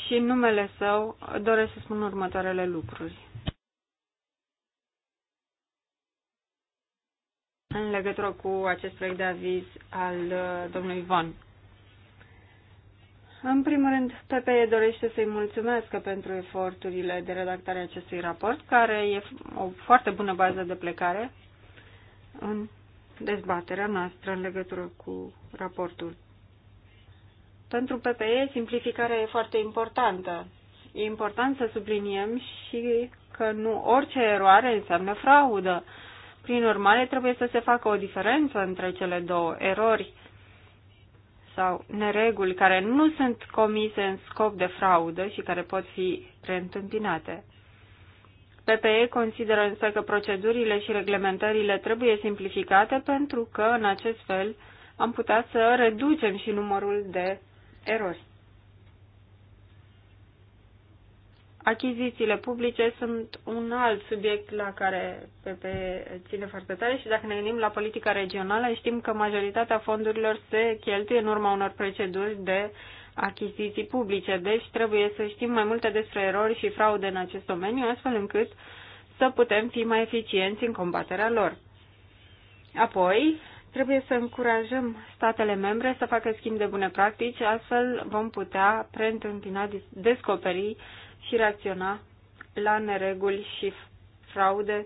și în numele său doresc să spun următoarele lucruri. În legătură cu acest proiect de aviz al uh, domnului Ivan. În primul rând, PPE dorește să-i mulțumesc pentru eforturile de redactare a acestui raport, care e o foarte bună bază de plecare în dezbaterea noastră în legătură cu raportul. Pentru PPE, simplificarea e foarte importantă. E important să subliniem și că nu orice eroare înseamnă fraudă. Prin urmare, trebuie să se facă o diferență între cele două erori sau nereguli care nu sunt comise în scop de fraudă și care pot fi reîntâmpinate. PPE consideră însă că procedurile și reglementările trebuie simplificate pentru că, în acest fel, am putea să reducem și numărul de erori. Achizițiile publice sunt un alt subiect la care PP ține foarte tare și dacă ne gândim la politica regională, știm că majoritatea fondurilor se cheltuie în urma unor proceduri de achiziții publice. Deci trebuie să știm mai multe despre erori și fraude în acest domeniu, astfel încât să putem fi mai eficienți în combaterea lor. Apoi, trebuie să încurajăm statele membre să facă schimb de bune practici, astfel vom putea preîntâmpina descoperii și reacționa la nereguli și fraude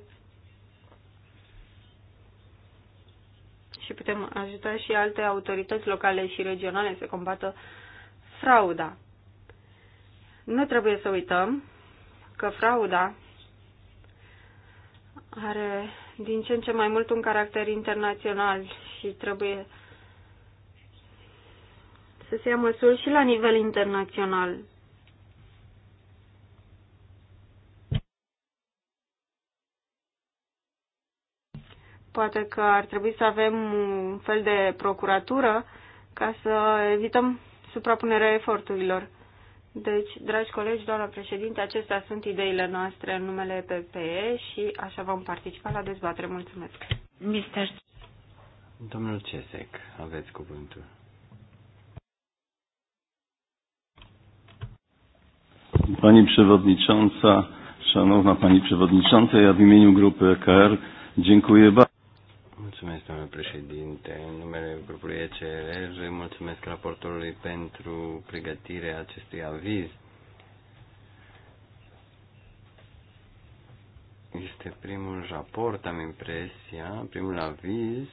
și putem ajuta și alte autorități locale și regionale să combată frauda. Nu trebuie să uităm că frauda are din ce în ce mai mult un caracter internațional și trebuie să se ia măsuri și la nivel internațional Poate că ar trebui să avem un fel de procuratură ca să evităm suprapunerea eforturilor. Deci, dragi colegi, doamna președinte, acestea sunt ideile noastre în numele PPE și așa vom participa la dezbatere. Mulțumesc. Mister. Domnul Cesec, aveți cuvântul. Pani Przewodnicząca, Szanowna Pani Przewodnicząca, ja w imieniu grupy EKR dziękuję bardzo. Mulțumesc, domnule președinte. În numele grupului ECR, mulțumesc raportorului pentru pregătirea acestui aviz. Este primul raport, am impresia, primul aviz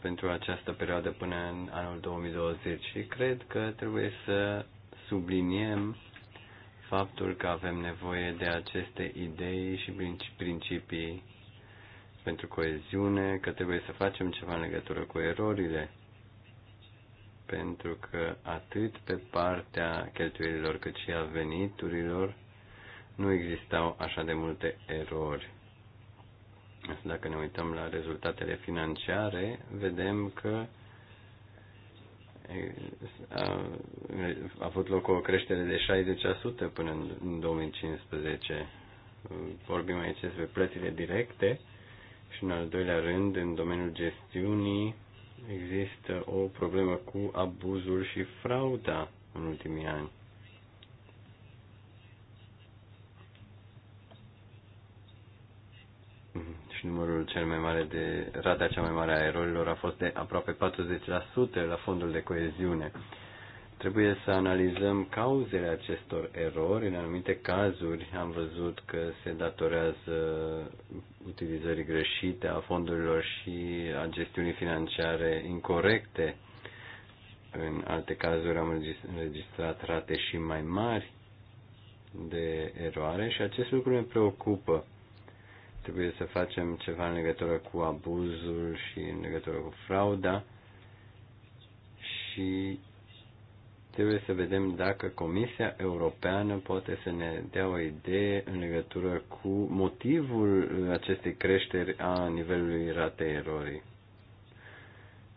pentru această perioadă până în anul 2020 și cred că trebuie să subliniem faptul că avem nevoie de aceste idei și principii pentru coeziune, că trebuie să facem ceva în legătură cu erorile, pentru că atât pe partea cheltuielilor cât și a veniturilor nu existau așa de multe erori. Dacă ne uităm la rezultatele financiare, vedem că a, avut loc o creștere de 60% până în 2015. Vorbim aici despre plățile directe și în al doilea rând, în domeniul gestiunii, există o problemă cu abuzul și frauda în ultimii ani. și numărul cel mai mare de, rata cea mai mare a erorilor a fost de aproape 40% la fondul de coeziune. Trebuie să analizăm cauzele acestor erori. În anumite cazuri am văzut că se datorează utilizării greșite a fondurilor și a gestiunii financiare incorrecte. În alte cazuri am înregistrat rate și mai mari de eroare și acest lucru ne preocupă Trebuie să facem ceva în legătură cu abuzul și în legătură cu frauda și trebuie să vedem dacă Comisia Europeană poate să ne dea o idee în legătură cu motivul acestei creșteri a nivelului ratei erorii.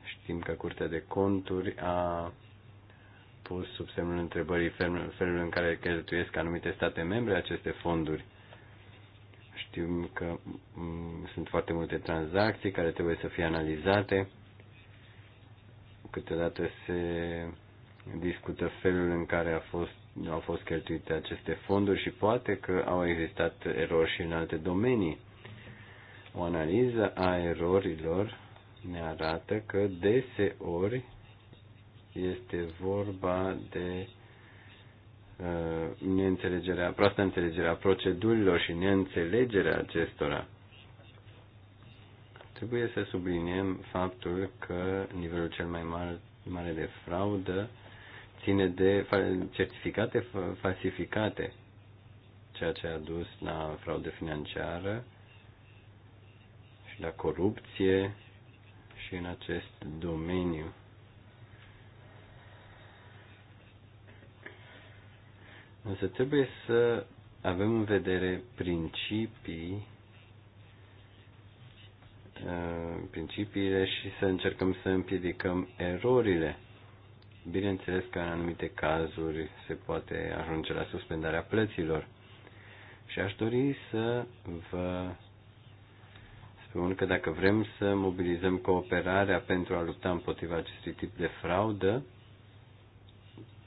Știm că Curtea de Conturi a pus sub semnul întrebării felul în care cheltuiesc anumite state membre aceste fonduri. Știm că mm, sunt foarte multe tranzacții care trebuie să fie analizate. Câteodată se discută felul în care a fost, au fost cheltuite aceste fonduri și poate că au existat erori și în alte domenii. O analiză a erorilor ne arată că deseori este vorba de Uh, neînțelegerea, proastă înțelegerea procedurilor și neînțelegerea acestora. Trebuie să subliniem faptul că nivelul cel mai mare, mare de fraudă ține de certificate falsificate, ceea ce a dus la fraudă financiară și la corupție și în acest domeniu. Însă trebuie să avem în vedere principii uh, principiile și să încercăm să împiedicăm erorile. Bineînțeles că în anumite cazuri se poate ajunge la suspendarea plăților. Și aș dori să vă spun că dacă vrem să mobilizăm cooperarea pentru a lupta împotriva acestui tip de fraudă,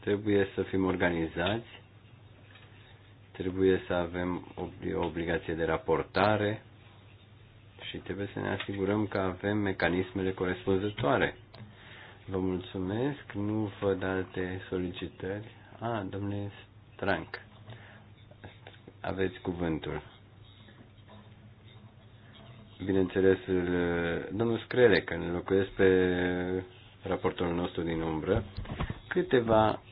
trebuie să fim organizați Trebuie să avem o obligație de raportare și trebuie să ne asigurăm că avem mecanismele corespunzătoare. Vă mulțumesc, nu văd alte solicitări. A, ah, domnule Stranc, aveți cuvântul. Bineînțeles, domnul Screle, că ne locuiesc pe raportul nostru din umbră. Câteva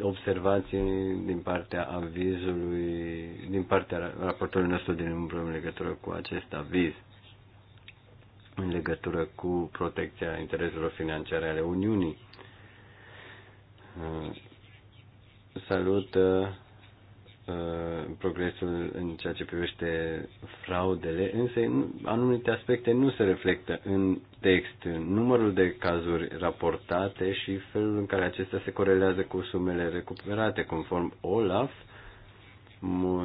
observații din partea avizului, din partea raportului nostru din umbră în legătură cu acest aviz, în legătură cu protecția intereselor financiare ale Uniunii. Salută Uh, progresul în ceea ce privește fraudele, însă anumite aspecte nu se reflectă în text, în numărul de cazuri raportate și felul în care acestea se corelează cu sumele recuperate, conform OLAF.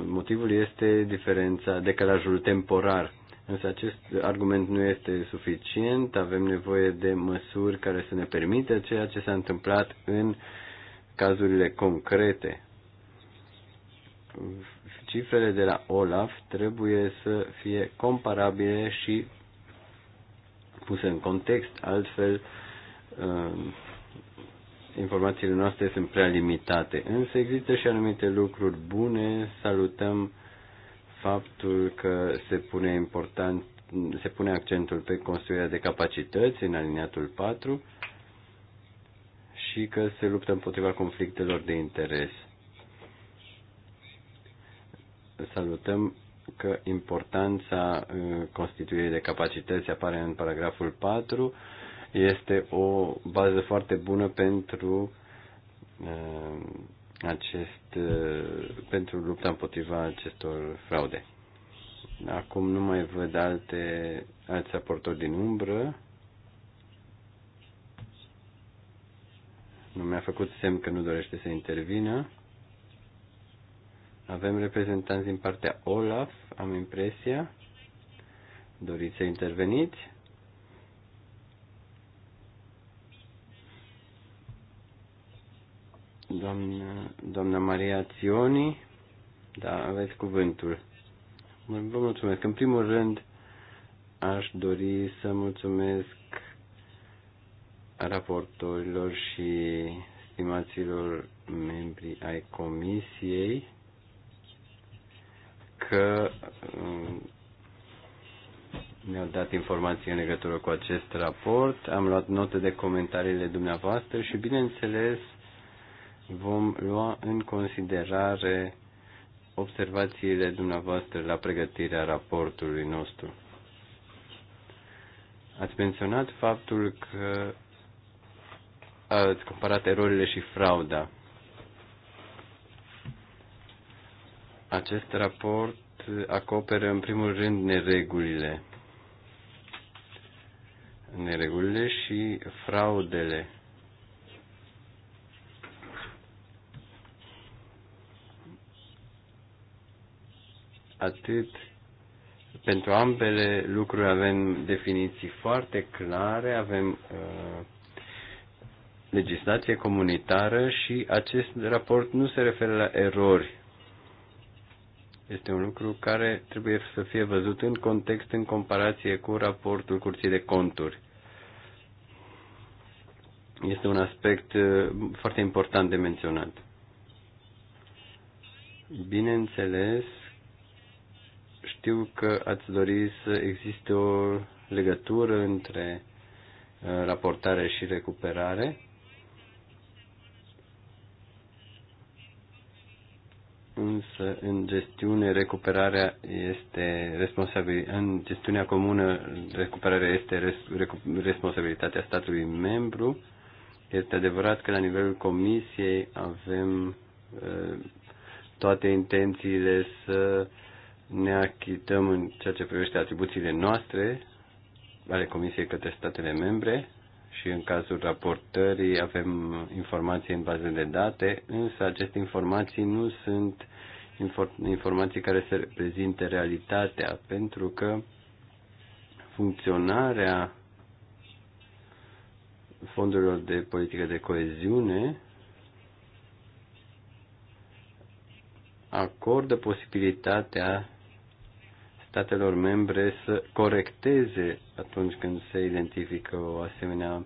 Motivul este diferența, decalajul temporar. Însă acest argument nu este suficient, avem nevoie de măsuri care să ne permită ceea ce s-a întâmplat în cazurile concrete cifrele de la OLAF trebuie să fie comparabile și puse în context, altfel uh, informațiile noastre sunt prea limitate. Însă există și anumite lucruri bune, salutăm faptul că se pune important se pune accentul pe construirea de capacități în aliniatul 4 și că se luptă împotriva conflictelor de interes salutăm că importanța uh, constituirii de capacități apare în paragraful 4. Este o bază foarte bună pentru uh, acest, uh, pentru lupta împotriva acestor fraude. Acum nu mai văd alte, alți aportori din umbră. Nu mi-a făcut semn că nu dorește să intervină. Avem reprezentanți din partea OLAF, am impresia. Doriți să interveniți? Doamna, doamna Maria Ționi, da, aveți cuvântul. Vă mulțumesc. În primul rând, aș dori să mulțumesc raportorilor și stimaților membri ai comisiei că um, ne-au dat informații în legătură cu acest raport, am luat note de comentariile dumneavoastră și, bineînțeles, vom lua în considerare observațiile dumneavoastră la pregătirea raportului nostru. Ați menționat faptul că ați comparat erorile și frauda. Acest raport acoperă în primul rând neregulile. Neregulile și fraudele. Atât pentru ambele lucruri avem definiții foarte clare, avem uh, legislație comunitară și acest raport nu se referă la erori este un lucru care trebuie să fie văzut în context, în comparație cu raportul Curții de Conturi. Este un aspect uh, foarte important de menționat. Bineînțeles, știu că ați dori să existe o legătură între uh, raportare și recuperare. însă în gestiune recuperarea este responsabil în gestiunea comună recuperarea este res, recu, responsabilitatea statului membru. Este adevărat că la nivelul comisiei avem uh, toate intențiile să ne achităm în ceea ce privește atribuțiile noastre ale comisiei către statele membre, și în cazul raportării avem informații în baze de date, însă aceste informații nu sunt informații care se reprezintă realitatea, pentru că funcționarea fondurilor de politică de coeziune acordă posibilitatea statelor membre să corecteze atunci când se identifică o asemenea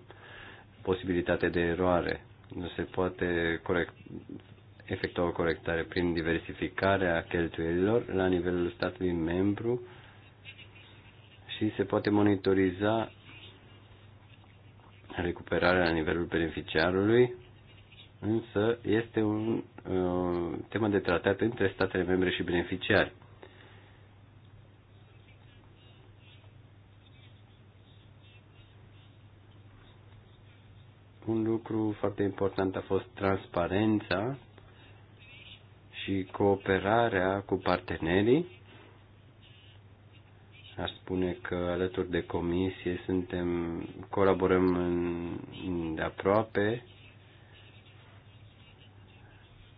posibilitate de eroare. Nu se poate corect, efectua o corectare prin diversificarea cheltuielilor la nivelul statului membru și se poate monitoriza recuperarea la nivelul beneficiarului, însă este un uh, temă de tratat între statele membre și beneficiari. un lucru foarte important a fost transparența și cooperarea cu partenerii. Aș spune că alături de comisie suntem, colaborăm în, în de aproape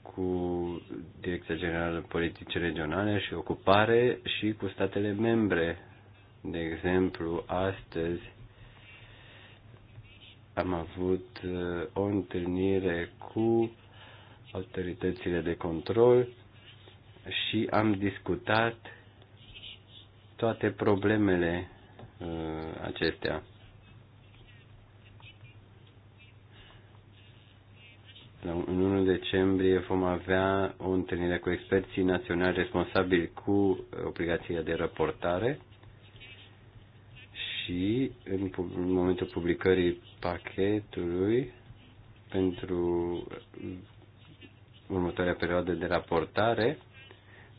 cu Direcția Generală Politice Regionale și Ocupare și cu statele membre. De exemplu, astăzi am avut uh, o întâlnire cu autoritățile de control și am discutat toate problemele uh, acestea. În 1 decembrie vom avea o întâlnire cu experții naționali responsabili cu obligația de raportare și în, momentul publicării pachetului pentru următoarea perioadă de raportare,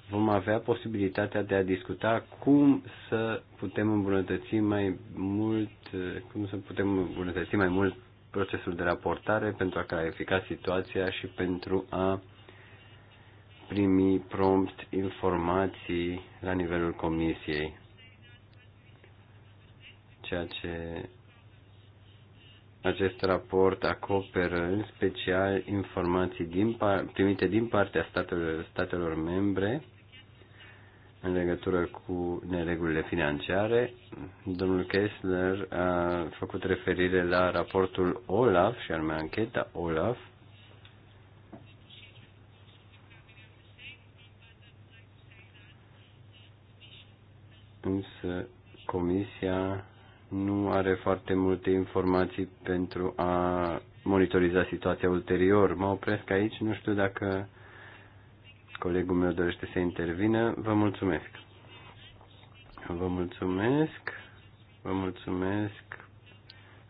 vom avea posibilitatea de a discuta cum să putem îmbunătăți mai mult, cum să putem îmbunătăți mai mult procesul de raportare pentru a clarifica situația și pentru a primi prompt informații la nivelul comisiei ceea ce acest raport acoperă în special informații din, primite din partea statelor, statelor membre în legătură cu neregulile financiare. Domnul Kessler a făcut referire la raportul OLAF și anume ancheta OLAF însă Comisia nu are foarte multe informații pentru a monitoriza situația ulterior. Mă opresc aici, nu știu dacă colegul meu dorește să intervină. Vă mulțumesc. Vă mulțumesc. Vă mulțumesc.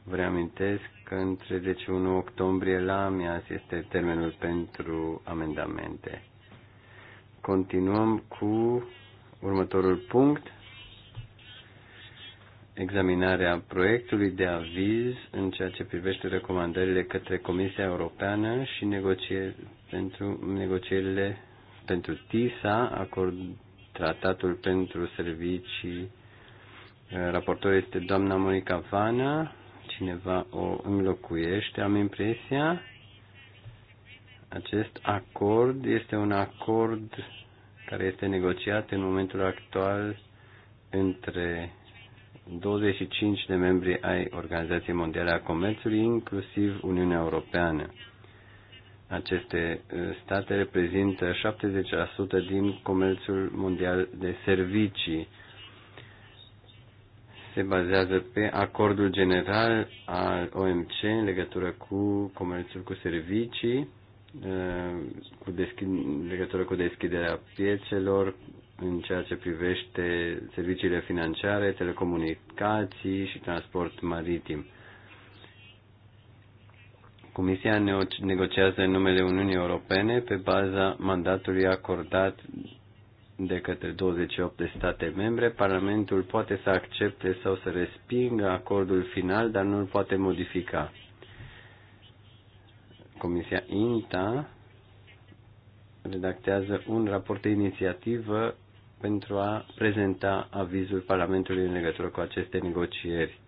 Vă reamintesc că între 31 octombrie la amiaz este termenul pentru amendamente. Continuăm cu următorul punct, examinarea proiectului de aviz în ceea ce privește recomandările către Comisia Europeană și negocieri, pentru negocierile pentru TISA, acord, tratatul pentru servicii. Raportor este doamna Monica Vana, cineva o înlocuiește, am impresia. Acest acord este un acord care este negociat în momentul actual între 25 de membri ai Organizației Mondiale a Comerțului, inclusiv Uniunea Europeană. Aceste uh, state reprezintă 70% din comerțul mondial de servicii. Se bazează pe acordul general al OMC în legătură cu comerțul cu servicii, uh, cu deschid, legătură cu deschiderea piețelor, în ceea ce privește serviciile financiare, telecomunicații și transport maritim. Comisia negociază în numele Uniunii Europene pe baza mandatului acordat de către 28 de state membre. Parlamentul poate să accepte sau să respingă acordul final, dar nu îl poate modifica. Comisia INTA redactează un raport de inițiativă pentru a prezenta avizul Parlamentului în legătură cu aceste negocieri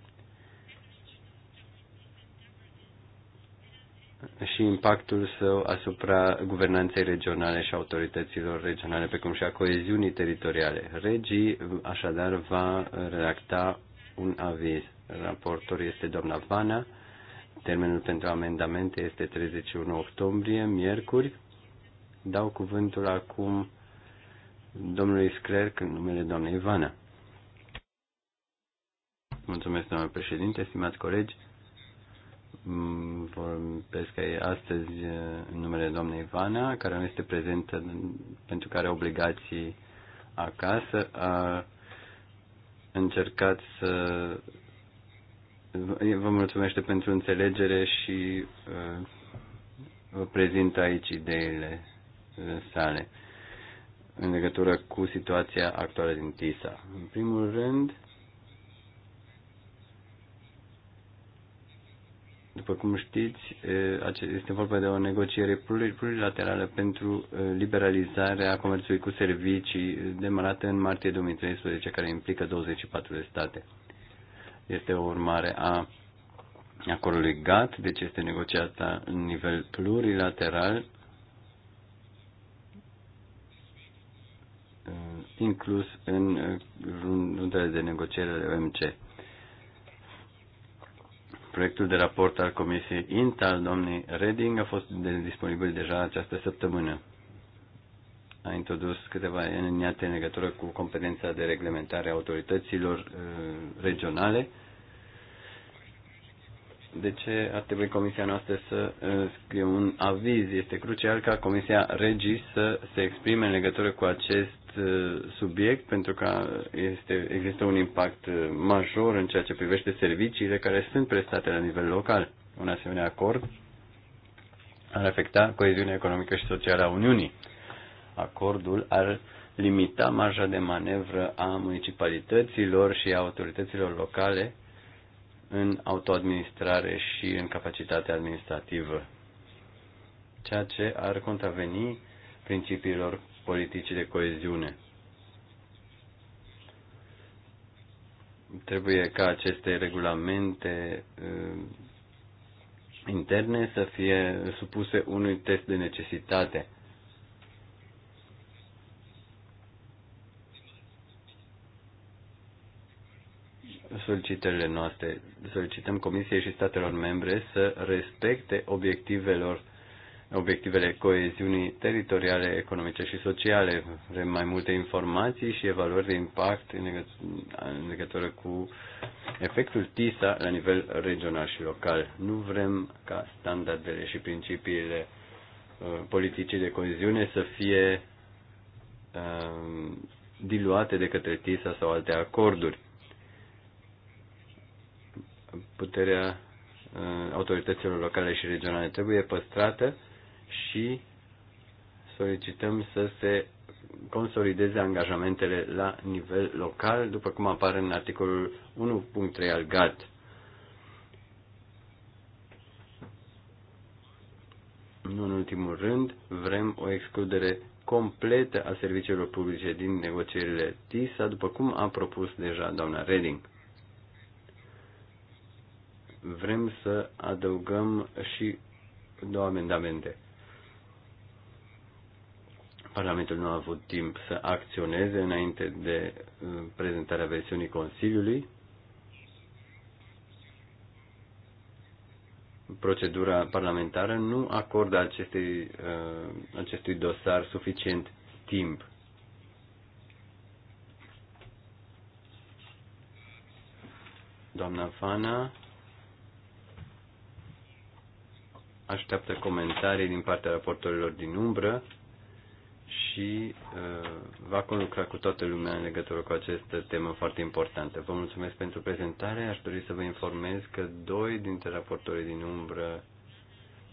și impactul său asupra guvernanței regionale și autorităților regionale, precum și a coeziunii teritoriale. Regii, așadar, va redacta un aviz. Raportor este doamna Vana. Termenul pentru amendamente este 31 octombrie, miercuri. Dau cuvântul acum domnului Sclerc în numele doamnei Ivana. Mulțumesc, doamnă președinte, stimați colegi. Mm, vorbesc astăzi în numele doamnei Ivana, care nu este prezentă pentru care obligații acasă. A încercat să vă mulțumesc pentru înțelegere și vă prezint aici ideile sale în legătură cu situația actuală din TISA. În primul rând, după cum știți, este vorba de o negociere plurilaterală pentru liberalizarea comerțului cu servicii demarată în martie 2013, care implică 24 de state. Este o urmare a acordului GATT, deci este negociată în nivel plurilateral inclus în uh, rundele de negociere ale OMC. Proiectul de raport al Comisiei INT al domnului Reding a fost de disponibil deja această săptămână. A introdus câteva eneniate în legătură cu competența de reglementare a autorităților uh, regionale de ce ar trebui comisia noastră să uh, scrie un aviz. Este crucial ca comisia Regis să se exprime în legătură cu acest uh, subiect pentru că este, există un impact uh, major în ceea ce privește serviciile care sunt prestate la nivel local. Un asemenea acord ar afecta coeziunea economică și socială a Uniunii. Acordul ar limita marja de manevră a municipalităților și a autorităților locale în autoadministrare și în capacitatea administrativă, ceea ce ar contraveni principiilor politicii de coeziune. Trebuie ca aceste regulamente uh, interne să fie supuse unui test de necesitate solicitările noastre. Solicităm Comisiei și statelor membre să respecte obiectivelor obiectivele coeziunii teritoriale, economice și sociale. Vrem mai multe informații și evaluări de impact în, legăt- în legătură cu efectul TISA la nivel regional și local. Nu vrem ca standardele și principiile uh, politicii de coeziune să fie uh, diluate de către TISA sau alte acorduri puterea uh, autorităților locale și regionale trebuie păstrată și solicităm să se consolideze angajamentele la nivel local, după cum apare în articolul 1.3 al GAT. Nu în ultimul rând, vrem o excludere completă a serviciilor publice din negocierile TISA, după cum a propus deja doamna Reding vrem să adăugăm și două amendamente. Parlamentul nu a avut timp să acționeze înainte de uh, prezentarea versiunii Consiliului. Procedura parlamentară nu acordă acestei, uh, acestui dosar suficient timp. Doamna Fana așteaptă comentarii din partea raportorilor din umbră și uh, va conlucra cu toată lumea în legătură cu această temă foarte importantă. Vă mulțumesc pentru prezentare. Aș dori să vă informez că doi dintre raportorii din umbră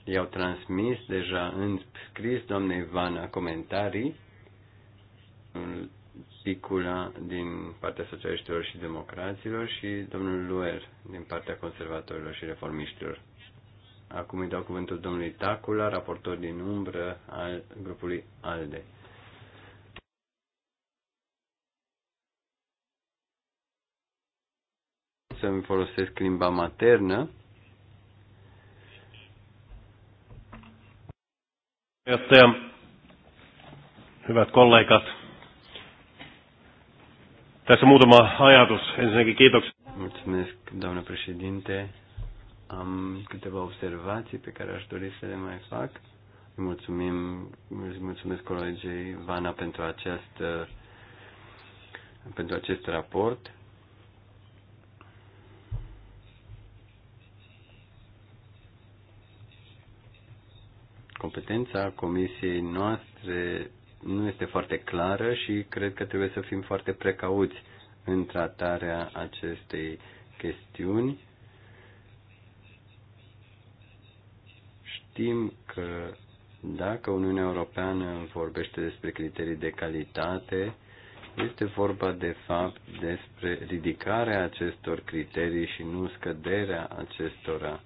i-au transmis deja în scris doamnei Ivana comentarii Picula din partea socialiștilor și democraților și domnul Luer din partea conservatorilor și reformiștilor. Acum îi dau cuvântul domnului Tacula, raportor din umbră al grupului ALDE. Să-mi folosesc limba maternă. Johtaja, hyvät kollegat, tässä muutama ajatus. Ensinnäkin kiitoksia. Mulțumesc, doamnă președinte. Am câteva observații pe care aș dori să le mai fac. Îi mulțumim, îi mulțumesc colegii Vana pentru acest, pentru acest raport. Competența comisiei noastre nu este foarte clară și cred că trebuie să fim foarte precauți în tratarea acestei chestiuni știm că dacă Uniunea Europeană vorbește despre criterii de calitate, este vorba de fapt despre ridicarea acestor criterii și nu scăderea acestora.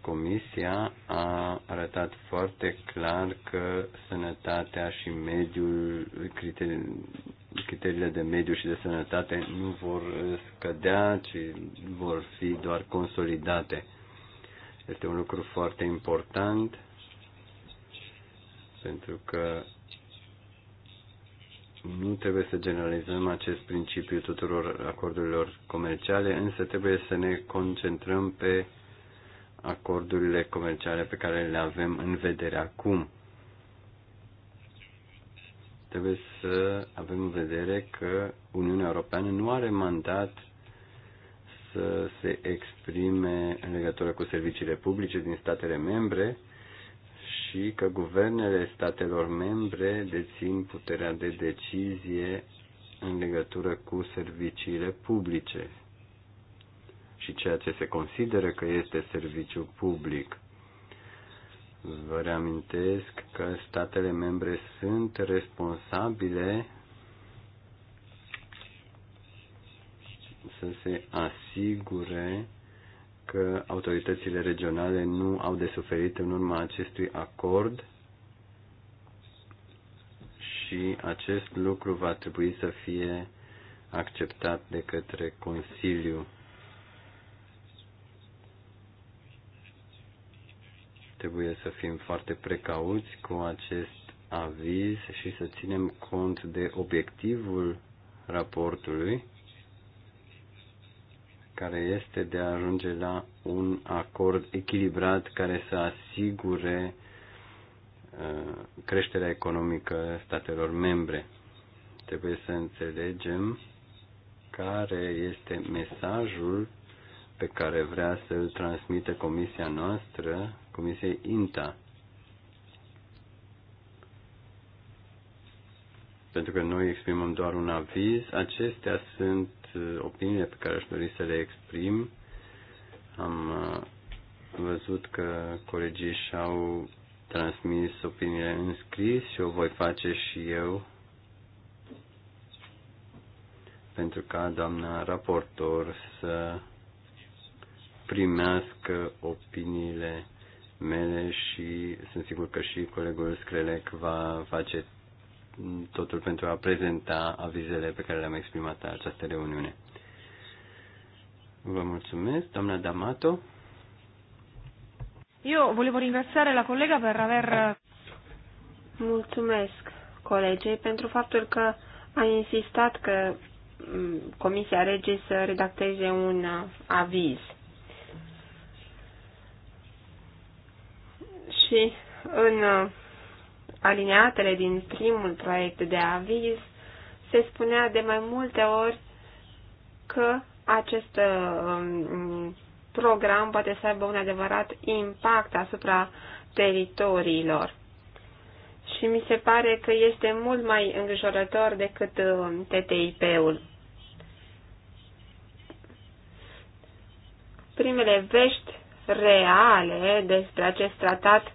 Comisia a arătat foarte clar că sănătatea și mediul, criteri, criteriile de mediu și de sănătate nu vor scădea, ci vor fi doar consolidate. Este un lucru foarte important pentru că nu trebuie să generalizăm acest principiu tuturor acordurilor comerciale, însă trebuie să ne concentrăm pe acordurile comerciale pe care le avem în vedere acum. Trebuie să avem în vedere că Uniunea Europeană nu are mandat să se exprime în legătură cu serviciile publice din statele membre și că guvernele statelor membre dețin puterea de decizie în legătură cu serviciile publice și ceea ce se consideră că este serviciu public. Vă reamintesc că statele membre sunt responsabile să se asigure că autoritățile regionale nu au de suferit în urma acestui acord și acest lucru va trebui să fie acceptat de către Consiliu. Trebuie să fim foarte precauți cu acest aviz și să ținem cont de obiectivul raportului care este de a ajunge la un acord echilibrat care să asigure uh, creșterea economică statelor membre. Trebuie să înțelegem care este mesajul pe care vrea să îl transmită comisia noastră, comisiei INTA. Pentru că noi exprimăm doar un aviz, acestea sunt opiniile pe care aș dori să le exprim. Am uh, văzut că colegii și-au transmis opiniile în scris și o voi face și eu pentru ca doamna raportor să primească opiniile mele și sunt sigur că și colegul Screlec va face totul pentru a prezenta avizele pe care le-am exprimat la această reuniune. Vă mulțumesc, doamna D'Amato. Eu volevo ringraziare la colega per aver... Mulțumesc colegei pentru faptul că a insistat că mm, Comisia Regii să redacteze un aviz. Și în alineatele din primul proiect de aviz, se spunea de mai multe ori că acest um, program poate să aibă un adevărat impact asupra teritoriilor. Și mi se pare că este mult mai îngrijorător decât um, TTIP-ul. Primele vești reale despre acest tratat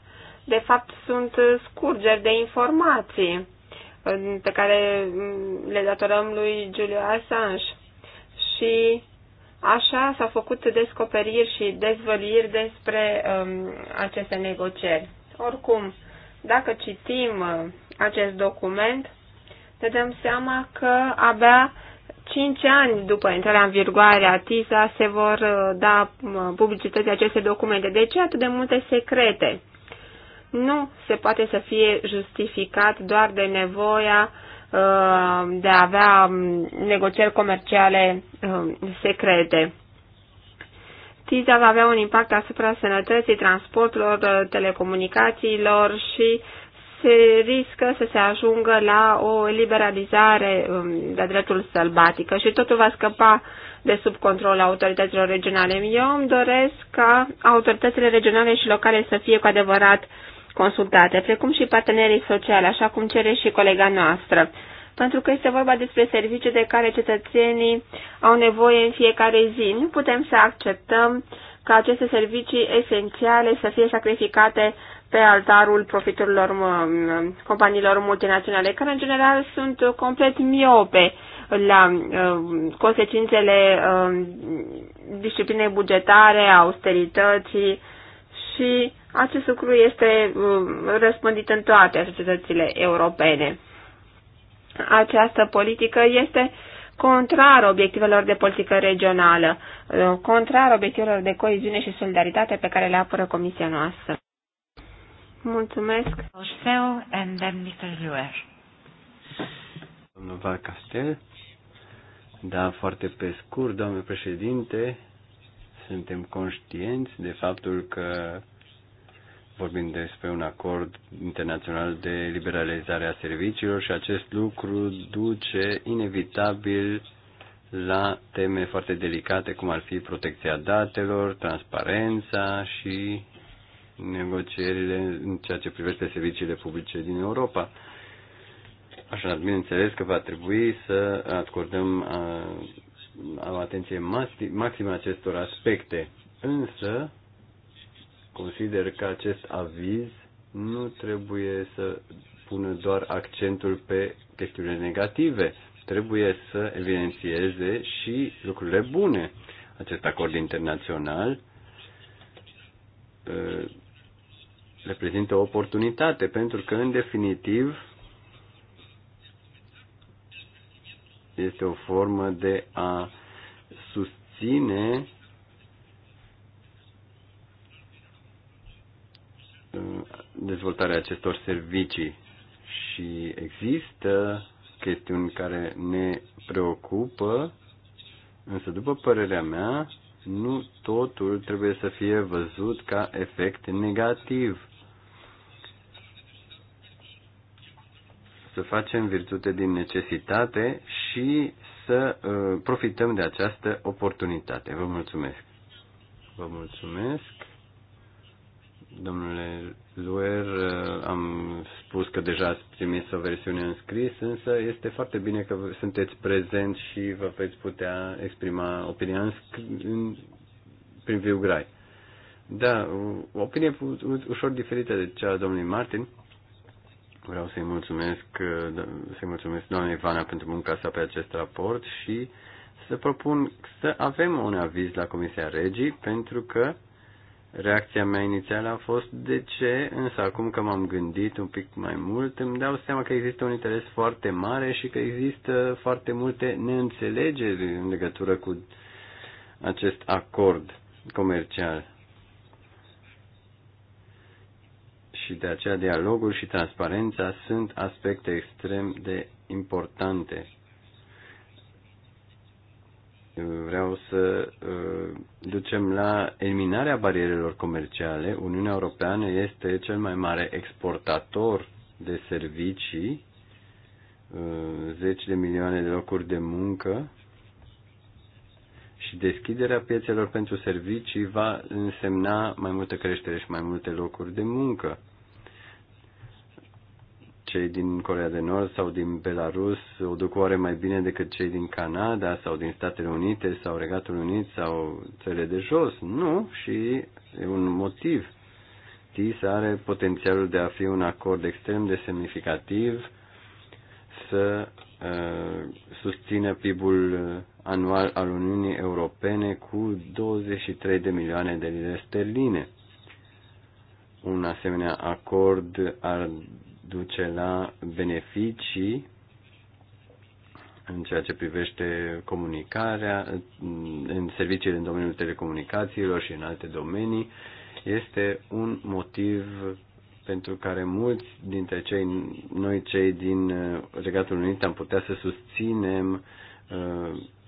de fapt, sunt scurgeri de informații pe care mm, le datorăm lui Julio Assange. Și așa s-au făcut descoperiri și dezvăliri despre um, aceste negocieri. Oricum, dacă citim uh, acest document, ne dăm seama că abia 5 ani după intrarea în virgoare a TISA se vor uh, da uh, publicității aceste documente. De deci, ce atât de multe secrete? nu se poate să fie justificat doar de nevoia uh, de a avea um, negocieri comerciale um, secrete. TISA va avea un impact asupra sănătății, transporturilor, telecomunicațiilor și se riscă să se ajungă la o liberalizare um, de dreptul sălbatică și totul va scăpa de sub control autorităților regionale. Eu îmi doresc ca autoritățile regionale și locale să fie cu adevărat uh, consultate, precum și partenerii sociali, așa cum cere și colega noastră, pentru că este vorba despre servicii de care cetățenii au nevoie în fiecare zi. Nu putem să acceptăm ca aceste servicii esențiale să fie sacrificate pe altarul profiturilor companiilor multinaționale, care în general sunt complet miope la uh, consecințele uh, disciplinei bugetare, austerității și acest lucru este um, răspândit în toate societățile europene. Această politică este contrar obiectivelor de politică regională, uh, contrar obiectivelor de coeziune și solidaritate pe care le apără Comisia noastră. Mulțumesc. and Domnul Val Castel. Da, foarte pe scurt, domnule președinte, suntem conștienți de faptul că vorbim despre un acord internațional de liberalizare a serviciilor și acest lucru duce inevitabil la teme foarte delicate, cum ar fi protecția datelor, transparența și negocierile în ceea ce privește serviciile publice din Europa. Așa, bineînțeles că va trebui să acordăm a, uh, a, atenție maximă acestor aspecte, însă Consider că acest aviz nu trebuie să pună doar accentul pe chestiile negative, trebuie să evidențieze și lucrurile bune. Acest acord internațional ă, reprezintă o oportunitate, pentru că, în definitiv, este o formă de a susține dezvoltarea acestor servicii și există chestiuni care ne preocupă, însă după părerea mea, nu totul trebuie să fie văzut ca efect negativ. Să facem virtute din necesitate și să uh, profităm de această oportunitate. Vă mulțumesc! Vă mulțumesc! Domnule Luer, uh, am spus că deja ați trimis o versiune în scris, însă este foarte bine că sunteți prezent și vă veți putea exprima opinia în, în, prin viu grai. Da, o opinie ușor diferită de cea a domnului Martin. Vreau să-i mulțumesc, uh, să-i mulțumesc doamnei Ivana pentru munca sa pe acest raport și să propun să avem un aviz la Comisia Regii pentru că Reacția mea inițială a fost de ce, însă acum că m-am gândit un pic mai mult, îmi dau seama că există un interes foarte mare și că există foarte multe neînțelegeri în legătură cu acest acord comercial. Și de aceea dialogul și transparența sunt aspecte extrem de importante vreau să uh, ducem la eliminarea barierelor comerciale. Uniunea Europeană este cel mai mare exportator de servicii, uh, zeci de milioane de locuri de muncă și deschiderea piețelor pentru servicii va însemna mai multă creștere și mai multe locuri de muncă cei din Corea de Nord sau din Belarus o duc oare mai bine decât cei din Canada sau din Statele Unite sau Regatul Unit sau țările de jos? Nu, și e un motiv. TIS are potențialul de a fi un acord extrem de semnificativ să uh, susțină PIB-ul anual al Uniunii Europene cu 23 de milioane de lire sterline. Un asemenea acord ar duce la beneficii în ceea ce privește comunicarea, în serviciile în domeniul telecomunicațiilor și în alte domenii, este un motiv pentru care mulți dintre cei, noi cei din uh, Regatul Unit am putea să susținem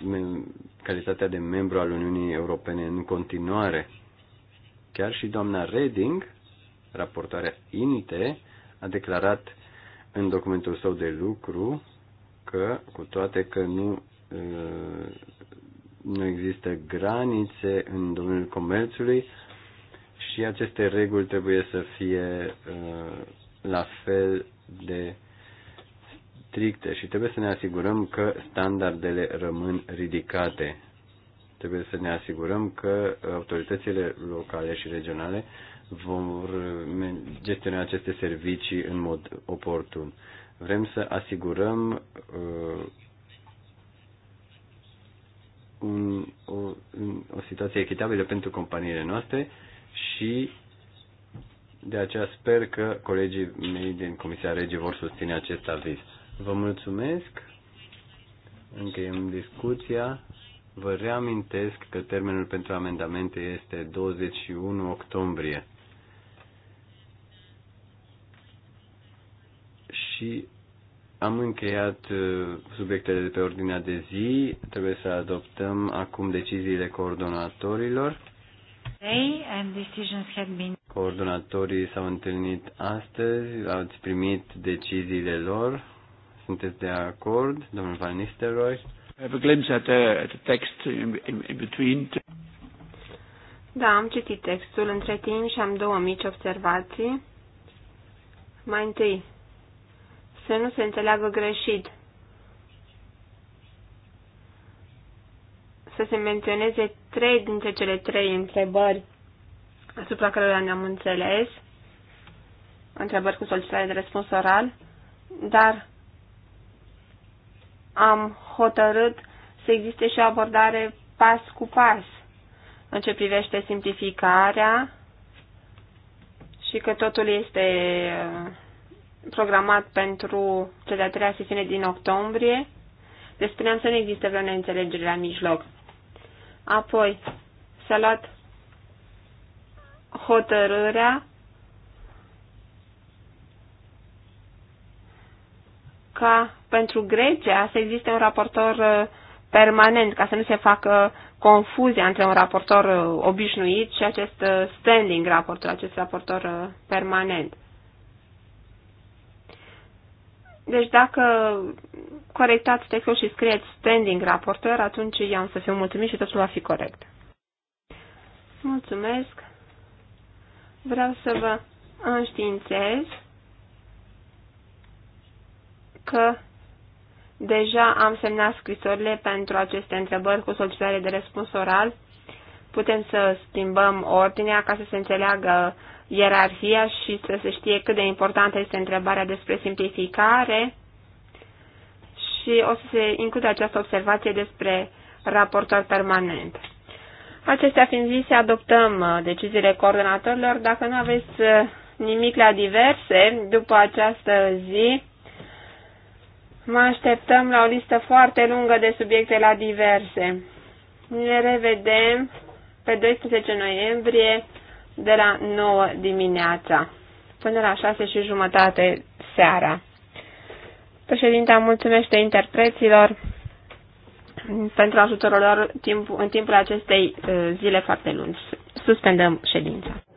uh, calitatea de membru al Uniunii Europene în continuare. Chiar și doamna Reding, raportoarea INTE, a declarat în documentul său de lucru că, cu toate că nu, nu există granițe în domeniul comerțului, și aceste reguli trebuie să fie la fel de stricte și trebuie să ne asigurăm că standardele rămân ridicate. Trebuie să ne asigurăm că autoritățile locale și regionale vom gestiona aceste servicii în mod oportun. Vrem să asigurăm uh, un, o, un, o situație echitabilă pentru companiile noastre și de aceea sper că colegii mei din Comisia Rege vor susține acest aviz. Vă mulțumesc, încheiem discuția. Vă reamintesc că termenul pentru amendamente este 21 octombrie. și am încheiat uh, subiectele de pe ordinea de zi. Trebuie să adoptăm acum deciziile coordonatorilor. Coordonatorii s-au întâlnit astăzi, ați primit deciziile lor. Sunteți de acord, domnul Van Nistelrooy? Have a glimpse at the, at the text in, in, in between. Da, am citit textul între timp și am două mici observații. Mai întâi, să nu se înțeleagă greșit. Să se menționeze trei dintre cele trei întrebări asupra cărora ne-am înțeles, întrebări cu solicitare de răspuns oral, dar am hotărât să existe și o abordare pas cu pas în ce privește simplificarea și că totul este programat pentru cea de-a treia sesiune din octombrie. Deci spuneam să nu există vreo neînțelegere la mijloc. Apoi s-a luat hotărârea ca pentru Grecia să existe un raportor uh, permanent, ca să nu se facă confuzia între un raportor uh, obișnuit și acest uh, standing raportor, acest raportor permanent. Deci dacă corectați textul și scrieți standing raportor, atunci eu am să fiu mulțumit și totul va fi corect. Mulțumesc. Vreau să vă înștiințez că deja am semnat scrisorile pentru aceste întrebări cu solicitare de răspuns oral. Putem să schimbăm ordinea ca să se înțeleagă ierarhia și să se știe cât de importantă este întrebarea despre simplificare și o să se includă această observație despre raportor permanent. Acestea fiind zise, adoptăm uh, deciziile coordonatorilor. Dacă nu aveți uh, nimic la diverse, după această zi, mă așteptăm la o listă foarte lungă de subiecte la diverse. Ne revedem pe 12 noiembrie de la 9 dimineața până la 6 și jumătate seara. Președinta mulțumește interpreților pentru ajutorul lor timp, în timpul acestei uh, zile foarte lungi. Suspendăm ședința.